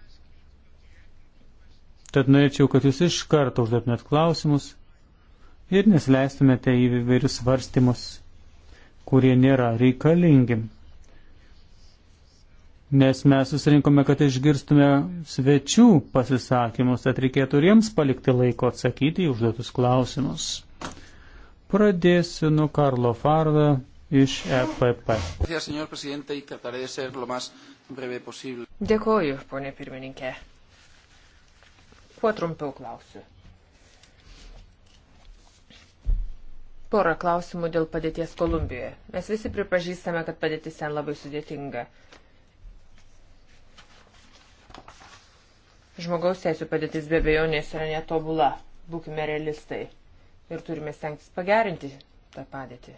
Tad norėčiau, kad jūs iš karto užduotumėt klausimus ir nesileistumėte į įvairius svarstymus, kurie nėra reikalingi nes mes susirinkome, kad išgirstume svečių pasisakymus, tad reikėtų ir jiems palikti laiko atsakyti į užduotus klausimus. Pradėsiu nuo Karlo Farda iš EPP. Dėkoju, ponė pirmininkė. Kuo trumpiau klausiu. Porą klausimų dėl padėties Kolumbijoje. Mes visi pripažįstame, kad padėtis ten labai sudėtinga. Žmogaus teisų padėtis be abejonės yra netobula, būkime realistai ir turime stengtis pagerinti tą padėtį.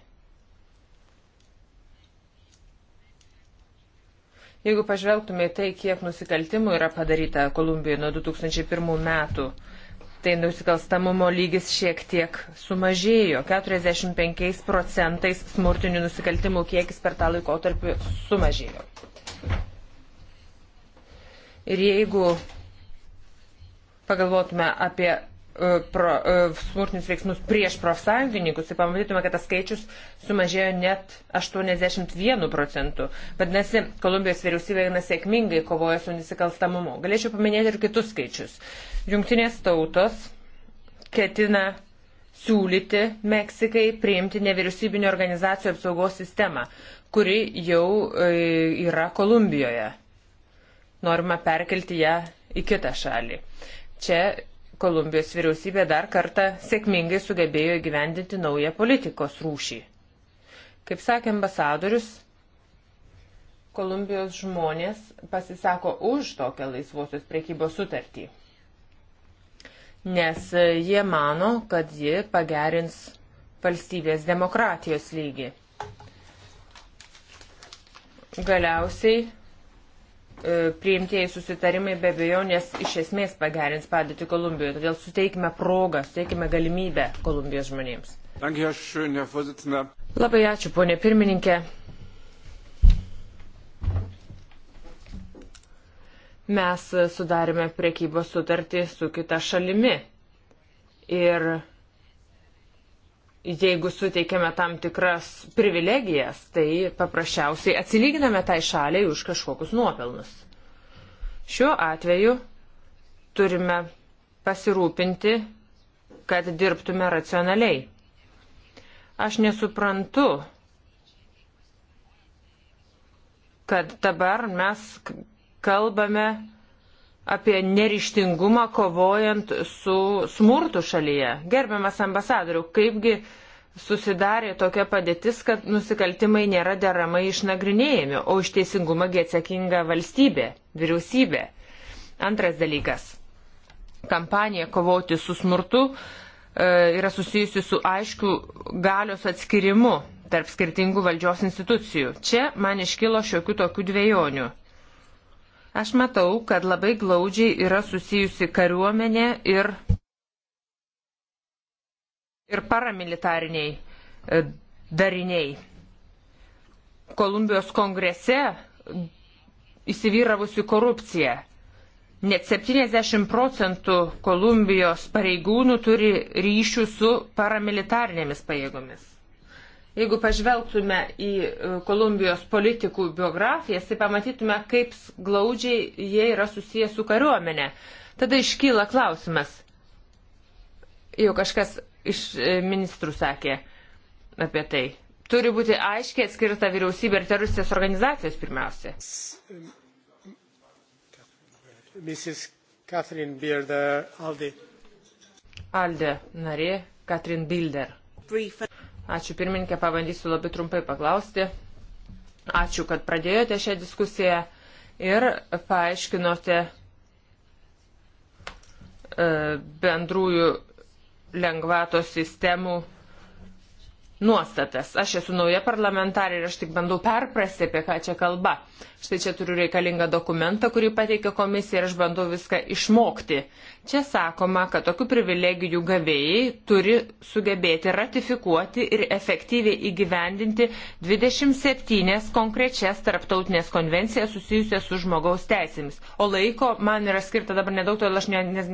Jeigu pažvelgtume į tai, kiek nusikaltimų yra padaryta Kolumbijoje nuo 2001 metų, tai nusikalstamumo lygis šiek tiek sumažėjo. 45 procentais smurtinių nusikaltimų kiekis per tą laikotarpį sumažėjo. Ir jeigu pagalvotume apie e, pro, e, smurtinius veiksmus prieš profsąjungininkus, tai pamatytume, kad tas skaičius sumažėjo net 81 procentu. Vadinasi, Kolumbijos vyriausybė gana sėkmingai kovoja su nusikalstamumu. Galėčiau paminėti ir kitus skaičius. Junktinės tautos ketina siūlyti Meksikai priimti nevyriausybinio organizacijų apsaugos sistemą, kuri jau e, yra Kolumbijoje. Norima perkelti ją į kitą šalį. Čia Kolumbijos vyriausybė dar kartą sėkmingai sugebėjo įgyvendinti naują politikos rūšį. Kaip sakė ambasadorius, Kolumbijos žmonės pasisako už tokią laisvosios priekybos sutartį, nes jie mano, kad ji pagerins valstybės demokratijos lygį. Galiausiai E, priimtieji susitarimai be abejonės iš esmės pagerins padėtį Kolumbijoje. Todėl suteikime progą, suteikime galimybę Kolumbijos žmonėms. Labai ačiū, ponė pirmininkė. Mes sudarėme priekybos sutartį su kita šalimi. Ir jeigu suteikiame tam tikras privilegijas, tai paprasčiausiai atsilyginame tai šaliai už kažkokius nuopelnus. Šiuo atveju turime pasirūpinti, kad dirbtume racionaliai. Aš nesuprantu, kad dabar mes kalbame apie nerištingumą kovojant su smurtu šalyje. Gerbiamas ambasadoriu, kaipgi susidarė tokia padėtis, kad nusikaltimai nėra deramai išnagrinėjami, o už teisingumą atsakinga valstybė, vyriausybė. Antras dalykas. Kampanija kovoti su smurtu e, yra susijusi su aiškiu galios atskirimu tarp skirtingų valdžios institucijų. Čia man iškilo šiokių tokių dviejonių. Aš matau, kad labai glaudžiai yra susijusi kariuomenė ir, ir paramilitariniai e, dariniai. Kolumbijos kongrese įsivyravusi korupcija. Net 70 procentų Kolumbijos pareigūnų turi ryšių su paramilitarnėmis pajėgomis. Jeigu pažvelgtume į e, Kolumbijos politikų biografijas, tai pamatytume, kaip glaudžiai jie yra susiję su kariuomenė. Tada iškyla klausimas, jau kažkas iš e, ministrų sakė apie tai. Turi būti aiškiai atskirta vyriausybė ir teroristės organizacijos pirmiausia. Mrs. Catherine Bilder, Aldi. Alde, narė, Katrin Bilder. Brief. Ačiū pirmininkė, pabandysiu labai trumpai paklausti. Ačiū, kad pradėjote šią diskusiją ir paaiškinote e, bendrųjų lengvatos sistemų nuostatas. Aš esu nauja parlamentarė ir aš tik bandau perprasti, apie ką čia kalba. Štai čia turiu reikalingą dokumentą, kurį pateikia komisija ir aš bandau viską išmokti. Uh, Čia sakoma, kad tokių privilegijų gavėjai turi sugebėti ratifikuoti ir efektyviai įgyvendinti 27 konkrečias tarptautinės konvencijas susijusias su žmogaus teisėmis. O laiko man yra skirta dabar nedaug, todėl aš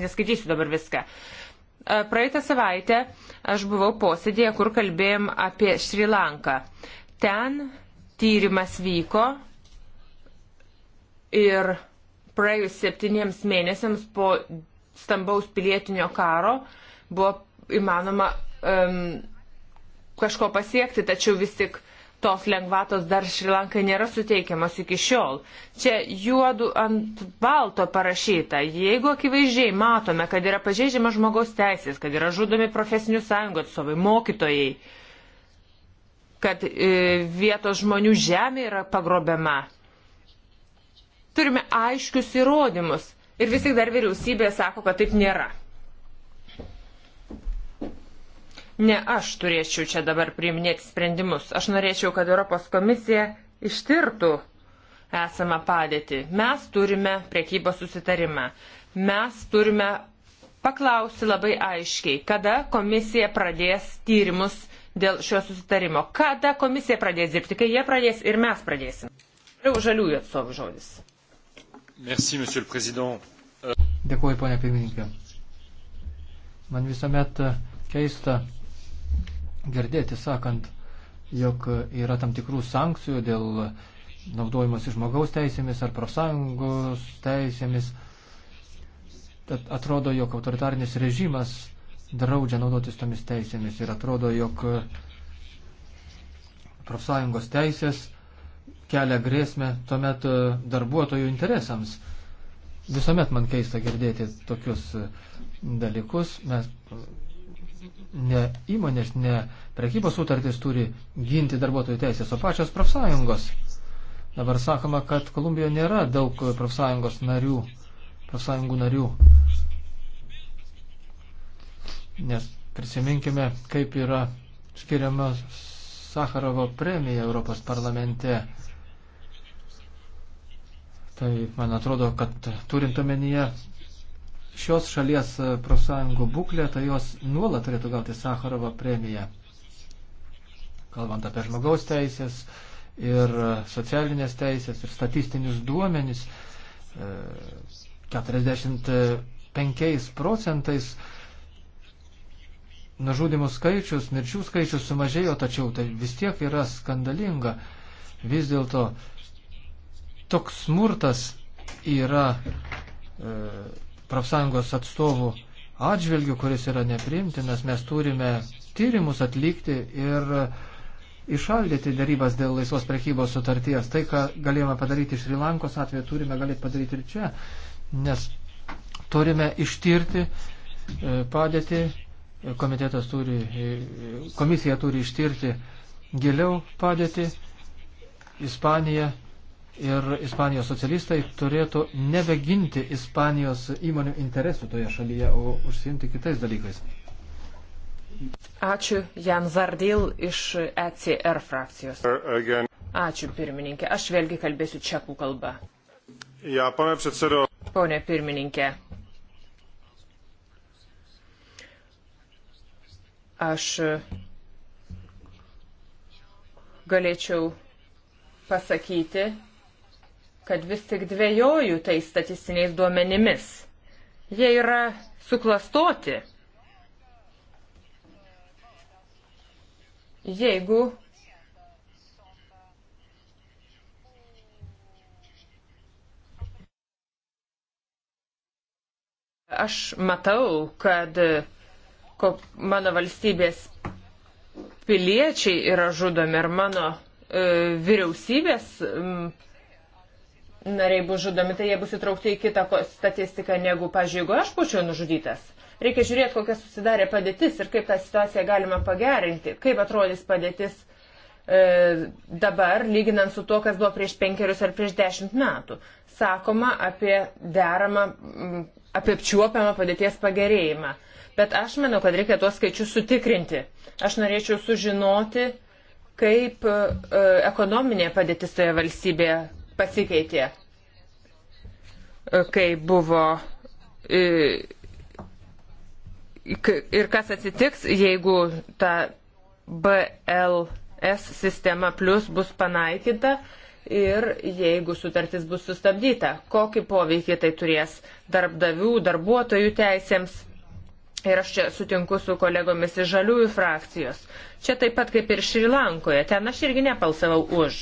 neskaitysiu dabar viską. E, praeitą savaitę aš buvau posėdėje, kur kalbėjom apie Šri Lanką. Ten tyrimas vyko ir praėjus septyniems mėnesiams po stambaus pilietinio karo buvo įmanoma um, kažko pasiekti, tačiau vis tik tos lengvatos dar Šrilankai nėra suteikiamas iki šiol. Čia juodu ant balto parašyta, jeigu akivaizdžiai matome, kad yra pažeidžiama žmogaus teisės, kad yra žudomi profesinių sąjungų atstovai, mokytojai, kad e, vietos žmonių žemė yra pagrobiama. Turime aiškius įrodymus. Ir vis tik dar vyriausybė sako, kad taip nėra. Ne aš turėčiau čia dabar priiminėti sprendimus. Aš norėčiau, kad Europos komisija ištirtų esamą padėtį. Mes turime priekybos susitarimą. Mes turime paklausti labai aiškiai, kada komisija pradės tyrimus dėl šio susitarimo. Kada komisija pradės dirbti, kai jie pradės ir mes pradėsim. Žaliųjų atstovų žodis. Merci, monsieur le président. Dėkuoju, ponia pirmininkė. Man visuomet keista girdėti sakant, jog yra tam tikrų sankcijų dėl naudojimas žmogaus teisėmis ar profsąjungos teisėmis. Tad atrodo, jog autoritarnis režimas draudžia naudotis tomis teisėmis ir atrodo, jog profsąjungos teisės kelia grėsmę tuomet e, darbuotojų interesams. Visuomet man keista girdėti tokius e, dalykus. Mes ne įmonės, ne prekybos sutartys turi ginti darbuotojų teisės, o pačios profsąjungos. Dabar sakoma, kad Kolumbijoje nėra daug profsąjungos narių, profsąjungų narių. Nes prisiminkime, kaip yra skiriamas Sakarovo premija Europos parlamente. Tai man atrodo, kad turint omenyje šios šalies e, profsąjungų būklę, tai jos nuolat turėtų gauti Sakarovo premiją. Kalbant apie žmogaus teisės ir e, socialinės teisės ir statistinius duomenys, 45 e, procentais nužudimų skaičius, mirčių skaičius sumažėjo, tačiau tai vis tiek yra skandalinga. Vis dėlto Toks smurtas yra e, profsąjungos atstovų atžvilgių, kuris yra neprimtinas. Mes turime tyrimus atlikti ir išaldyti darybas dėl laisvos prekybos sutarties. Tai, ką galėjome padaryti iš Rilankos atveju, turime galėti padaryti ir čia, nes turime ištirti e, padėtį, komitetas turi, e, komisija turi ištirti giliau padėtį, Ispanija ir Ispanijos socialistai turėtų nebeginti Ispanijos įmonių interesų toje šalyje, o užsiimti kitais dalykais. Ačiū Jan Zardil iš ECR frakcijos. Uh, Ačiū pirmininkė. Aš vėlgi kalbėsiu čekų kalbą. Ja, pane předsedo. Pone pirmininkė. Aš galėčiau pasakyti, kad vis tik dvėjoju tais statistiniais duomenimis. Jie yra suklastoti. Jeigu aš matau, kad mano valstybės piliečiai yra žudomi ir mano e, vyriausybės. E, nariai bus žudomi, tai jie bus įtraukti į kitą statistiką negu, pažiūrėjau, jeigu aš būčiau nužudytas. Reikia žiūrėti, kokia susidarė padėtis ir kaip tą situaciją galima pagerinti, kaip atrodys padėtis e, dabar, lyginant su tuo, kas buvo prieš penkerius ar prieš dešimt metų. Sakoma apie deramą, apie apčiuopiamą padėties pagerėjimą. Bet aš manau, kad reikia tuos skaičius sutikrinti. Aš norėčiau sužinoti, kaip e, ekonominė padėtis toje valstybėje pasikeitė, e, kai buvo e, ir kas atsitiks, jeigu ta BLS sistema plus bus panaikinta ir jeigu sutartis bus sustabdyta, kokį poveikį tai turės darbdavių, darbuotojų teisėms. Ir aš čia sutinku su kolegomis iš žaliųjų frakcijos. Čia taip pat kaip ir Šri Lankoje, ten aš irgi nepalsavau už.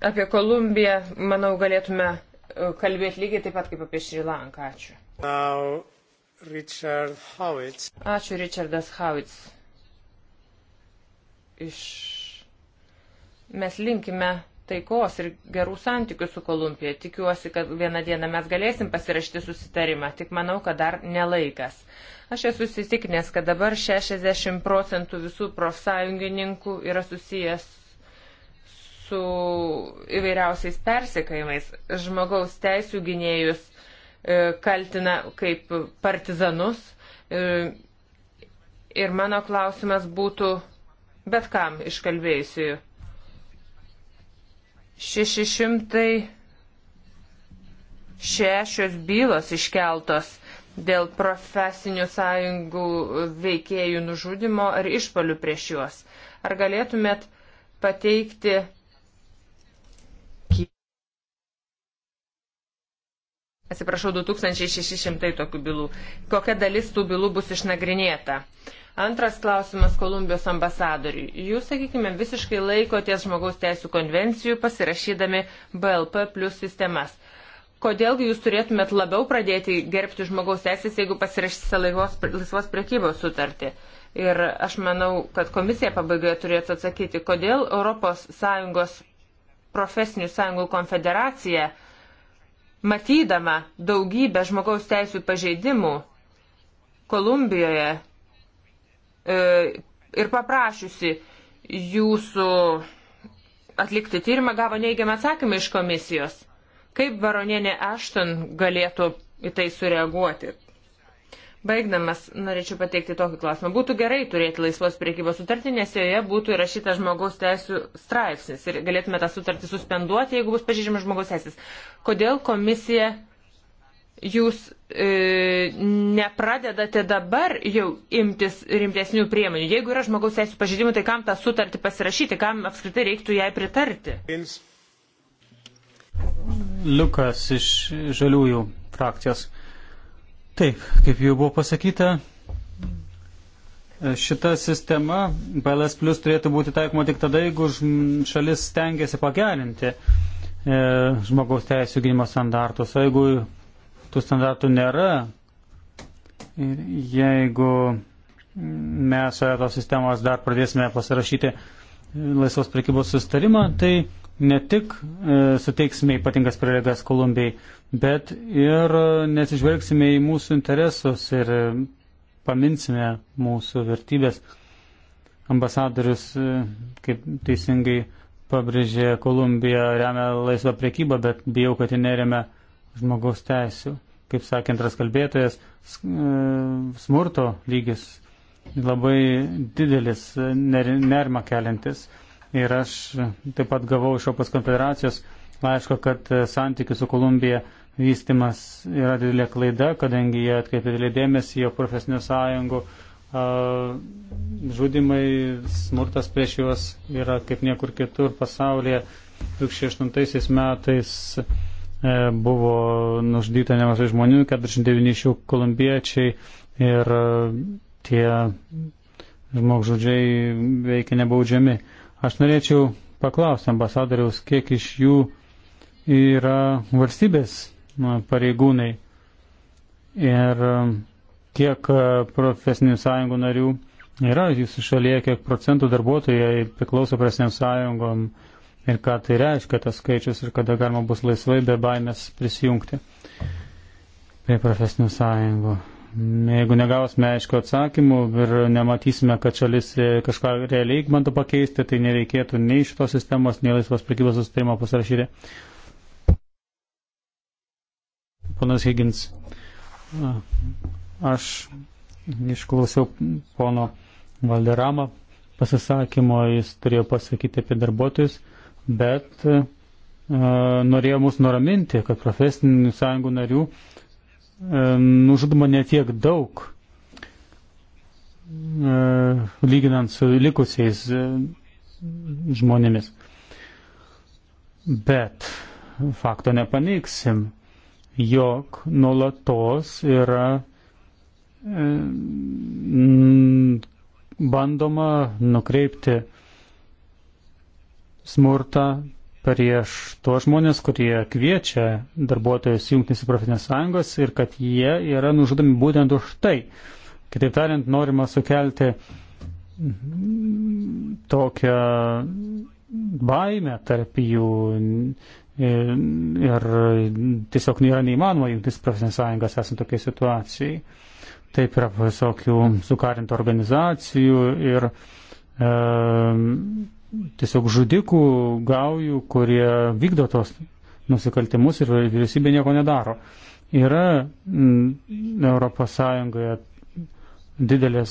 Apie Kolumbiją, manau, galėtume e, kalbėti lygiai taip pat kaip apie Šri Lanką. Ačiū. Now, Richard Howitz. Ačiū, Richardas Howitz. Iš... Mes linkime taikos ir gerų santykių su Kolumbija. Tikiuosi, kad vieną dieną mes galėsim pasirašyti susitarimą, tik manau, kad dar nelaikas. Aš esu susitikinęs, kad dabar 60 procentų visų profsąjungininkų yra susijęs su įvairiausiais persekėjimais. Žmogaus teisų gynėjus e, kaltina kaip partizanus. E, ir mano klausimas būtų bet kam iškalbėjusiųjų. 600 šešios bylos iškeltos dėl profesinių sąjungų veikėjų nužudimo ar išpalių prieš juos. Ar galėtumėt pateikti atsiprašau, 2600 tokių bylų. Kokia dalis tų bylų bus išnagrinėta? Antras klausimas Kolumbijos ambasadoriui. Jūs, sakykime, visiškai laikotės žmogaus teisų konvencijų pasirašydami BLP plus sistemas. Kodėlgi jūs turėtumėt labiau pradėti gerbti žmogaus teisės, jeigu pasirašysite laivos, laisvos priekybos sutartį? Ir aš manau, kad komisija pabaigoje turėtų atsakyti, kodėl ES profesinių sąjungų konfederacija uh, matydama daugybę žmogaus teisų pažeidimų Kolumbijoje e, ir paprašiusi jūsų atlikti tyrimą, gavo neigiamą atsakymą iš komisijos. Kaip baronienė Ashton galėtų į tai sureaguoti? Baigdamas, norėčiau pateikti tokį klausimą. Būtų gerai turėti laisvos priekybos sutartį, nes joje būtų įrašytas žmogaus teisų straipsnis ir galėtume tą sutartį suspenduoti, jeigu bus pažydžiamas žmogaus teisės. Kodėl komisija jūs e, nepradedate dabar jau imtis rimtesnių priemonių? Jeigu yra žmogaus teisų pažydimų, tai kam tą sutartį pasirašyti, kam apskritai reiktų jai pritarti? Lukas iš Žaliųjų frakcijos. Taip, kaip jau buvo pasakyta, šita sistema BLS plus turėtų būti taikoma tik tada, jeigu šalis stengiasi pagerinti e, žmogaus teisų gynimo standartus. O jeigu tų standartų nėra ir jeigu mes tos sistemos dar pradėsime pasirašyti laisvos prekybos sustarimą, tai ne tik e, suteiksime ypatingas prireigas Kolumbijai, bet ir nesižvelgsime į mūsų interesus ir paminsime mūsų vertybės. Ambasadorius, e, kaip teisingai pabrėžė, Kolumbija remia laisvą priekybą, bet bijau, kad ji neremia žmogaus teisų. Kaip sakė antras kalbėtojas, e, smurto lygis labai didelis, e, nerima keliantis. Ir aš taip pat gavau iš Europos konfederacijos laišką, kad santykių su Kolumbija vystimas yra didelė klaida, kadangi jie atkreipia didelį dėmesį, jo profesinių sąjungų žudimai, smurtas prieš juos yra kaip niekur kitur pasaulyje. 2008 metais e, buvo nužudyta nemažai žmonių, 49 iš jų kolumbiečiai ir tie žmogžudžiai veikia nebaudžiami. Aš norėčiau paklausti ambasadoriaus, kiek iš jų yra valstybės pareigūnai. Ir um, kiek uh, profesinių sąjungų narių yra jūsų šalyje, kiek procentų darbuotojai priklauso profesiniam sąjungom ir ką tai reiškia tas skaičius ir kada galima bus laisvai be baimės prisijungti prie profesinių sąjungų. Jeigu negausime aiškio atsakymų ir nematysime, kad šalis e, kažką realiai bando pakeisti, tai nereikėtų nei šitos sistemos, nei laisvos prekybos sustarimo pasirašyti ponas Higgins. Aš išklausiau pono Valderamą pasisakymo, jis turėjo pasakyti apie darbuotojus, bet e, norėjo mus nuraminti, kad profesinių sąjungų narių e, nužudoma netiek daug, e, lyginant su likusiais e, žmonėmis. Bet fakto nepaneiksim jog nuolatos yra e, bandoma nukreipti smurtą prieš tuos žmonės, kurie kviečia darbuotojus jungtis į profesinės sąjungas ir kad jie yra nužudomi būtent už tai. Kitaip tariant, norima sukelti tokią baimę tarp jų, ir tiesiog nėra neįmanoma jungtis profesinės sąjungas esant tokiai situacijai. Taip yra visokių sukarintų organizacijų ir e, tiesiog žudikų gaujų, kurie vykdo tos nusikaltimus ir vyriausybė nieko nedaro. Yra ES didelės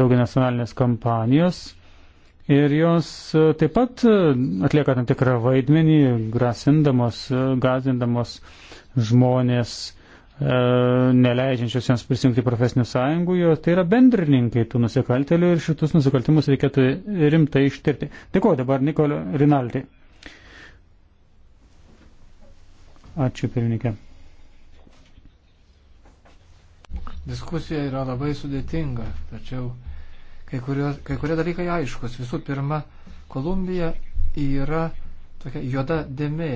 daugianacionalinės kampanijos, Ir jos e, taip pat e, atlieka tam tikrą vaidmenį, grasindamos, e, gazindamos žmonės, e, neleidžiančios jiems prisijungti profesinių sąjungų, jos tai yra bendrininkai tų nusikaltelių ir šitus nusikaltimus reikėtų rimtai ištirti. Dėkuoju dabar Nikolio Rinaldi. Ačiū, pirmininkė. Diskusija yra labai sudėtinga, tačiau Kai, kurios, kai kurie dalykai aiškus. Visų pirma, Kolumbija yra tokia juoda dėmė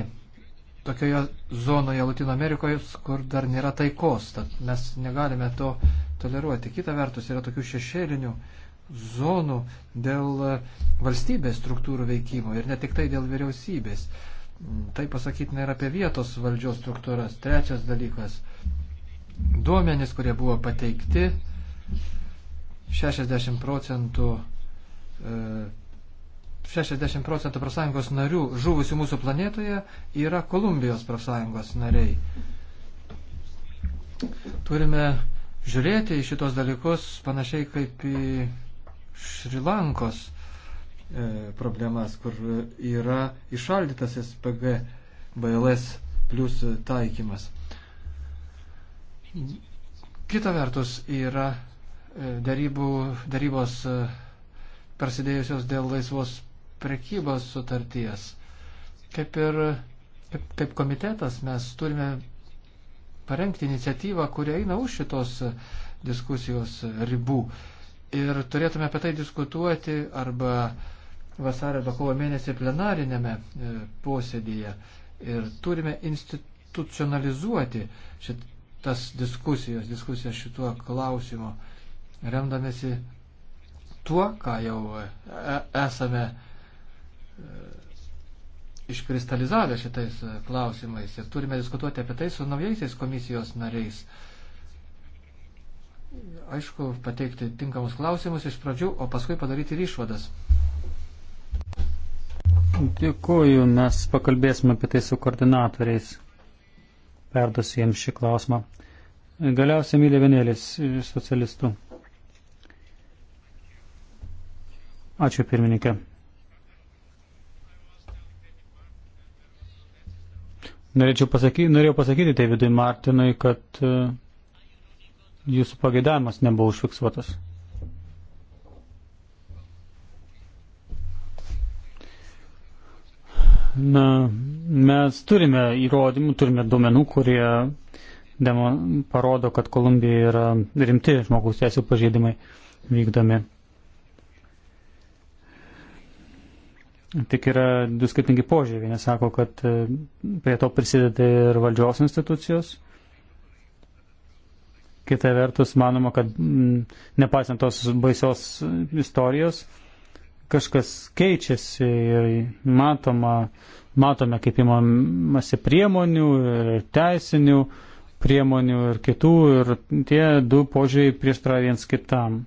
tokioje zonoje Latino Amerikoje, kur dar nėra taikos. Tad mes negalime to toleruoti. Kita vertus, yra tokių šešėlinių zonų dėl valstybės struktūrų veikimo ir ne tik tai dėl vyriausybės. Tai pasakyti nėra apie vietos valdžios struktūras. Trečias dalykas. Duomenys, kurie buvo pateikti, 60 procentų 60 e, procentų profsąjungos narių žuvusių mūsų planetoje yra Kolumbijos profsąjungos nariai. Turime žiūrėti į šitos dalykus panašiai kaip į Šrilankos e, problemas, kur yra išaldytas SPG BLS plus taikymas. Kita vertus yra darybų, darybos e, prasidėjusios dėl laisvos prekybos sutarties. Kaip ir kaip, kaip komitetas mes turime parengti iniciatyvą, kurie eina už šitos diskusijos ribų. Ir turėtume apie tai diskutuoti arba vasario arba kovo mėnesį plenarinėme e, posėdėje. Ir turime institucionalizuoti šitas diskusijas, diskusijas šituo klausimu remdamėsi tuo, ką jau e, esame e, iškristalizavę šitais e, klausimais ir turime diskutuoti apie tai su naujaisiais komisijos nariais. Aišku, pateikti tinkamus klausimus iš pradžių, o paskui padaryti ir išvadas. Dėkuoju, mes pakalbėsime apie tai su koordinatoriais. Perduosiu jiems šį klausimą. Galiausiai mylė vienėlis socialistų. Ačiū pirmininkė. Norėčiau pasakyti, norėjau pasakyti Davidui tai Martinui, kad e, jūsų pageidavimas nebuvo užfiksuotas. Na, mes turime įrodymų, turime duomenų, kurie demo, parodo, kad Kolumbijoje yra rimti žmogaus teisų pažeidimai vykdomi. Tik yra du skirtingi požiūriai. Vienas sako, kad e, prie to prisideda ir valdžios institucijos. Kita vertus, manoma, kad nepaisant tos baisios istorijos, kažkas keičiasi ir matoma, matome, kaip įmamasi priemonių ir teisinių priemonių ir kitų ir tie du požiūriai prieštarauja viens kitam.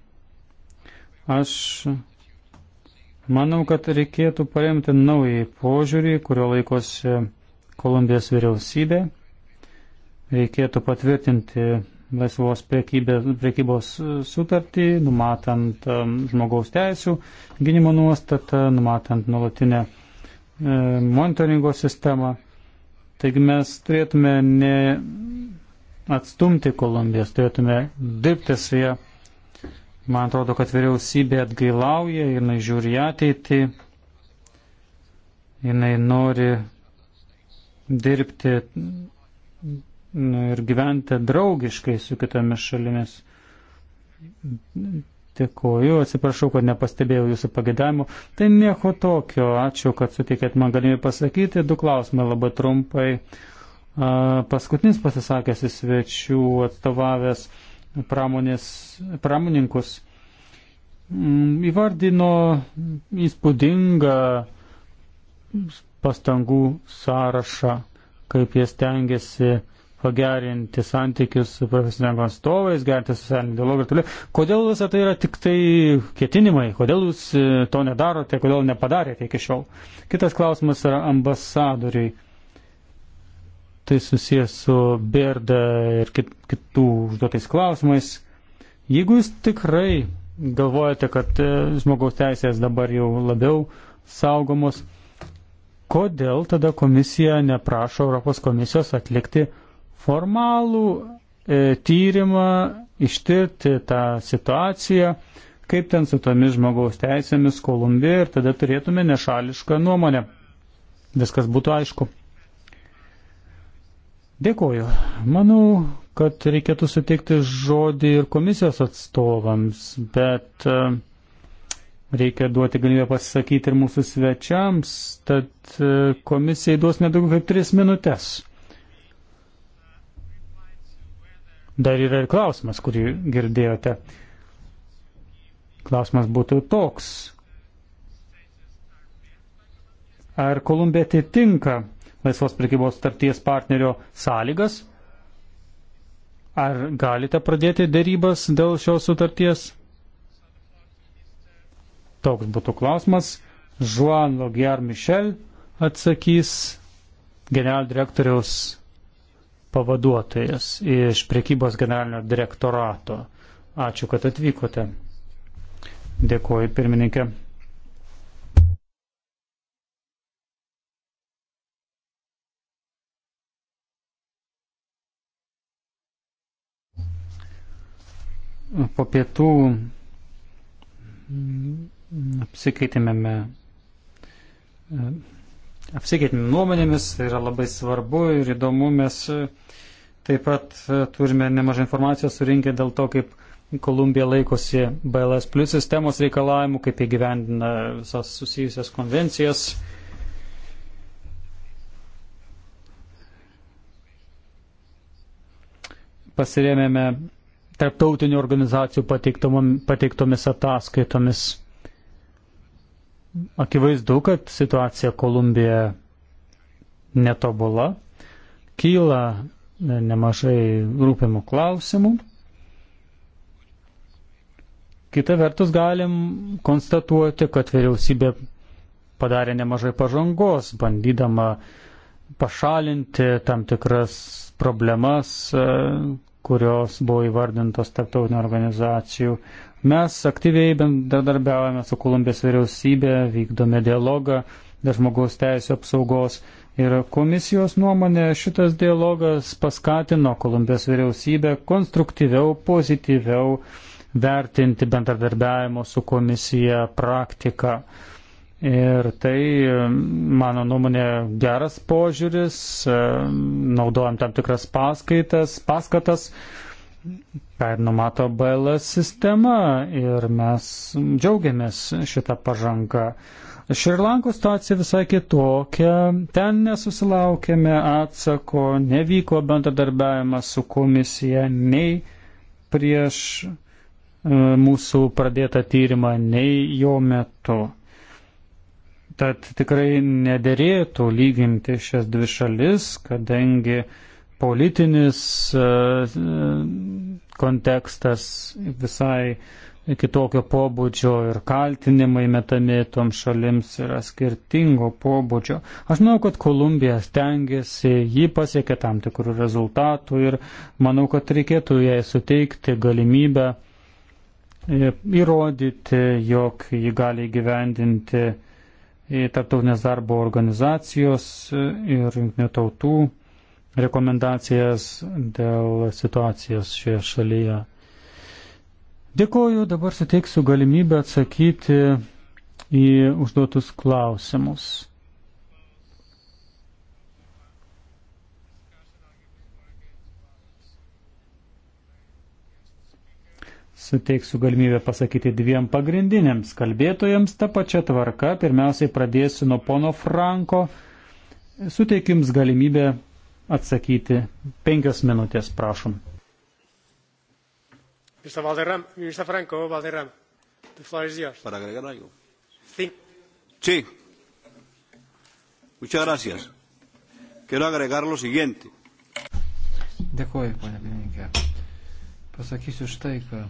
Aš Manau, kad reikėtų paremti naują požiūrį, kurio laikosi Kolumbijos vyriausybė. Reikėtų patvirtinti laisvos priekybos sutartį, numatant um, žmogaus teisų gynimo nuostatą, numatant nuolatinę e, monitoringo sistemą. Taigi mes turėtume ne atstumti Kolumbijos, turėtume dirbti su ją Man atrodo, kad vyriausybė atgailauja, jinai žiūri ateitį, jinai nori dirbti nu, ir gyventi draugiškai su kitomis šalimis. Dėkuoju, atsiprašau, kad nepastebėjau jūsų pagėdavimų. Tai nieko tokio, ačiū, kad sutikėt man galimybę pasakyti. Du klausimai labai trumpai. Paskutinis pasisakęs į svečių atstovavęs pramonės, pramoninkus, mm, įvardino įspūdingą pastangų sąrašą, kaip jie stengiasi pagerinti santykius su profesinėm atstovais, gerinti socialinį dialogą ir toliau. Kodėl visą tai yra tik tai ketinimai? Kodėl jūs e, to nedarote? Kodėl nepadarėte iki šiol? Kitas klausimas yra ambasadoriai tai susijęs su Berda ir kit, kitų užduotais klausimais. Jeigu jūs tikrai galvojate, kad e, žmogaus teisės dabar jau labiau saugomos, kodėl tada komisija neprašo Europos komisijos atlikti formalų e, tyrimą, ištirti tą situaciją, kaip ten su tomis žmogaus teisėmis Kolumbijoje ir tada turėtume nešališką nuomonę. Viskas būtų aišku. Dėkuoju. Manau, kad reikėtų suteikti žodį ir komisijos atstovams, bet e, reikia duoti galimybę pasisakyti ir mūsų svečiams, tad e, komisijai duos nedaugiau kaip tris minutės. Dar yra ir klausimas, kurį girdėjote. Klausimas būtų toks. Ar Kolumbija atitinka laisvos prekybos starties partnerio sąlygas? Ar galite pradėti dėrybas dėl šios sutarties? Toks būtų klausimas. Juan Logier Michel atsakys generalinio direktoriaus pavaduotojas iš prekybos generalinio direktorato. Ačiū, kad atvykote. Dėkuoju, pirmininkė. po pietų mm, apsikeitėme apsikeitėme nuomonėmis, tai yra labai svarbu ir įdomu, mes e, taip pat e, turime nemažai informacijos surinkę dėl to, kaip Kolumbija laikosi BLS plus sistemos reikalavimų, kaip įgyvendina visas susijusias konvencijas. Pasirėmėme tarptautinių organizacijų pateiktomis ataskaitomis. Akivaizdu, kad situacija Kolumbijoje netobula, kyla e, nemažai rūpimų klausimų. Kita vertus galim konstatuoti, kad vyriausybė padarė nemažai pažangos, bandydama pašalinti tam tikras problemas, e, kurios buvo įvardintos tarptautinių organizacijų. Mes aktyviai bendradarbiaujame su Kolumbijos vyriausybė, vykdome dialogą dėl žmogaus teisų apsaugos ir komisijos nuomonė šitas dialogas paskatino Kolumbijos vyriausybę konstruktyviau, pozityviau vertinti bendradarbiavimo su komisija praktiką. Ir tai, mano nuomonė, geras požiūris, e, naudojam tam tikras paskaitas, paskatas, ką ir numato BLS sistema ir mes džiaugiamės šitą pažangą. Šrilankų situacija visai kitokia, ten nesusilaukėme atsako, nevyko bendradarbiavimas su komisija nei prieš e, mūsų pradėtą tyrimą, nei jo metu. Tad tikrai nederėtų lyginti šias dvi šalis, kadangi politinis e, e, kontekstas visai kitokio pobūdžio ir kaltinimai metami tom šalims yra skirtingo pobūdžio. Aš manau, kad Kolumbija stengiasi, ji pasiekė tam tikrų rezultatų ir manau, kad reikėtų jai suteikti galimybę e, įrodyti, jog ji gali gyvendinti į Tartautinės darbo organizacijos ir jungtinių tautų rekomendacijas dėl situacijos šioje šalyje. Dėkoju, dabar suteiksiu galimybę atsakyti į užduotus klausimus. suteiksiu galimybę pasakyti dviem pagrindiniams kalbėtojams tą pačią tvarką. Pirmiausiai pradėsiu nuo pono Franko. Suteikiu jums galimybę atsakyti. Penkios minutės, prašom. Mr. Valderram, Mr. Franco Valderram, the floor is yours. Para agregar algo. Think. Sí. Muchas gracias. Quiero agregar lo siguiente. Dėkuoju, ponia pirmininkė. Pasakysiu štai, ką.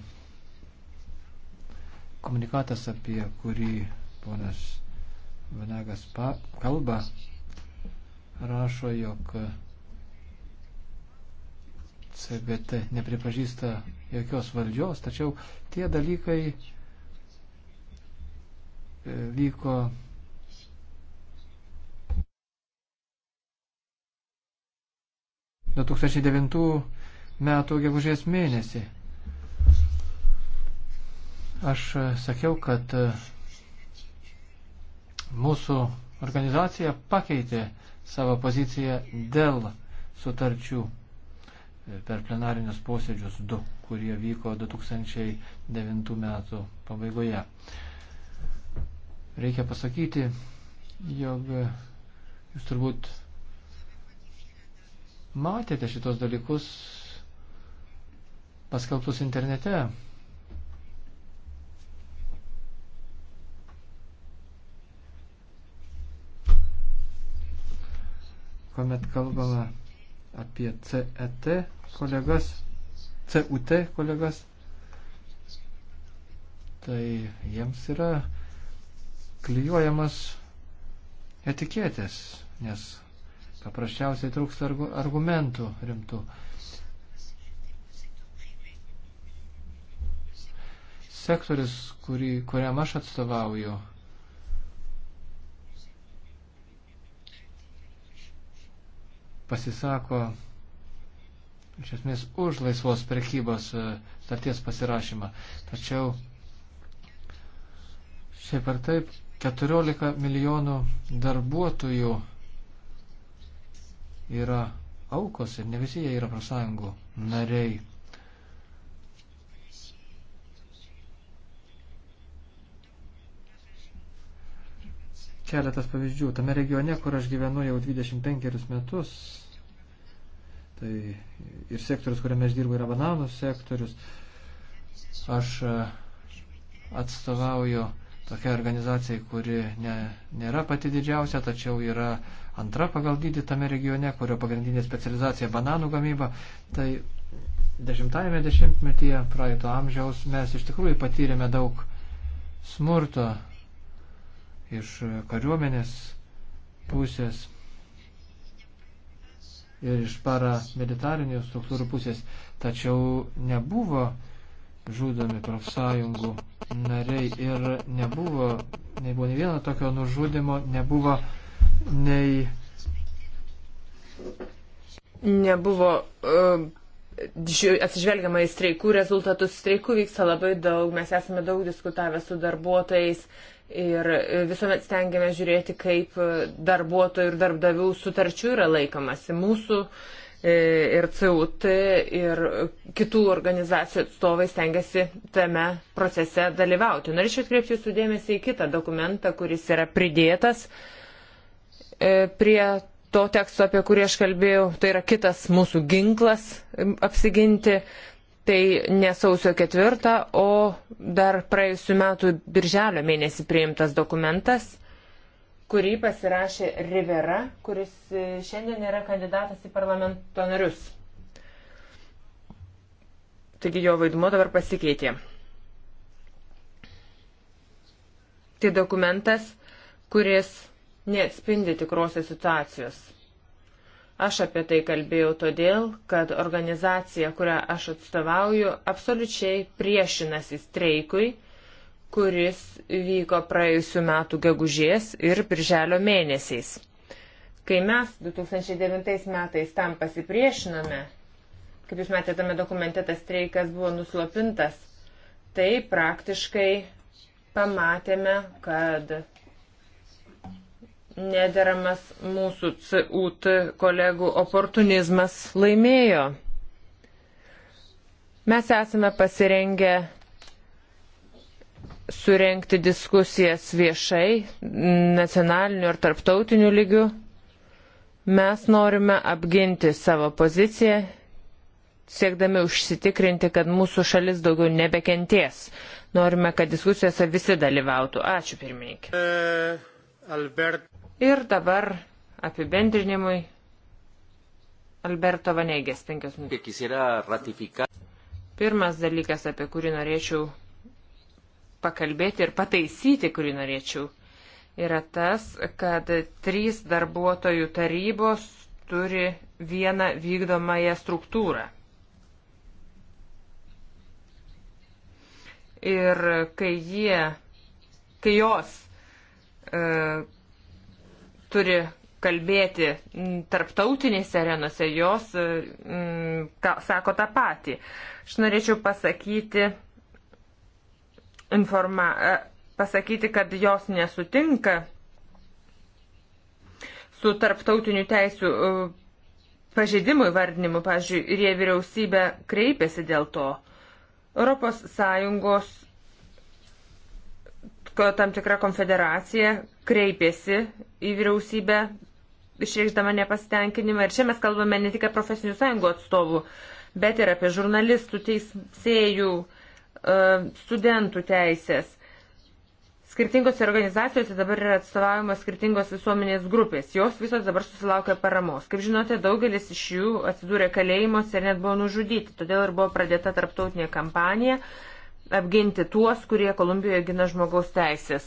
Komunikatas, apie kurį ponas Vanagas kalba, rašo, jog CBT nepripažįsta jokios valdžios, tačiau tie dalykai e, vyko nuo 2009 metų gegužės mėnesį. Aš e, sakiau, kad e, mūsų organizacija pakeitė savo poziciją dėl sutarčių e, per plenarinius posėdžius 2, kurie vyko 2009 metų pabaigoje. Reikia pasakyti, jog jūs turbūt matėte šitos dalykus paskelbtus internete kuomet kalbama apie CET kolegas, CUT kolegas, tai jiems yra klyjuojamas etiketės, nes paprasčiausiai trūksta argumentų rimtų. Sektoris, kurį, kuriam aš atstovauju, pasisako iš esmės už laisvos prekybos e, starties pasirašymą. Tačiau šiaip ar taip 14 milijonų darbuotojų yra aukos ir ne visi jie yra profsąjungų nariai. keletas pavyzdžių. Tame regione, kur aš gyvenu jau 25 metus, tai ir sektorius, kuriame aš dirbu, yra bananų sektorius. Aš e, atstovauju tokia organizacija, kuri ne, nėra pati didžiausia, tačiau yra antra pagal dydį tame regione, kurio pagrindinė specializacija bananų gamyba. Tai dešimtajame dešimtmetyje praeito amžiaus mes iš tikrųjų patyrėme daug smurto iš kariuomenės pusės ir iš paramilitarinių struktūrų pusės, tačiau nebuvo žudomi profsąjungų nariai ir nebuvo, nebuvo nei vieno tokio nužudimo, nebuvo nei. Nebuvo uh, atsižvelgiama į streikų rezultatus. Streikų vyksta labai daug, mes esame daug diskutavę su darbuotojais, uh, Ir visuomet stengiamės žiūrėti, kaip darbuotojų ir darbdavių sutarčių yra laikomasi. Mūsų e, ir CUT ir kitų organizacijų atstovai stengiasi tame procese dalyvauti. Norėčiau atkreipti jūsų dėmesį į kitą dokumentą, kuris yra pridėtas e, prie to teksto, apie kurį aš kalbėjau. Tai yra kitas mūsų ginklas apsiginti tai ne sausio ketvirtą, o dar praėjusiu metu birželio mėnesį priimtas dokumentas, kurį pasirašė Rivera, kuris e, šiandien yra kandidatas į parlamento narius. Taigi jo vaidmuo dabar pasikeitė. Tai dokumentas, kuris neatspindi tikrosios situacijos. Aš apie tai kalbėjau todėl, kad organizacija, kurią aš atstovauju, absoliučiai priešinasi streikui, kuris vyko praėjusiu metu gegužės ir birželio mėnesiais. Kai mes 2009 metais tam pasipriešinome, kaip jūs matėte tame dokumente, tas streikas buvo nuslopintas, tai praktiškai pamatėme, kad nederamas mūsų CUT kolegų oportunizmas laimėjo. Mes esame pasirengę surenkti diskusijas viešai, nacionaliniu ar tarptautiniu lygiu. Mes norime apginti savo poziciją, siekdami užsitikrinti, kad mūsų šalis daugiau nebekenties. Norime, kad diskusijose visi dalyvautų. Ačiū pirmininkė. E, Albert. Ir dabar apibendrinimui Alberto Vanegės, penkios minutės. Pirmas dalykas, apie kurį norėčiau pakalbėti ir pataisyti, kurį norėčiau, yra tas, kad trys darbuotojų tarybos turi vieną vykdomąją struktūrą. Ir kai jie, kai jos e, turi kalbėti tarptautinėse arenose, jos mm, ka, sako tą patį. Aš norėčiau pasakyti, informa, e, pasakyti, kad jos nesutinka su tarptautiniu teisų e, pažeidimų įvardinimu, pavyzdžiui, ir jie vyriausybė kreipėsi dėl to. Europos Sąjungos tam tikra konfederacija kreipėsi į vyriausybę išreikšdama nepastenkinimą. Ir čia mes kalbame ne tik apie profesinių sąjungų atstovų, bet ir apie žurnalistų, teisėjų, e, studentų teisės. Skirtingose organizacijose dabar yra atstovaujamos skirtingos visuomenės grupės. Jos visos dabar susilaukia paramos. Kaip žinote, daugelis iš jų atsidūrė kalėjimuose ir net buvo nužudyti. Todėl ir buvo pradėta tarptautinė kampanija apginti tuos, kurie Kolumbijoje gina žmogaus teisės.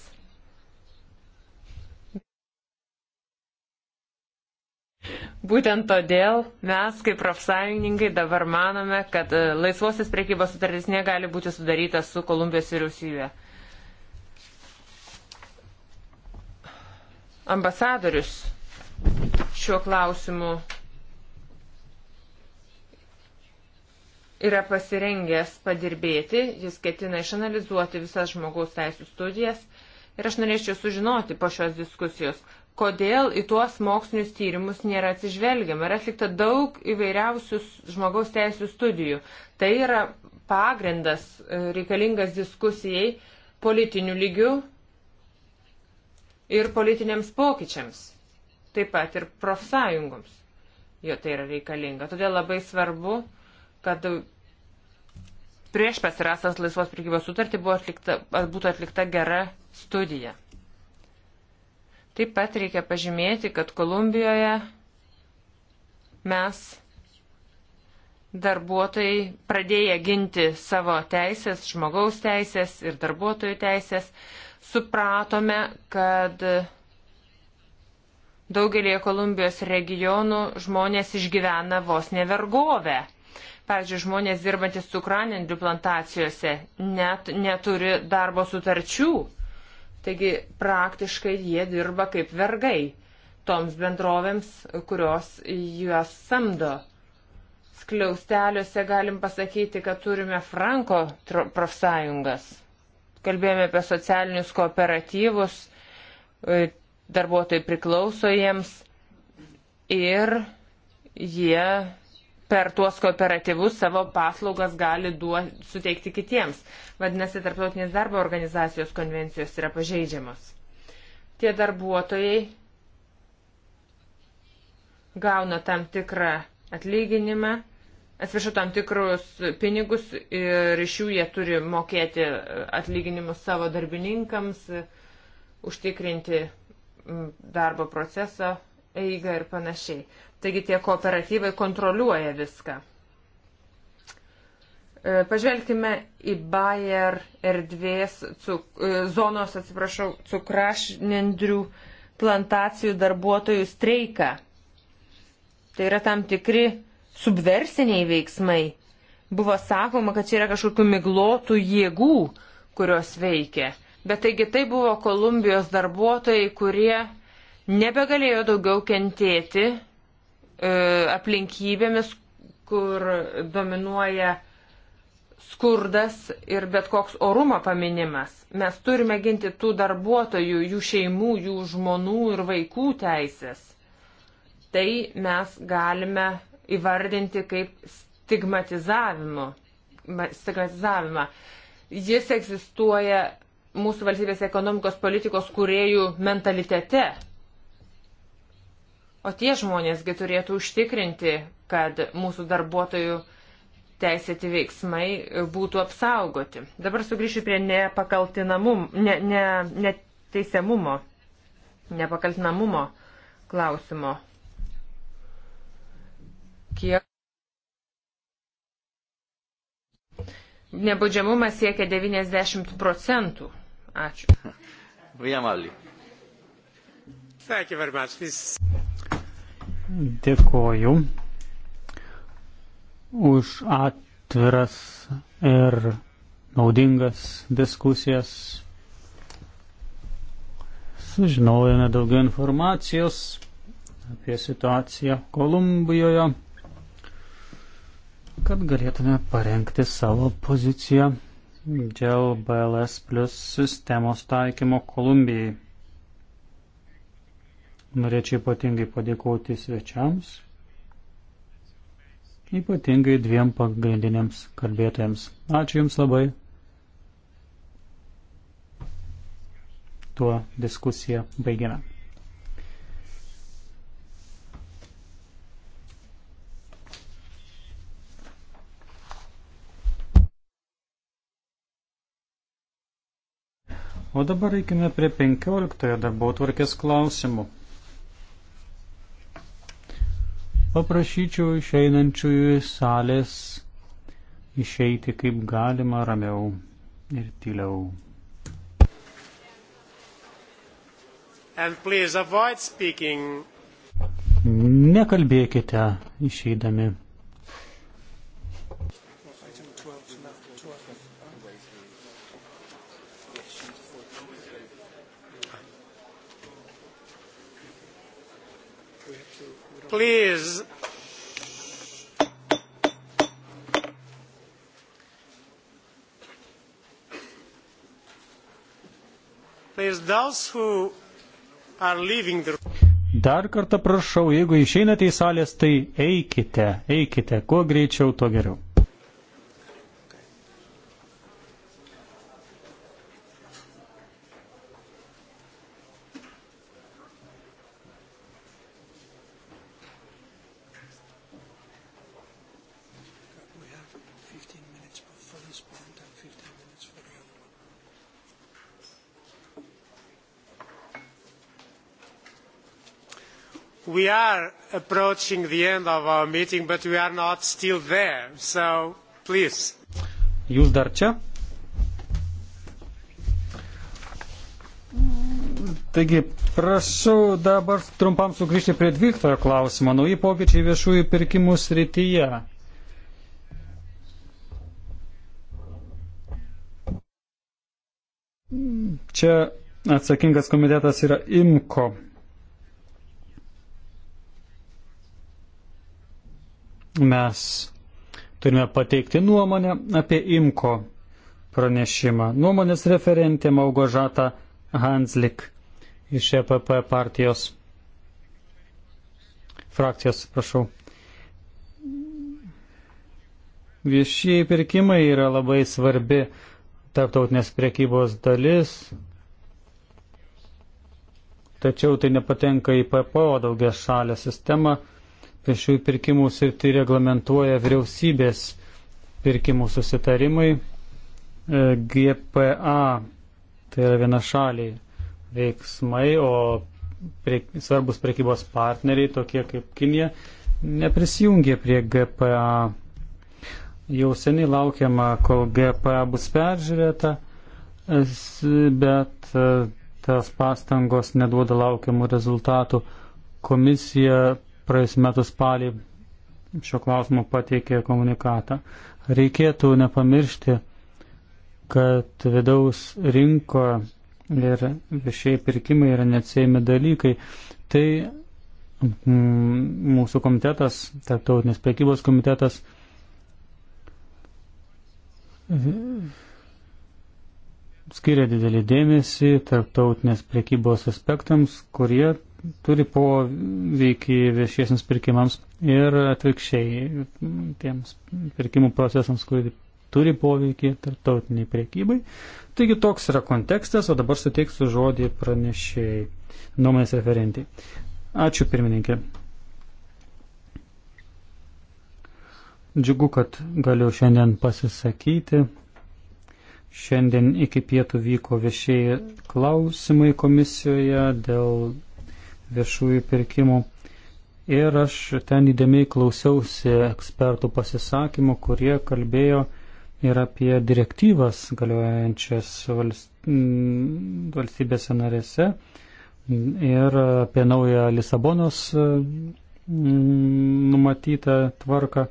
Būtent todėl mes, kaip profsąjungininkai, dabar manome, kad e, laisvosios priekybos sutartis negali būti sudaryta su Kolumbijos vyriausybė. Ambasadorius šiuo klausimu yra pasirengęs padirbėti, jis ketina išanalizuoti visas žmogaus teisų studijas ir aš norėčiau sužinoti po šios diskusijos, kodėl į tuos mokslinius tyrimus nėra atsižvelgiama. Yra atlikta daug įvairiausių žmogaus teisų studijų. Tai yra pagrindas e, reikalingas diskusijai politinių lygių ir politiniams pokyčiams, taip pat ir profsąjungoms. Jo tai yra reikalinga. Todėl labai svarbu kad prieš pasirasant laisvos prekybos sutartį atlikta, būtų atlikta gera studija. Taip pat reikia pažymėti, kad Kolumbijoje mes darbuotojai pradėję ginti savo teisės, žmogaus teisės ir darbuotojų teisės, supratome, kad daugelį Kolumbijos regionų žmonės išgyvena vos nevergovę Pavyzdžiui, žmonės dirbantis cukranendrių plantacijose net neturi darbo sutarčių. Taigi praktiškai jie dirba kaip vergai toms bendrovėms, kurios juos samdo. Skliausteliuose galim pasakyti, kad turime Franko profsąjungas. Kalbėjome apie socialinius kooperatyvus, e, darbuotojai priklauso jiems ir jie per tuos kooperatyvus savo paslaugas gali duo, suteikti kitiems. Vadinasi, tarptautinės darbo organizacijos konvencijos yra pažeidžiamos. Tie darbuotojai gauna tam tikrą atlyginimą, atsiprašau, tam tikrus pinigus ir iš jų jie turi mokėti e, atlyginimus savo darbininkams, e, užtikrinti darbo proceso eigą ir panašiai. Taigi tie kooperatyvai kontroliuoja viską. E, pažvelkime į Bayer erdvės cuk, e, zonos, atsiprašau, cukrašnendrių plantacijų darbuotojų streiką. Tai yra tam tikri subversiniai veiksmai. Buvo sakoma, kad čia yra kažkokių miglotų jėgų, kurios veikia. Bet taigi tai buvo Kolumbijos darbuotojai, kurie nebegalėjo daugiau kentėti E, aplinkybėmis, kur dominuoja skurdas ir bet koks orumo paminimas. Mes turime ginti tų darbuotojų, jų šeimų, jų žmonų ir vaikų teisės. Tai mes galime įvardinti kaip stigmatizavimu. stigmatizavimą. Jis egzistuoja mūsų valstybės ekonomikos politikos kuriejų mentalitete. O tie žmonėsgi turėtų užtikrinti, kad mūsų darbuotojų teisėti veiksmai būtų apsaugoti. Dabar sugrįšiu prie nepakaltinamumo, ne, ne, neteisiamumo, nepakaltinamumo klausimo. Kiek Nebaudžiamumas siekia 90 procentų. Ačiū. Vijamali. This... Dėkoju už atviras ir naudingas diskusijas. Sužinojome daugiau informacijos apie situaciją Kolumbijoje, kad galėtume parengti savo poziciją dėl BLS plus sistemos taikymo Kolumbijai. Norėčiau ypatingai padėkoti svečiams, ypatingai dviem pagrindiniams kalbėtojams. Ačiū Jums labai. Tuo diskusiją baigiame. O dabar reikime prie 15 darbo tvarkės klausimų. Paprašyčiau išeinančiųjų iš salės išeiti kaip galima ramiau ir tyliau. Nekalbėkite išeidami. please. Please, those who are leaving the Dar kartą prašau, jeigu išeinate į salės, tai eikite, eikite, kuo greičiau, tuo geriau. we are approaching the end of our meeting, but we are not still there. So, please. Jūs dar čia? Taigi, prašau dabar trumpam sugrįžti prie 12 klausimo. Nauji pokyčiai viešųjų pirkimų srityje. Čia atsakingas komitetas yra IMKO mes turime pateikti nuomonę apie IMKO pranešimą. Nuomonės referentė Maugožata Hanslik iš EPP partijos frakcijos, prašau. Viešieji pirkimai yra labai svarbi tarptautinės priekybos dalis, tačiau tai nepatenka į PPO daugia šalę sistemą viešųjų pirkimų sritį reglamentuoja vyriausybės pirkimų susitarimai e, GPA, tai yra vienašaliai veiksmai, o prie, svarbus prekybos partneriai, tokie kaip Kinija, neprisijungė prie GPA. Jau seniai laukiama, kol GPA bus peržiūrėta, bet e, tas pastangos neduoda laukiamų rezultatų. Komisija praėjusiu metu spalį šio klausimo pateikė komunikatą. Reikėtų nepamiršti, kad vidaus rinko ir viešiai pirkimai yra neatsiejami dalykai. Tai mm, mūsų komitetas, tarptautinės prekybos komitetas, skiria didelį dėmesį tarptautinės prekybos aspektams, kurie turi poveikį viešiesiams pirkimams ir atvirkščiai tiems pirkimų procesams, kurie turi poveikį tarptautiniai priekybai. Taigi toks yra kontekstas, o dabar suteiksiu žodį pranešėjai, nuomonės referentai. Ačiū pirmininkė. Džiugu, kad galiu šiandien pasisakyti. Šiandien iki pietų vyko viešieji klausimai komisijoje dėl viešųjų pirkimų. Ir aš ten įdėmiai klausiausi ekspertų pasisakymų, kurie kalbėjo ir apie direktyvas galiojančias valstybėse narėse ir apie naują Lisabonos numatytą tvarką.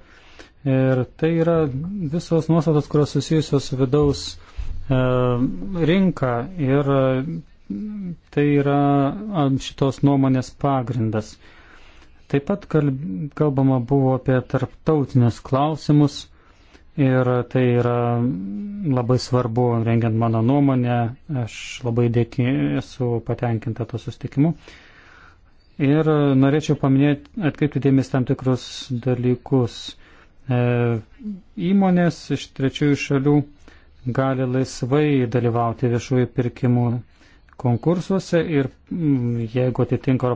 Ir tai yra visos nuostatos, kurios susijusios su vidaus e, rinka ir tai yra šitos nuomonės pagrindas. Taip pat kalbama buvo apie tarptautinius klausimus ir tai yra labai svarbu, rengiant mano nuomonę, aš labai dėki, esu patenkinta to sustikimu. Ir norėčiau paminėti, atkreipti dėmesį tam tikrus dalykus. E, įmonės iš trečiųjų šalių gali laisvai dalyvauti viešųjų pirkimų konkursuose ir mm, jeigu atitinka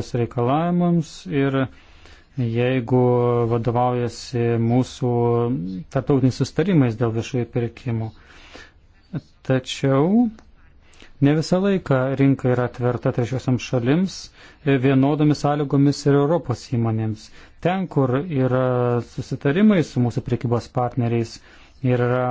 ES reikalavimams ir jeigu vadovaujasi mūsų tarptautiniais sustarimais dėl viešųjų pirkimų. Tačiau ne visą laiką rinka yra atverta trečiosiam šalims vienodomis sąlygomis ir Europos įmonėms. Ten, kur yra susitarimai su mūsų prekybos partneriais ir yra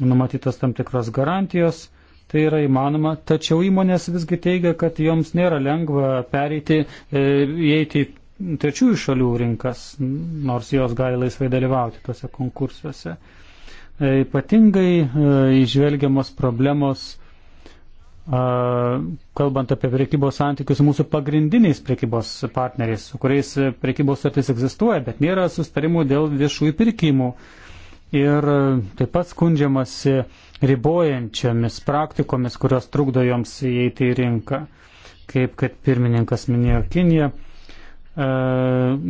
numatytos tam tikros garantijos, tai yra įmanoma, tačiau įmonės visgi teigia, kad joms nėra lengva pereiti, e, įeiti į trečiųjų šalių rinkas, nors jos gali laisvai dalyvauti tose konkursuose. E, ypatingai išvelgiamos e, problemos, kalbant apie prekybos santykius su mūsų pagrindiniais prekybos partneriais, su kuriais prekybos sutartys egzistuoja, bet nėra sustarimų dėl viešųjų pirkimų. Ir taip pat skundžiamasi ribojančiomis praktikomis, kurios trukdo joms įeiti į rinką. Kaip kad pirmininkas minėjo Kinija, e,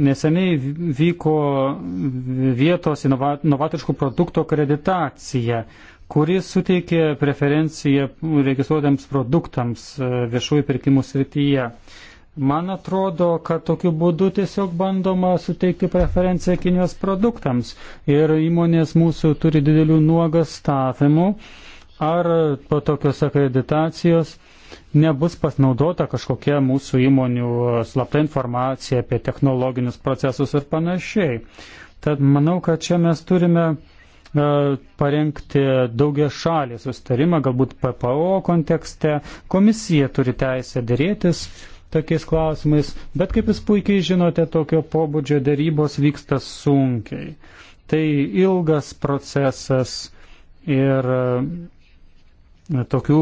neseniai vyko vietos inovatiškų produktų akreditacija, kuri suteikė preferenciją registruotiems produktams e, viešųjų pirkimų srityje. Man atrodo, kad tokiu būdu tiesiog bandoma suteikti preferenciją Kinijos produktams ir įmonės mūsų turi didelių nuogastavimų, ar po tokios akreditacijos nebus pasinaudota kažkokia mūsų įmonių slapta informacija apie technologinius procesus ir panašiai. Tad manau, kad čia mes turime e, parengti daugia šalį sustarimą, galbūt PPO kontekste. Komisija turi teisę dėrėtis tokiais klausimais, bet kaip jūs puikiai žinote, tokio pobūdžio dėrybos vyksta sunkiai. Tai ilgas procesas ir e, tokių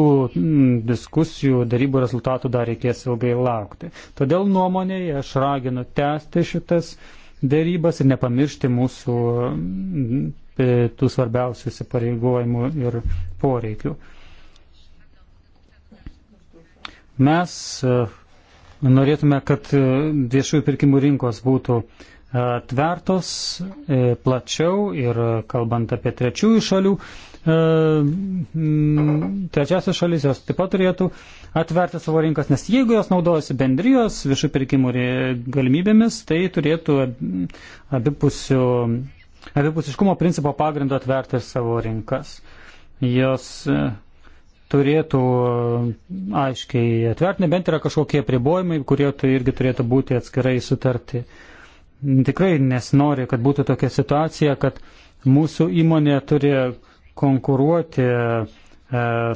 diskusijų, darybų rezultatų dar reikės ilgai laukti. Todėl nuomonėje aš raginu tęsti šitas dėrybas ir nepamiršti mūsų e, tų svarbiausių įsipareigojimų ir poreikių. Mes e, Norėtume, kad e, viešųjų pirkimų rinkos būtų atvertos e, e, plačiau ir kalbant apie trečiųjų šalių, trečiasios šalis jos taip pat turėtų atverti savo rinkas, nes jeigu jos naudojasi bendrijos viešų pirkimų galimybėmis, tai turėtų abipusių, abipusiškumo principo pagrindu atverti savo rinkas. Jos turėtų e, aiškiai atverti, nebent yra kažkokie pribojimai, kurie tai irgi turėtų būti atskirai sutarti. Tikrai nesinori, kad būtų tokia situacija, kad mūsų įmonė turi konkuruoti e,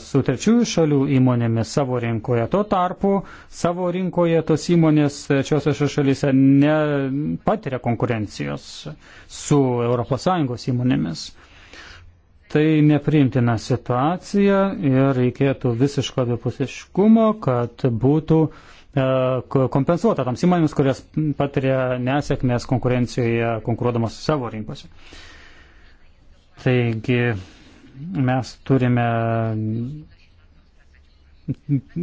su trečiųjų šalių įmonėmis savo rinkoje. Tuo tarpu savo rinkoje tos įmonės šiuose šalyse nepatiria konkurencijos su ES įmonėmis tai nepriimtina situacija ir reikėtų visiško abipusiškumo, kad būtų e, kompensuota toms įmonėms, kurias patiria nesėkmės konkurencijoje, konkuruodamos savo rinkose. Taigi mes turime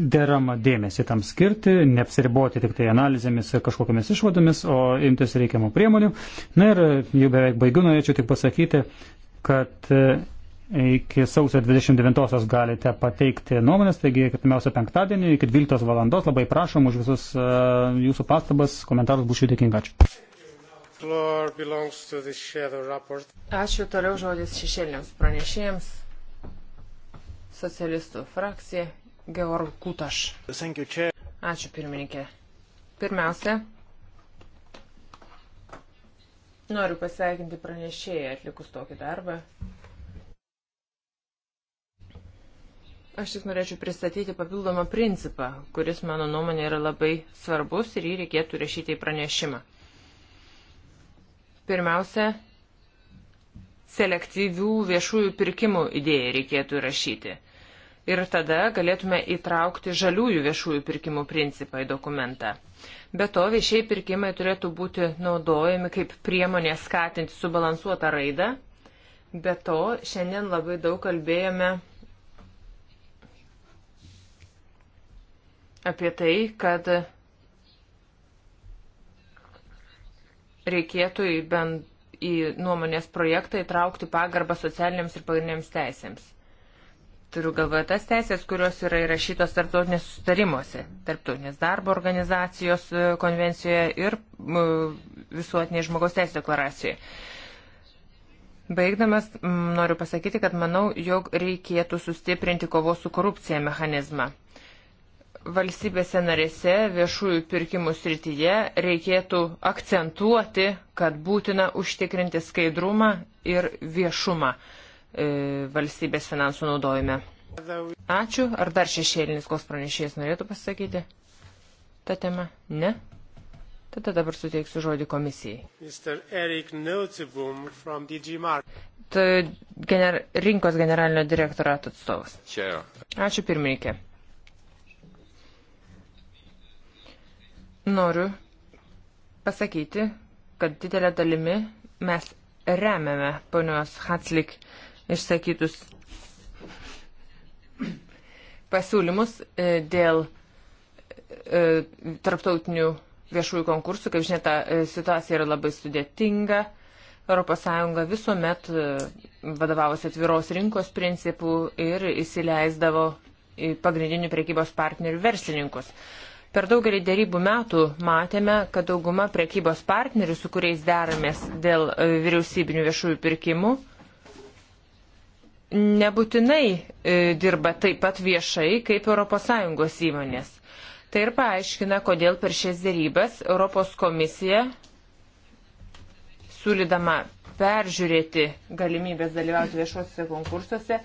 deramą dėmesį tam skirti, neapsiriboti tik tai analizėmis ir kažkokiamis išvadomis, o imtis reikiamų priemonių. Na ir jau beveik baigiu, norėčiau tik pasakyti, kad iki sausio 29-osios galite pateikti nuomonės, taigi pirmiausia penktadienį iki 12 valandos. Labai prašom už visus uh, jūsų pastabas, komentarus būčiau dėkinga. Ačiū. Ačiū toliau žodis šešėliniams pranešėjams. Socialistų frakcija Georg Kutaš. Ačiū pirmininkė. Pirmiausia, noriu pasveikinti pranešėją atlikus tokį darbą. Aš tik norėčiau pristatyti papildomą principą, kuris, mano nuomonė, yra labai svarbus ir jį reikėtų rašyti į pranešimą. Pirmiausia, selektyvių viešųjų pirkimų idėją reikėtų rašyti. Ir tada galėtume įtraukti žaliųjų viešųjų pirkimų principą į dokumentą. Be to, viešiai pirkimai turėtų būti naudojami kaip priemonė skatinti subalansuotą raidą. Be to, šiandien labai daug kalbėjome apie tai, kad reikėtų į, bend, į nuomonės projektą įtraukti pagarbą socialiniams ir pagrindiniams teisėms. Turiu galvoje tas teisės, kurios yra įrašytos tarptautinės sustarimuose, tarptautinės darbo organizacijos e, konvencijoje ir visuotinėje žmogaus teisės deklaracijoje. Baigdamas, noriu pasakyti, kad manau, jog reikėtų sustiprinti kovos su korupcija mechanizmą valstybėse narėse viešųjų pirkimų srityje reikėtų akcentuoti, kad būtina užtikrinti skaidrumą ir viešumą e, valstybės finansų naudojime. Ačiū. Ar dar šešėlinis kos pranešėjas norėtų pasakyti? Ta tema? Ne? Tada dabar suteiksiu žodį komisijai. Tai gener, rinkos generalinio direktorato atstovas. Ačiū pirmininkė. Noriu pasakyti, kad didelė dalimi mes remiame ponios Hatslik išsakytus pasiūlymus e, dėl e, tarptautinių viešųjų konkursų. Kaip žinia, ta e, situacija yra labai sudėtinga. ES visuomet vadovavosi atviros rinkos principų ir įsileisdavo pagrindinių prekybos partnerių verslininkus. Per daugelį dėrybų metų matėme, kad dauguma prekybos partnerių, su kuriais deramės dėl e, vyriausybinių viešųjų pirkimų, nebūtinai e, dirba taip pat viešai kaip ES įmonės. Tai ir paaiškina, kodėl per šias dėrybas Europos komisija, siūlydama peržiūrėti galimybės dalyvauti viešuosiuose konkursuose,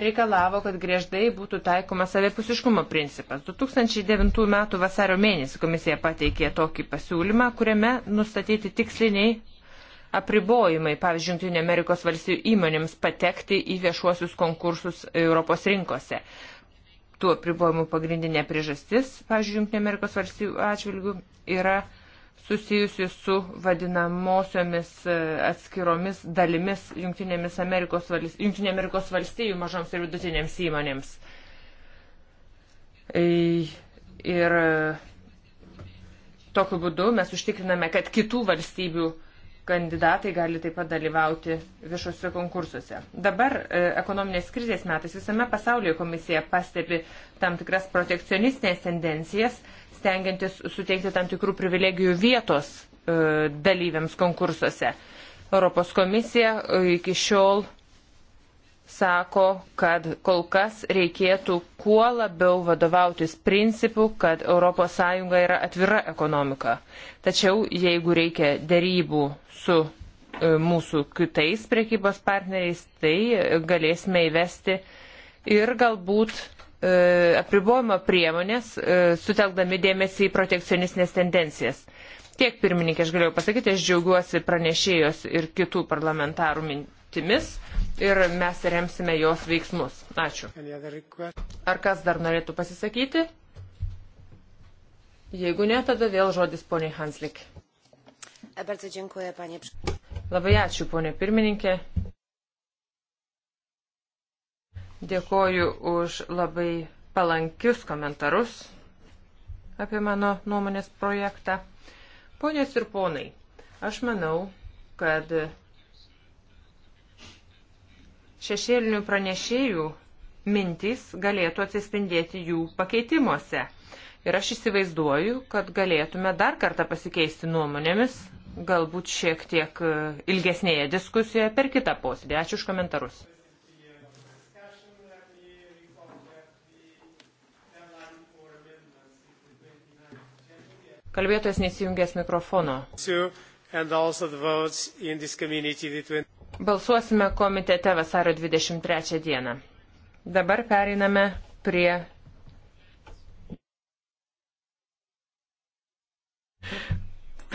reikalavo, kad griežtai būtų taikomas savipusiškumo principas. 2009 m. vasario mėnesį komisija pateikė tokį pasiūlymą, kuriame nustatyti tiksliniai apribojimai, pavyzdžiui, Junktinė Amerikos valstybių įmonėms patekti į viešuosius konkursus Europos rinkose. Tų apribojimų pagrindinė priežastis, pavyzdžiui, Junktinė Amerikos valstybių atžvilgių yra susijusi su vadinamosiomis e, atskiromis dalimis Junktinėmis Amerikos, valst... Junktinė Amerikos valstijų mažoms ir vidutinėms įmonėms. E, ir e, tokiu būdu mes užtikriname, kad kitų valstybių kandidatai gali taip pat dalyvauti viešuose konkursuose. Dabar ekonominės krizės metais visame pasaulyje komisija pastebi tam tikras protekcionistinės tendencijas stengiantis suteikti tam tikrų privilegijų vietos e, dalyviams konkursuose. Europos komisija e, iki šiol sako, kad kol kas reikėtų kuo labiau vadovautis principu, kad ES yra atvira ekonomika. Tačiau jeigu reikia dėrybų su e, mūsų kitais prekybos partneriais, tai galėsime įvesti ir galbūt E, apribojimo priemonės, e, sutelkdami dėmesį į protekcionistinės tendencijas. Tiek pirmininkė, aš galėjau pasakyti, aš džiaugiuosi pranešėjos ir kitų parlamentarų mintimis ir mes remsime jos veiksmus. Ačiū. Ar kas dar norėtų pasisakyti? Jeigu ne, tada vėl žodis poniai Hanslik. Labai ačiū, ponė pirmininkė. Dėkoju už labai palankius komentarus apie mano nuomonės projektą. Ponės ir ponai, aš manau, kad šešėlinių pranešėjų mintys galėtų atsispindėti jų pakeitimuose. Ir aš įsivaizduoju, kad galėtume dar kartą pasikeisti nuomonėmis, galbūt šiek tiek ilgesnėje diskusijoje per kitą posėdį. Ačiū už komentarus. Kalbėtojas nesijungęs mikrofono. Balsuosime komitete vasario 23 dieną. Dabar periname prie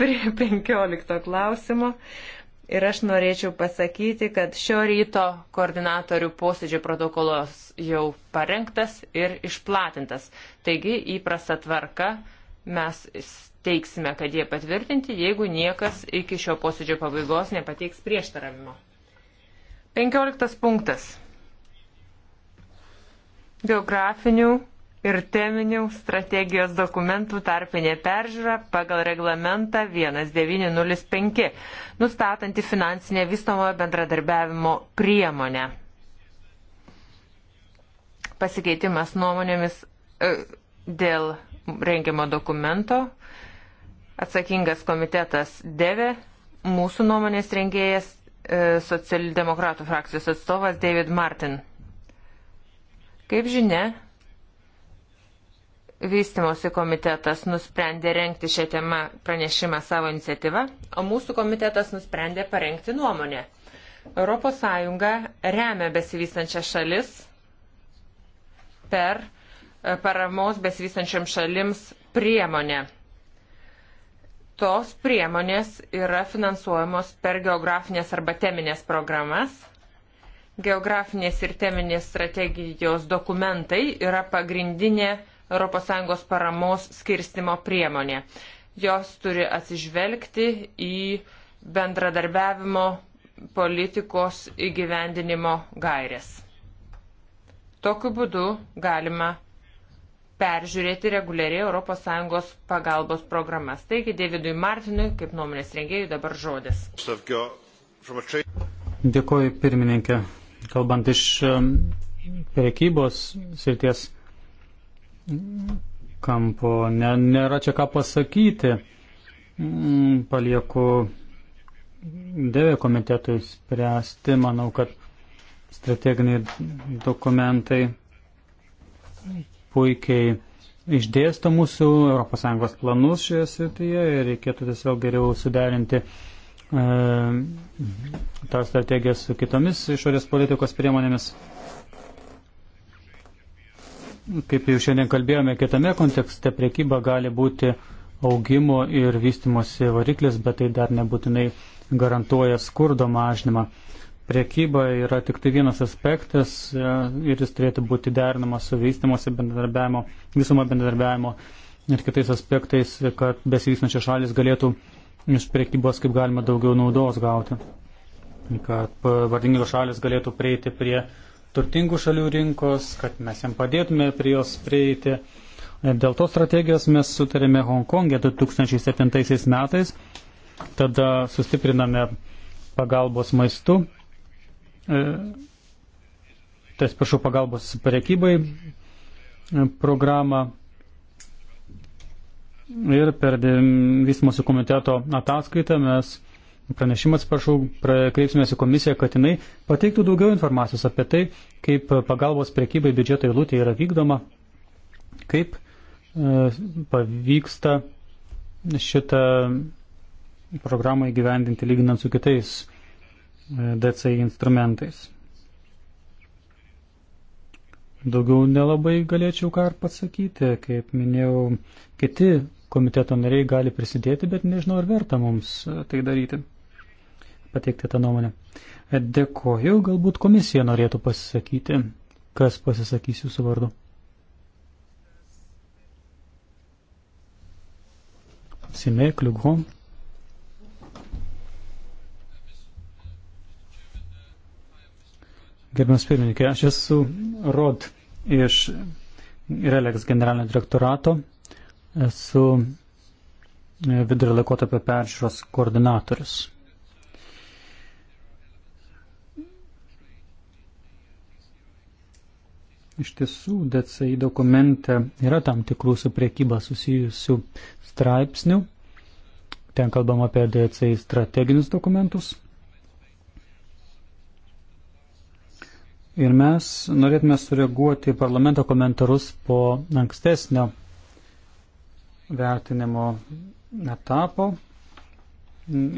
prie 15 klausimo. Ir aš norėčiau pasakyti, kad šio ryto koordinatorių posėdžio protokolos jau parengtas ir išplatintas. Taigi įprasta tvarka mes teiksime, kad jie patvirtinti, jeigu niekas iki šio posėdžio pabaigos nepateiks prieštaravimo. 15 punktas. Geografinių ir teminių strategijos dokumentų tarpinė peržiūra pagal reglamentą 1905, nustatanti finansinę vystomojo bendradarbiavimo priemonę. Pasikeitimas nuomonėmis e, dėl rengiamo dokumento. Atsakingas komitetas Deve, mūsų nuomonės rengėjas e, socialdemokratų frakcijos atstovas David Martin. Kaip žinia, vystimosi komitetas nusprendė renkti šią temą pranešimą savo iniciatyvą, o mūsų komitetas nusprendė parengti nuomonę. ES remia besivystančią šalis per paramos besivystančiam šalims priemonė. Tos priemonės yra finansuojamos per geografinės arba teminės programas. Geografinės ir teminės strategijos dokumentai yra pagrindinė ES paramos skirstimo priemonė. Jos turi atsižvelgti į bendradarbiavimo politikos įgyvendinimo gairės. Tokiu būdu galima peržiūrėti reguliariai ES pagalbos programas. Taigi, Davidui Martinui, kaip nuomonės rengėjų, dabar žodis. Dėkuoju, pirmininkė. Kalbant iš um, priekybos srities kampo, ne, nėra čia ką pasakyti. Mm, palieku dėvė komitetui spręsti. Manau, kad strateginiai dokumentai puikiai išdėsto mūsų ES planus šioje srityje ir reikėtų tiesiog geriau suderinti e, tą strategiją su kitomis išorės politikos priemonėmis. Kaip jau šiandien kalbėjome, kitame kontekste priekyba gali būti augimo ir vystimosi variklis, bet tai dar nebūtinai garantuoja skurdo mažnymą priekyba yra tik tai vienas aspektas e, ir jis turėtų būti derinamas su vystimosi bendradarbiavimo, visumo bendradarbiavimo ir kitais aspektais, kad besivystančios šalis galėtų iš priekybos kaip galima daugiau naudos gauti, kad vardingos šalis galėtų prieiti prie turtingų šalių rinkos, kad mes jam padėtume prie jos prieiti. Dėl tos strategijos mes sutarėme Hongkongė 2007 metais, tada sustipriname pagalbos maistu E, tai atsiprašau, pagalbos prekybai e, programą. Ir per vystimosi komiteto ataskaitą mes pranešimas, prašau, kreipsimės į komisiją, kad jinai pateiktų daugiau informacijos apie tai, kaip pagalbos prekybai biudžeto eilutė yra vykdoma, kaip e, pavyksta šitą programą įgyvendinti lyginant su kitais DCI instrumentais. Daugiau nelabai galėčiau ką ir pasakyti. Kaip minėjau, kiti komiteto nariai gali prisidėti, bet nežinau, ar verta mums e, tai daryti. Pateikti tą nuomonę. E, dėkoju, galbūt komisija norėtų pasisakyti. Kas pasisakys jūsų vardu? Simė, Kliugho. Gerbiamas pirmininkė, aš esu Rod iš Relex generalinio direktorato, esu e, vidurio laikotarpio peržiūros koordinatorius. Iš tiesų, DCI dokumente yra tam tikrų su priekyba susijusių straipsnių. Ten kalbam apie DCI strateginius dokumentus. Ir mes norėtume sureaguoti parlamento komentarus po ankstesnio vertinimo etapo,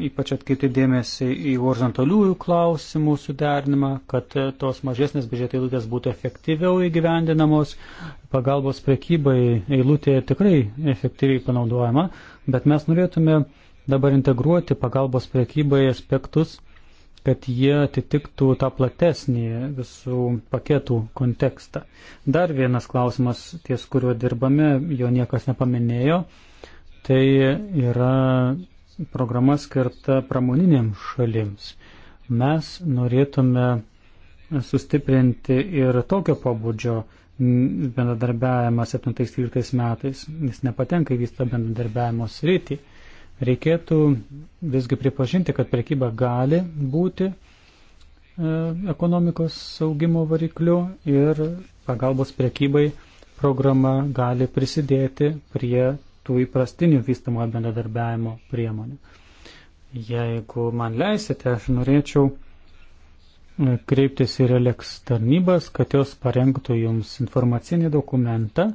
ypač atkreipti dėmesį į horizontaliųjų klausimų suderinimą, kad tos mažesnės biudžeto eilutės būtų efektyviau įgyvendinamos, pagalbos prekybai eilutė tikrai efektyviai panaudojama, bet mes norėtume dabar integruoti pagalbos prekybai aspektus kad jie atitiktų tą platesnį visų paketų kontekstą. Dar vienas klausimas, ties kuriuo dirbame, jo niekas nepaminėjo, tai yra programa skirta pramoninėms šalims. Mes norėtume sustiprinti ir tokio pobūdžio bendradarbiavimą 17-13 metais. Jis nepatenka į vystą bendradarbiavimo sritį. Reikėtų visgi pripažinti, kad prekyba gali būti e, ekonomikos saugimo varikliu ir pagalbos prekybai programa gali prisidėti prie tų įprastinių vystamojo bendradarbiavimo priemonių. Jeigu man leisite, aš norėčiau e, kreiptis į Relex tarnybas, kad jos parengtų jums informacinį dokumentą,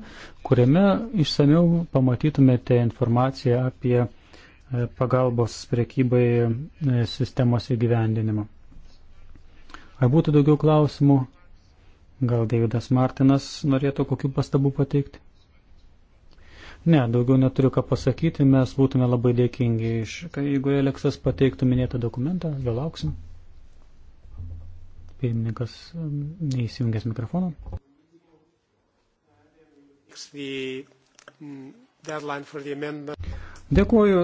kuriame išsameu pamatytumėte informaciją apie pagalbos priekybai e, sistemos įgyvendinimo. Ar būtų daugiau klausimų? Gal Davidas Martinas norėtų kokių pastabų pateikti? Ne, daugiau neturiu ką pasakyti, mes būtume labai dėkingi, iš, jeigu Aleksas pateiktų minėtą dokumentą, jo lauksim. Pirmininkas neįsijungęs mikrofoną. Mm, Dėkuoju,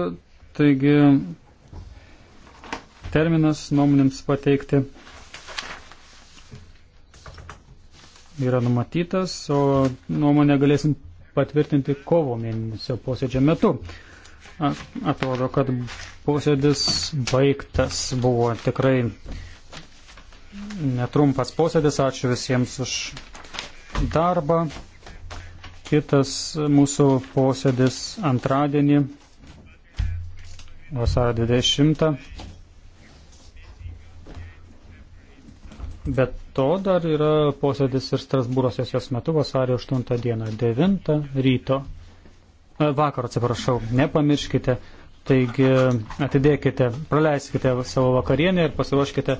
Taigi terminas nuomonėms pateikti yra numatytas, o nuomonę galėsim patvirtinti kovo mėnesio posėdžio metu. Atrodo, kad posėdis baigtas buvo tikrai netrumpas posėdis. Ačiū visiems už darbą. Kitas mūsų posėdis antradienį vasario 20. Bet to dar yra posėdis ir Strasbūro sesijos metu vasario 8 dieną, 9 ryto. E, vakar atsiprašau, nepamirškite. Taigi atidėkite, praleiskite savo vakarienę ir pasiruoškite